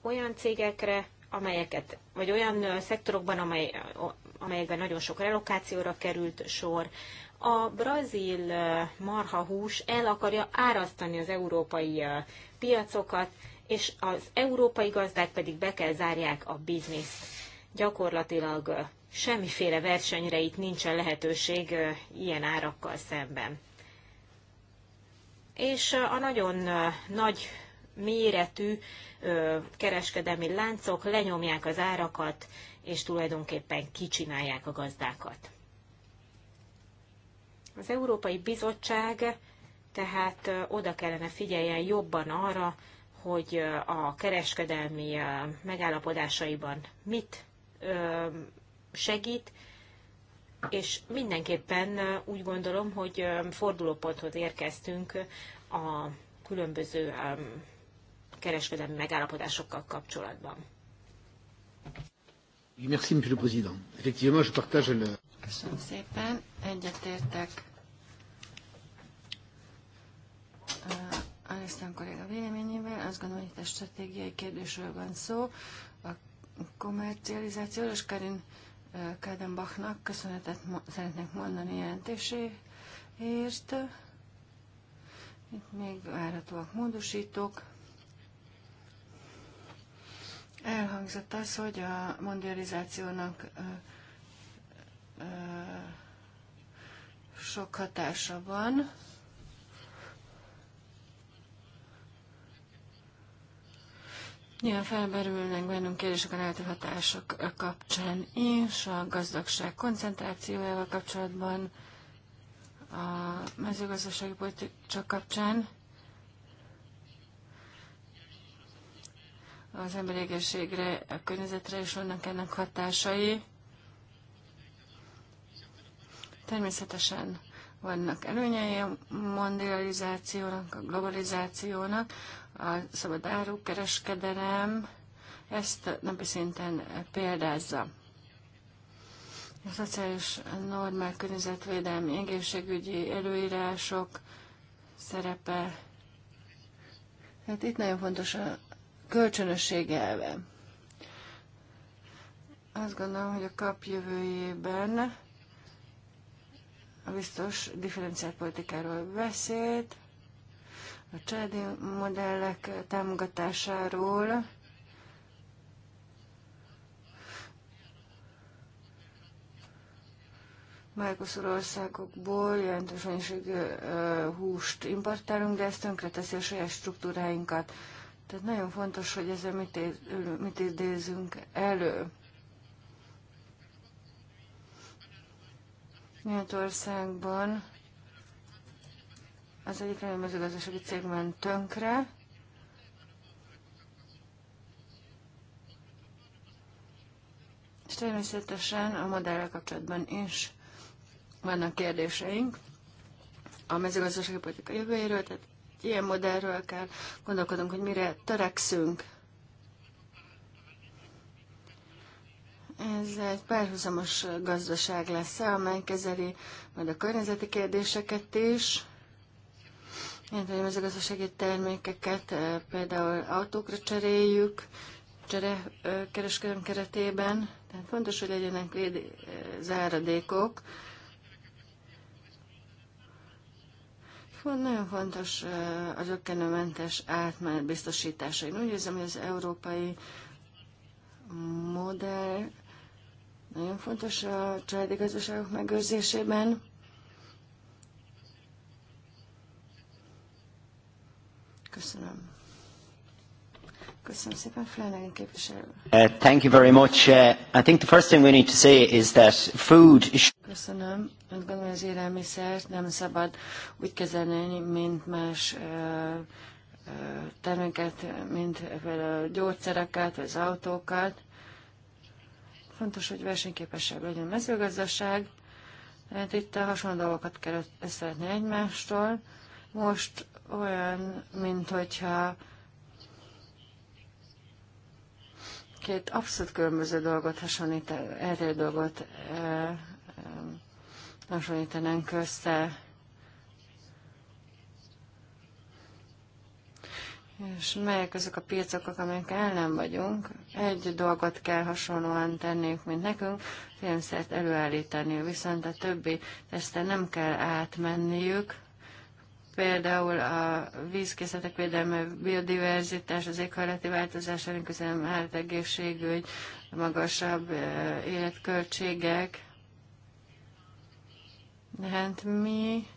[SPEAKER 2] olyan cégekre, amelyeket, vagy olyan szektorokban, amely, amelyekben nagyon sok relokációra került sor, a brazil eh, marhahús el akarja árasztani az európai eh, piacokat, és az európai gazdák pedig be kell zárják a bizniszt. Gyakorlatilag eh, semmiféle versenyre itt nincsen lehetőség ilyen árakkal szemben. És a nagyon nagy méretű kereskedelmi láncok lenyomják az árakat, és tulajdonképpen kicsinálják a gazdákat. Az Európai Bizottság tehát oda kellene figyeljen jobban arra, hogy a kereskedelmi megállapodásaiban mit segít, és mindenképpen úgy gondolom, hogy fordulóponthoz érkeztünk a különböző kereskedelmi megállapodásokkal kapcsolatban.
[SPEAKER 1] Merci, Monsieur le Président. Effectivement, je partage le...
[SPEAKER 2] Köszönöm szépen.
[SPEAKER 4] Egyetértek uh, Alisztán kolléga véleményével. Azt gondolom, hogy itt a stratégiai kérdésről van szó. A kommercializáció és Karin uh, Kádenbachnak köszönetet szeretnék mondani jelentéséért. Itt még várhatóak módosítók. Elhangzott az, hogy a mondializációnak uh, sok hatása van. Nyilván felmerülnek bennünk kérdések a negatív hatások kapcsán és a gazdagság koncentrációjával kapcsolatban, a mezőgazdasági politika kapcsán, az emberi egészségre, a környezetre is vannak ennek hatásai. Természetesen vannak előnyei a mondializációnak, a globalizációnak, a szabad árukereskedelem ezt napi szinten példázza. A szociális normák, környezetvédelmi, egészségügyi előírások szerepe. Hát itt nagyon fontos a kölcsönösség elve. Azt gondolom, hogy a kap jövőjében a biztos differenciált politikáról beszélt, a családi modellek támogatásáról, Márkusz országokból jelentős mennyiségű húst importálunk, de ez tönkreteszi a saját struktúráinkat. Tehát nagyon fontos, hogy ezzel mit, éz, mit idézünk elő. Németországban az egyik legnagyobb mezőgazdasági cég ment tönkre, és természetesen a madárral kapcsolatban is vannak kérdéseink a mezőgazdasági politika jövőjéről, tehát ilyen modellről kell gondolkodunk, hogy mire törekszünk. Ez egy párhuzamos gazdaság lesz, amely kezeli majd a környezeti kérdéseket is, én illetve a mezőgazdasági termékeket eh, például autókra cseréljük, csere, eh, kereskedelem keretében. Tehát fontos, hogy legyenek védi, eh, záradékok. Nagyon fontos az ökkenőmentes átmenet biztosítása. Én úgy érzem, hogy az európai modell nagyon fontos a családi gazdaságok megőrzésében. Köszönöm. Köszönöm szépen, Flanagan képviselő. Uh, thank you very much. Uh, I think the first thing we need to say is that food is... Köszönöm. Azt gondolom, az élelmiszert nem szabad úgy kezelni, mint más uh, uh terméket, mint például gyógyszereket, az autókat. Fontos, hogy versenyképesebb legyen a mezőgazdaság, mert hát itt a hasonló dolgokat kell összevetni egymástól. Most olyan, mint hogyha két abszolút különböző dolgot hasonlít, eltérő dolgot e, e, hasonlítanánk össze. És melyek azok a piacok, amelyek ellen vagyunk? Egy dolgot kell hasonlóan tenniük, mint nekünk, filmszert előállítani, viszont a többi ezt nem kell átmenniük. Például a vízkészletek védelme, biodiverzitás, az éghajlati változás, közelem egészségügy, magasabb életköltségek. De hát mi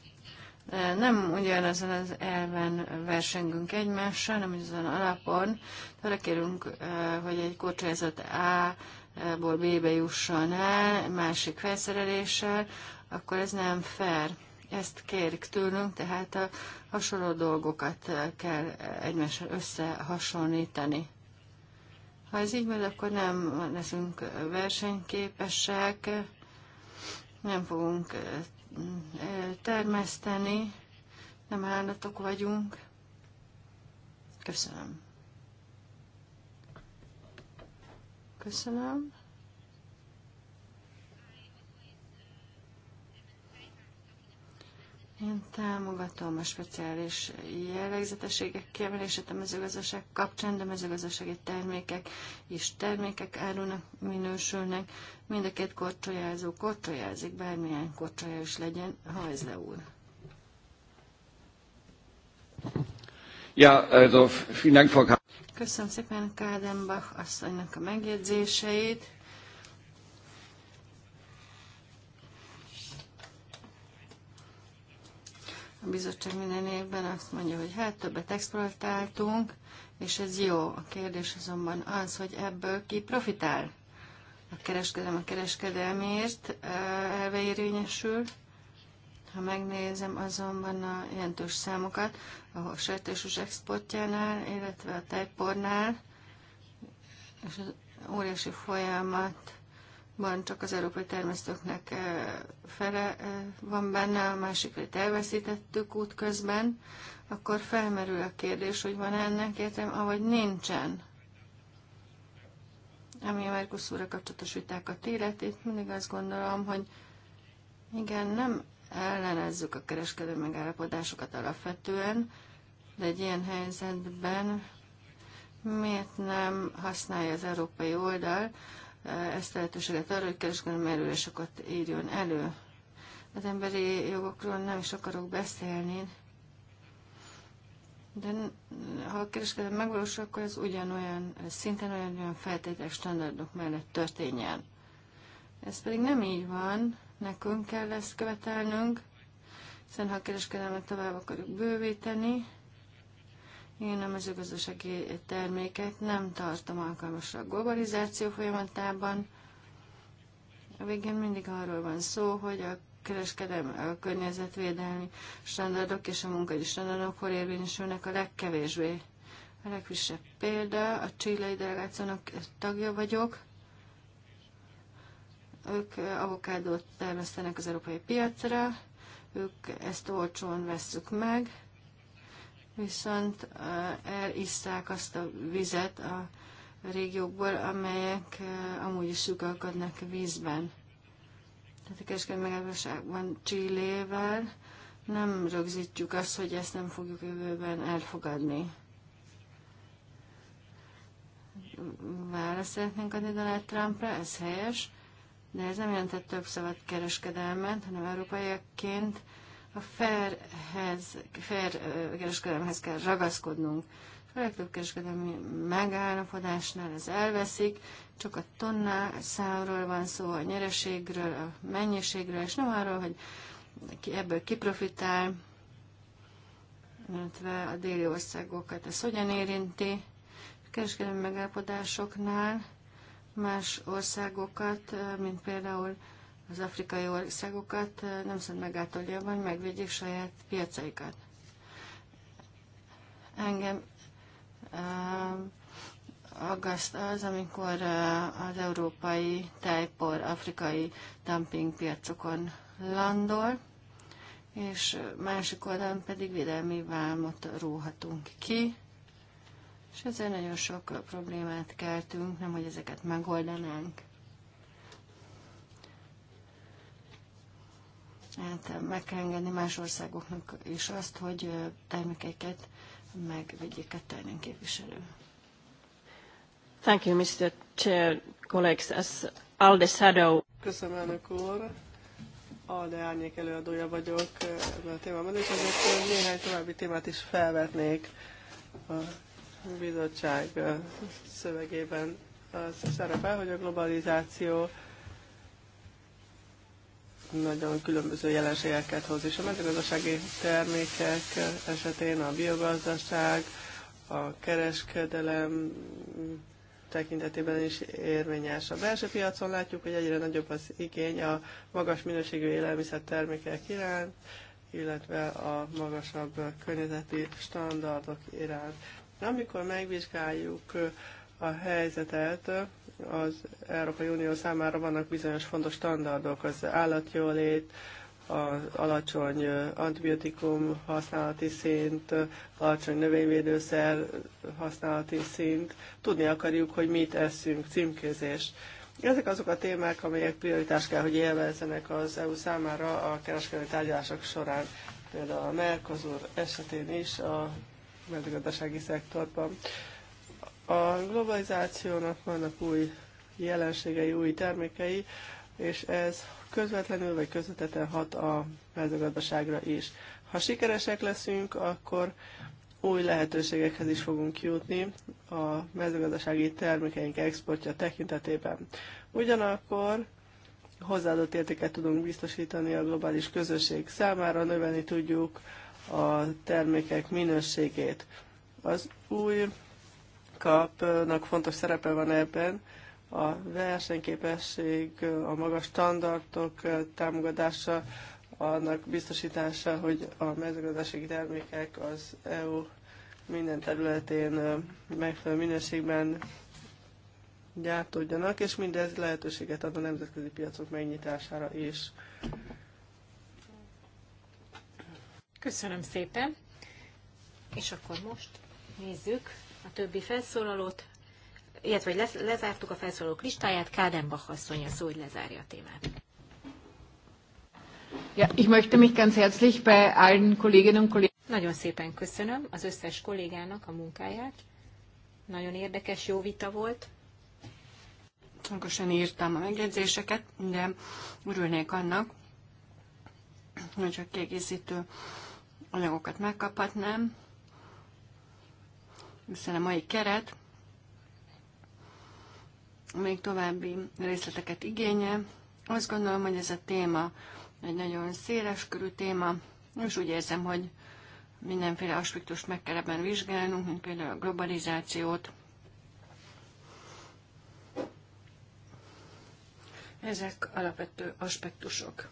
[SPEAKER 4] E, nem ugyanazon az elven versengünk egymással, nem ugyanazon alapon. Arra kérünk, e, hogy egy kocsázat A-ból B-be jusson el, másik felszereléssel, akkor ez nem fair. Ezt kérik tőlünk, tehát a hasonló dolgokat kell egymással összehasonlítani. Ha ez így van, akkor nem leszünk versenyképesek, nem fogunk termeszteni, nem állatok vagyunk. Köszönöm. Köszönöm. Én támogatom a speciális jellegzetességek kiemelését a mezőgazdaság kapcsán, de mezőgazdasági termékek és termékek árulnak, minősülnek. Mind a két korcsolyázó korcsolyázik, bármilyen korcsolya is legyen, ha ez le
[SPEAKER 1] Ja, also, vielen
[SPEAKER 4] Köszönöm szépen Kádenbach asszonynak a megjegyzéseit. A bizottság minden évben azt mondja, hogy hát többet exportáltunk, és ez jó. A kérdés azonban az, hogy ebből ki profitál. A kereskedelem a kereskedelmért elve érvényesül. Ha megnézem azonban a jelentős számokat, a sertésús exportjánál, illetve a tejpornál, és az óriási folyamat van csak az európai termesztőknek eh, fele eh, van benne, a másik felét elveszítettük útközben, akkor felmerül a kérdés, hogy van -e ennek értem, ahogy nincsen. Ami a Mercosurra kapcsolatos vitákat illeti, mindig azt gondolom, hogy igen, nem ellenezzük a kereskedő megállapodásokat alapvetően, de egy ilyen helyzetben miért nem használja az európai oldal ezt lehetőséget arra, hogy kereskedelmi előírásokat írjon elő. Az emberi jogokról nem is akarok beszélni, de ha a kereskedelem megvalósul, akkor ez ugyanolyan szinten, olyan, olyan feltételek, standardok mellett történjen. Ez pedig nem így van, nekünk kell ezt követelnünk, hiszen ha a kereskedelmet tovább akarjuk bővíteni, én a mezőgazdasági terméket nem tartom alkalmasra a globalizáció folyamatában. A végén mindig arról van szó, hogy a kereskedelmi, a környezetvédelmi standardok és a munkai standardok hol érvényesülnek a legkevésbé. A legfrissebb példa, a csillai delegációnak tagja vagyok. Ők avokádót termesztenek az európai piacra, ők ezt olcsón vesszük meg, viszont elisszák azt a vizet a régiókból, amelyek amúgy is szükölködnek vízben. Tehát a kereskedelmi megállapodásban Csillével nem rögzítjük azt, hogy ezt nem fogjuk jövőben elfogadni. Választ szeretnénk adni Donald Trumpra, ez helyes, de ez nem jelentett több szabad kereskedelmet, hanem európaiakként a fairhez, fair kereskedelemhez kell ragaszkodnunk. A legtöbb kereskedelmi megállapodásnál ez elveszik, csak a tonna számról van szó, a nyereségről, a mennyiségről, és nem arról, hogy ki ebből kiprofitál, illetve a déli országokat ez hogyan érinti. A kereskedelmi megállapodásoknál más országokat, mint például az afrikai országokat nem szabad hogy megvédjék saját piacaikat. Engem aggaszt az, amikor az európai tejpor afrikai dumping piacokon landol, és másik oldalon pedig védelmi vámot róhatunk ki, és ezzel nagyon sok problémát keltünk, nem hogy ezeket megoldanánk. Hát meg kell engedni más országoknak is azt, hogy termékeiket megvegyék a hát, termény képviselő. Thank you, Mr. Chair, colleagues. As Alde Sado. Köszönöm, elnök úr.
[SPEAKER 3] Alde Árnyék előadója vagyok ebben a témában, és azért néhány további témát is felvetnék a bizottság szövegében. Az szerepel, hogy a globalizáció nagyon különböző jelenségeket hoz. És a mezőgazdasági termékek esetén a biogazdaság, a kereskedelem tekintetében is érvényes. A belső piacon látjuk, hogy egyre nagyobb az igény a magas minőségű élelmiszer termékek iránt, illetve a magasabb környezeti standardok iránt. Amikor megvizsgáljuk a helyzetet, az Európai Unió számára vannak bizonyos fontos standardok, az állatjólét, az alacsony antibiotikum használati szint, alacsony növényvédőszer használati szint. Tudni akarjuk, hogy mit eszünk, címkézés. Ezek azok a témák, amelyek prioritás kell, hogy élvezzenek az EU számára a kereskedelmi tárgyalások során. Például a Mercosur esetén is a mezőgazdasági szektorban. A globalizációnak vannak új jelenségei, új termékei, és ez közvetlenül vagy közvetetten hat a mezőgazdaságra is. Ha sikeresek leszünk, akkor új lehetőségekhez is fogunk jutni a mezőgazdasági termékeink exportja tekintetében. Ugyanakkor hozzáadott értéket tudunk biztosítani a globális közösség számára, növelni tudjuk a termékek minőségét. Az új kapnak fontos szerepe van ebben. A versenyképesség, a magas standardok támogatása, annak biztosítása, hogy a mezőgazdasági termékek az EU minden területén megfelelő minőségben gyártódjanak, és mindez lehetőséget ad a nemzetközi piacok megnyitására is.
[SPEAKER 2] Köszönöm szépen! És akkor most nézzük a többi felszólalót, illetve hogy lezártuk a felszólalók listáját, Kádenbach asszony a szó, hogy lezárja a témát. Ja, ich möchte mich ganz herzlich bei allen Kolleginnen und Kollegen. Nagyon szépen köszönöm az összes kollégának a munkáját. Nagyon érdekes, jó vita volt.
[SPEAKER 4] Köszönöm írtam a megjegyzéseket, de örülnék annak, hogy csak kiegészítő anyagokat megkaphatnám hiszen a mai keret még további részleteket igénye. Azt gondolom, hogy ez a téma egy nagyon széles körű téma, és úgy érzem, hogy mindenféle aspektust meg kell ebben vizsgálnunk, mint például a globalizációt. Ezek alapvető aspektusok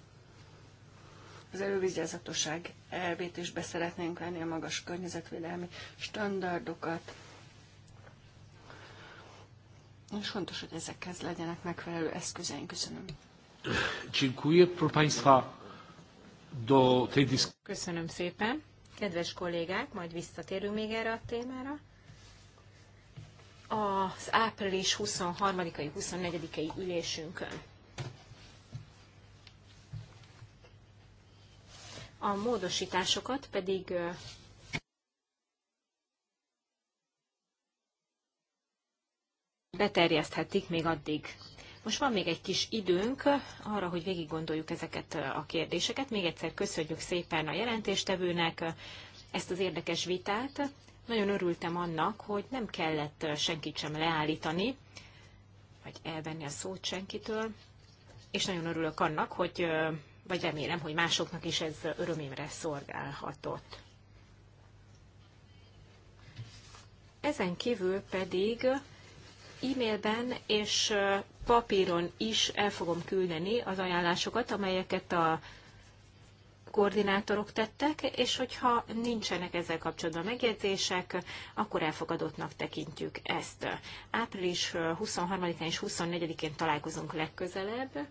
[SPEAKER 4] az elővizsgázatosság elvét is beszeretnénk venni, a magas környezetvédelmi standardokat, és fontos, hogy ezekhez
[SPEAKER 2] legyenek megfelelő eszközeink. Köszönöm. Köszönöm szépen. Kedves kollégák, majd visszatérünk még erre a témára. Az április 23-ai, 24 ai ülésünkön. a módosításokat pedig beterjeszthetik még addig. Most van még egy kis időnk arra, hogy végig gondoljuk ezeket a kérdéseket. Még egyszer köszönjük szépen a jelentéstevőnek ezt az érdekes vitát. Nagyon örültem annak, hogy nem kellett senkit sem leállítani, vagy elvenni a szót senkitől, és nagyon örülök annak, hogy vagy remélem, hogy másoknak is ez örömémre szolgálhatott. Ezen kívül pedig e-mailben és papíron is el fogom küldeni az ajánlásokat, amelyeket a koordinátorok tettek, és hogyha nincsenek ezzel kapcsolatban megjegyzések, akkor elfogadottnak tekintjük ezt. Április 23-án és 24-én találkozunk legközelebb.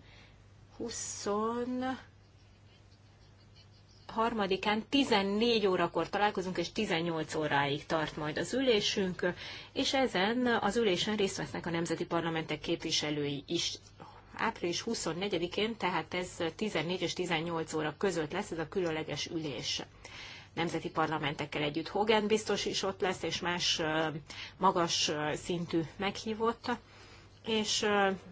[SPEAKER 2] 20 harmadikán 14 órakor találkozunk, és 18 óráig tart majd az ülésünk, és ezen az ülésen részt vesznek a nemzeti parlamentek képviselői is. Április 24-én, tehát ez 14 és 18 óra között lesz ez a különleges ülés. Nemzeti parlamentekkel együtt Hogan biztos is ott lesz, és más magas szintű meghívott és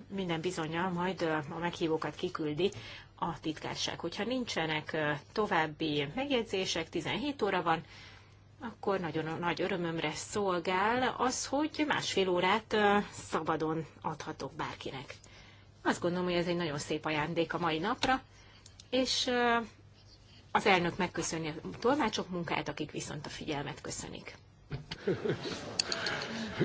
[SPEAKER 2] minden bizonyal majd a meghívókat kiküldi a titkárság. Hogyha nincsenek további megjegyzések, 17 óra van, akkor nagyon nagy örömömre szolgál az, hogy másfél órát szabadon adhatok bárkinek. Azt gondolom, hogy ez egy nagyon szép ajándék a mai napra, és az elnök megköszöni a tolmácsok munkáját, akik viszont a figyelmet köszönik.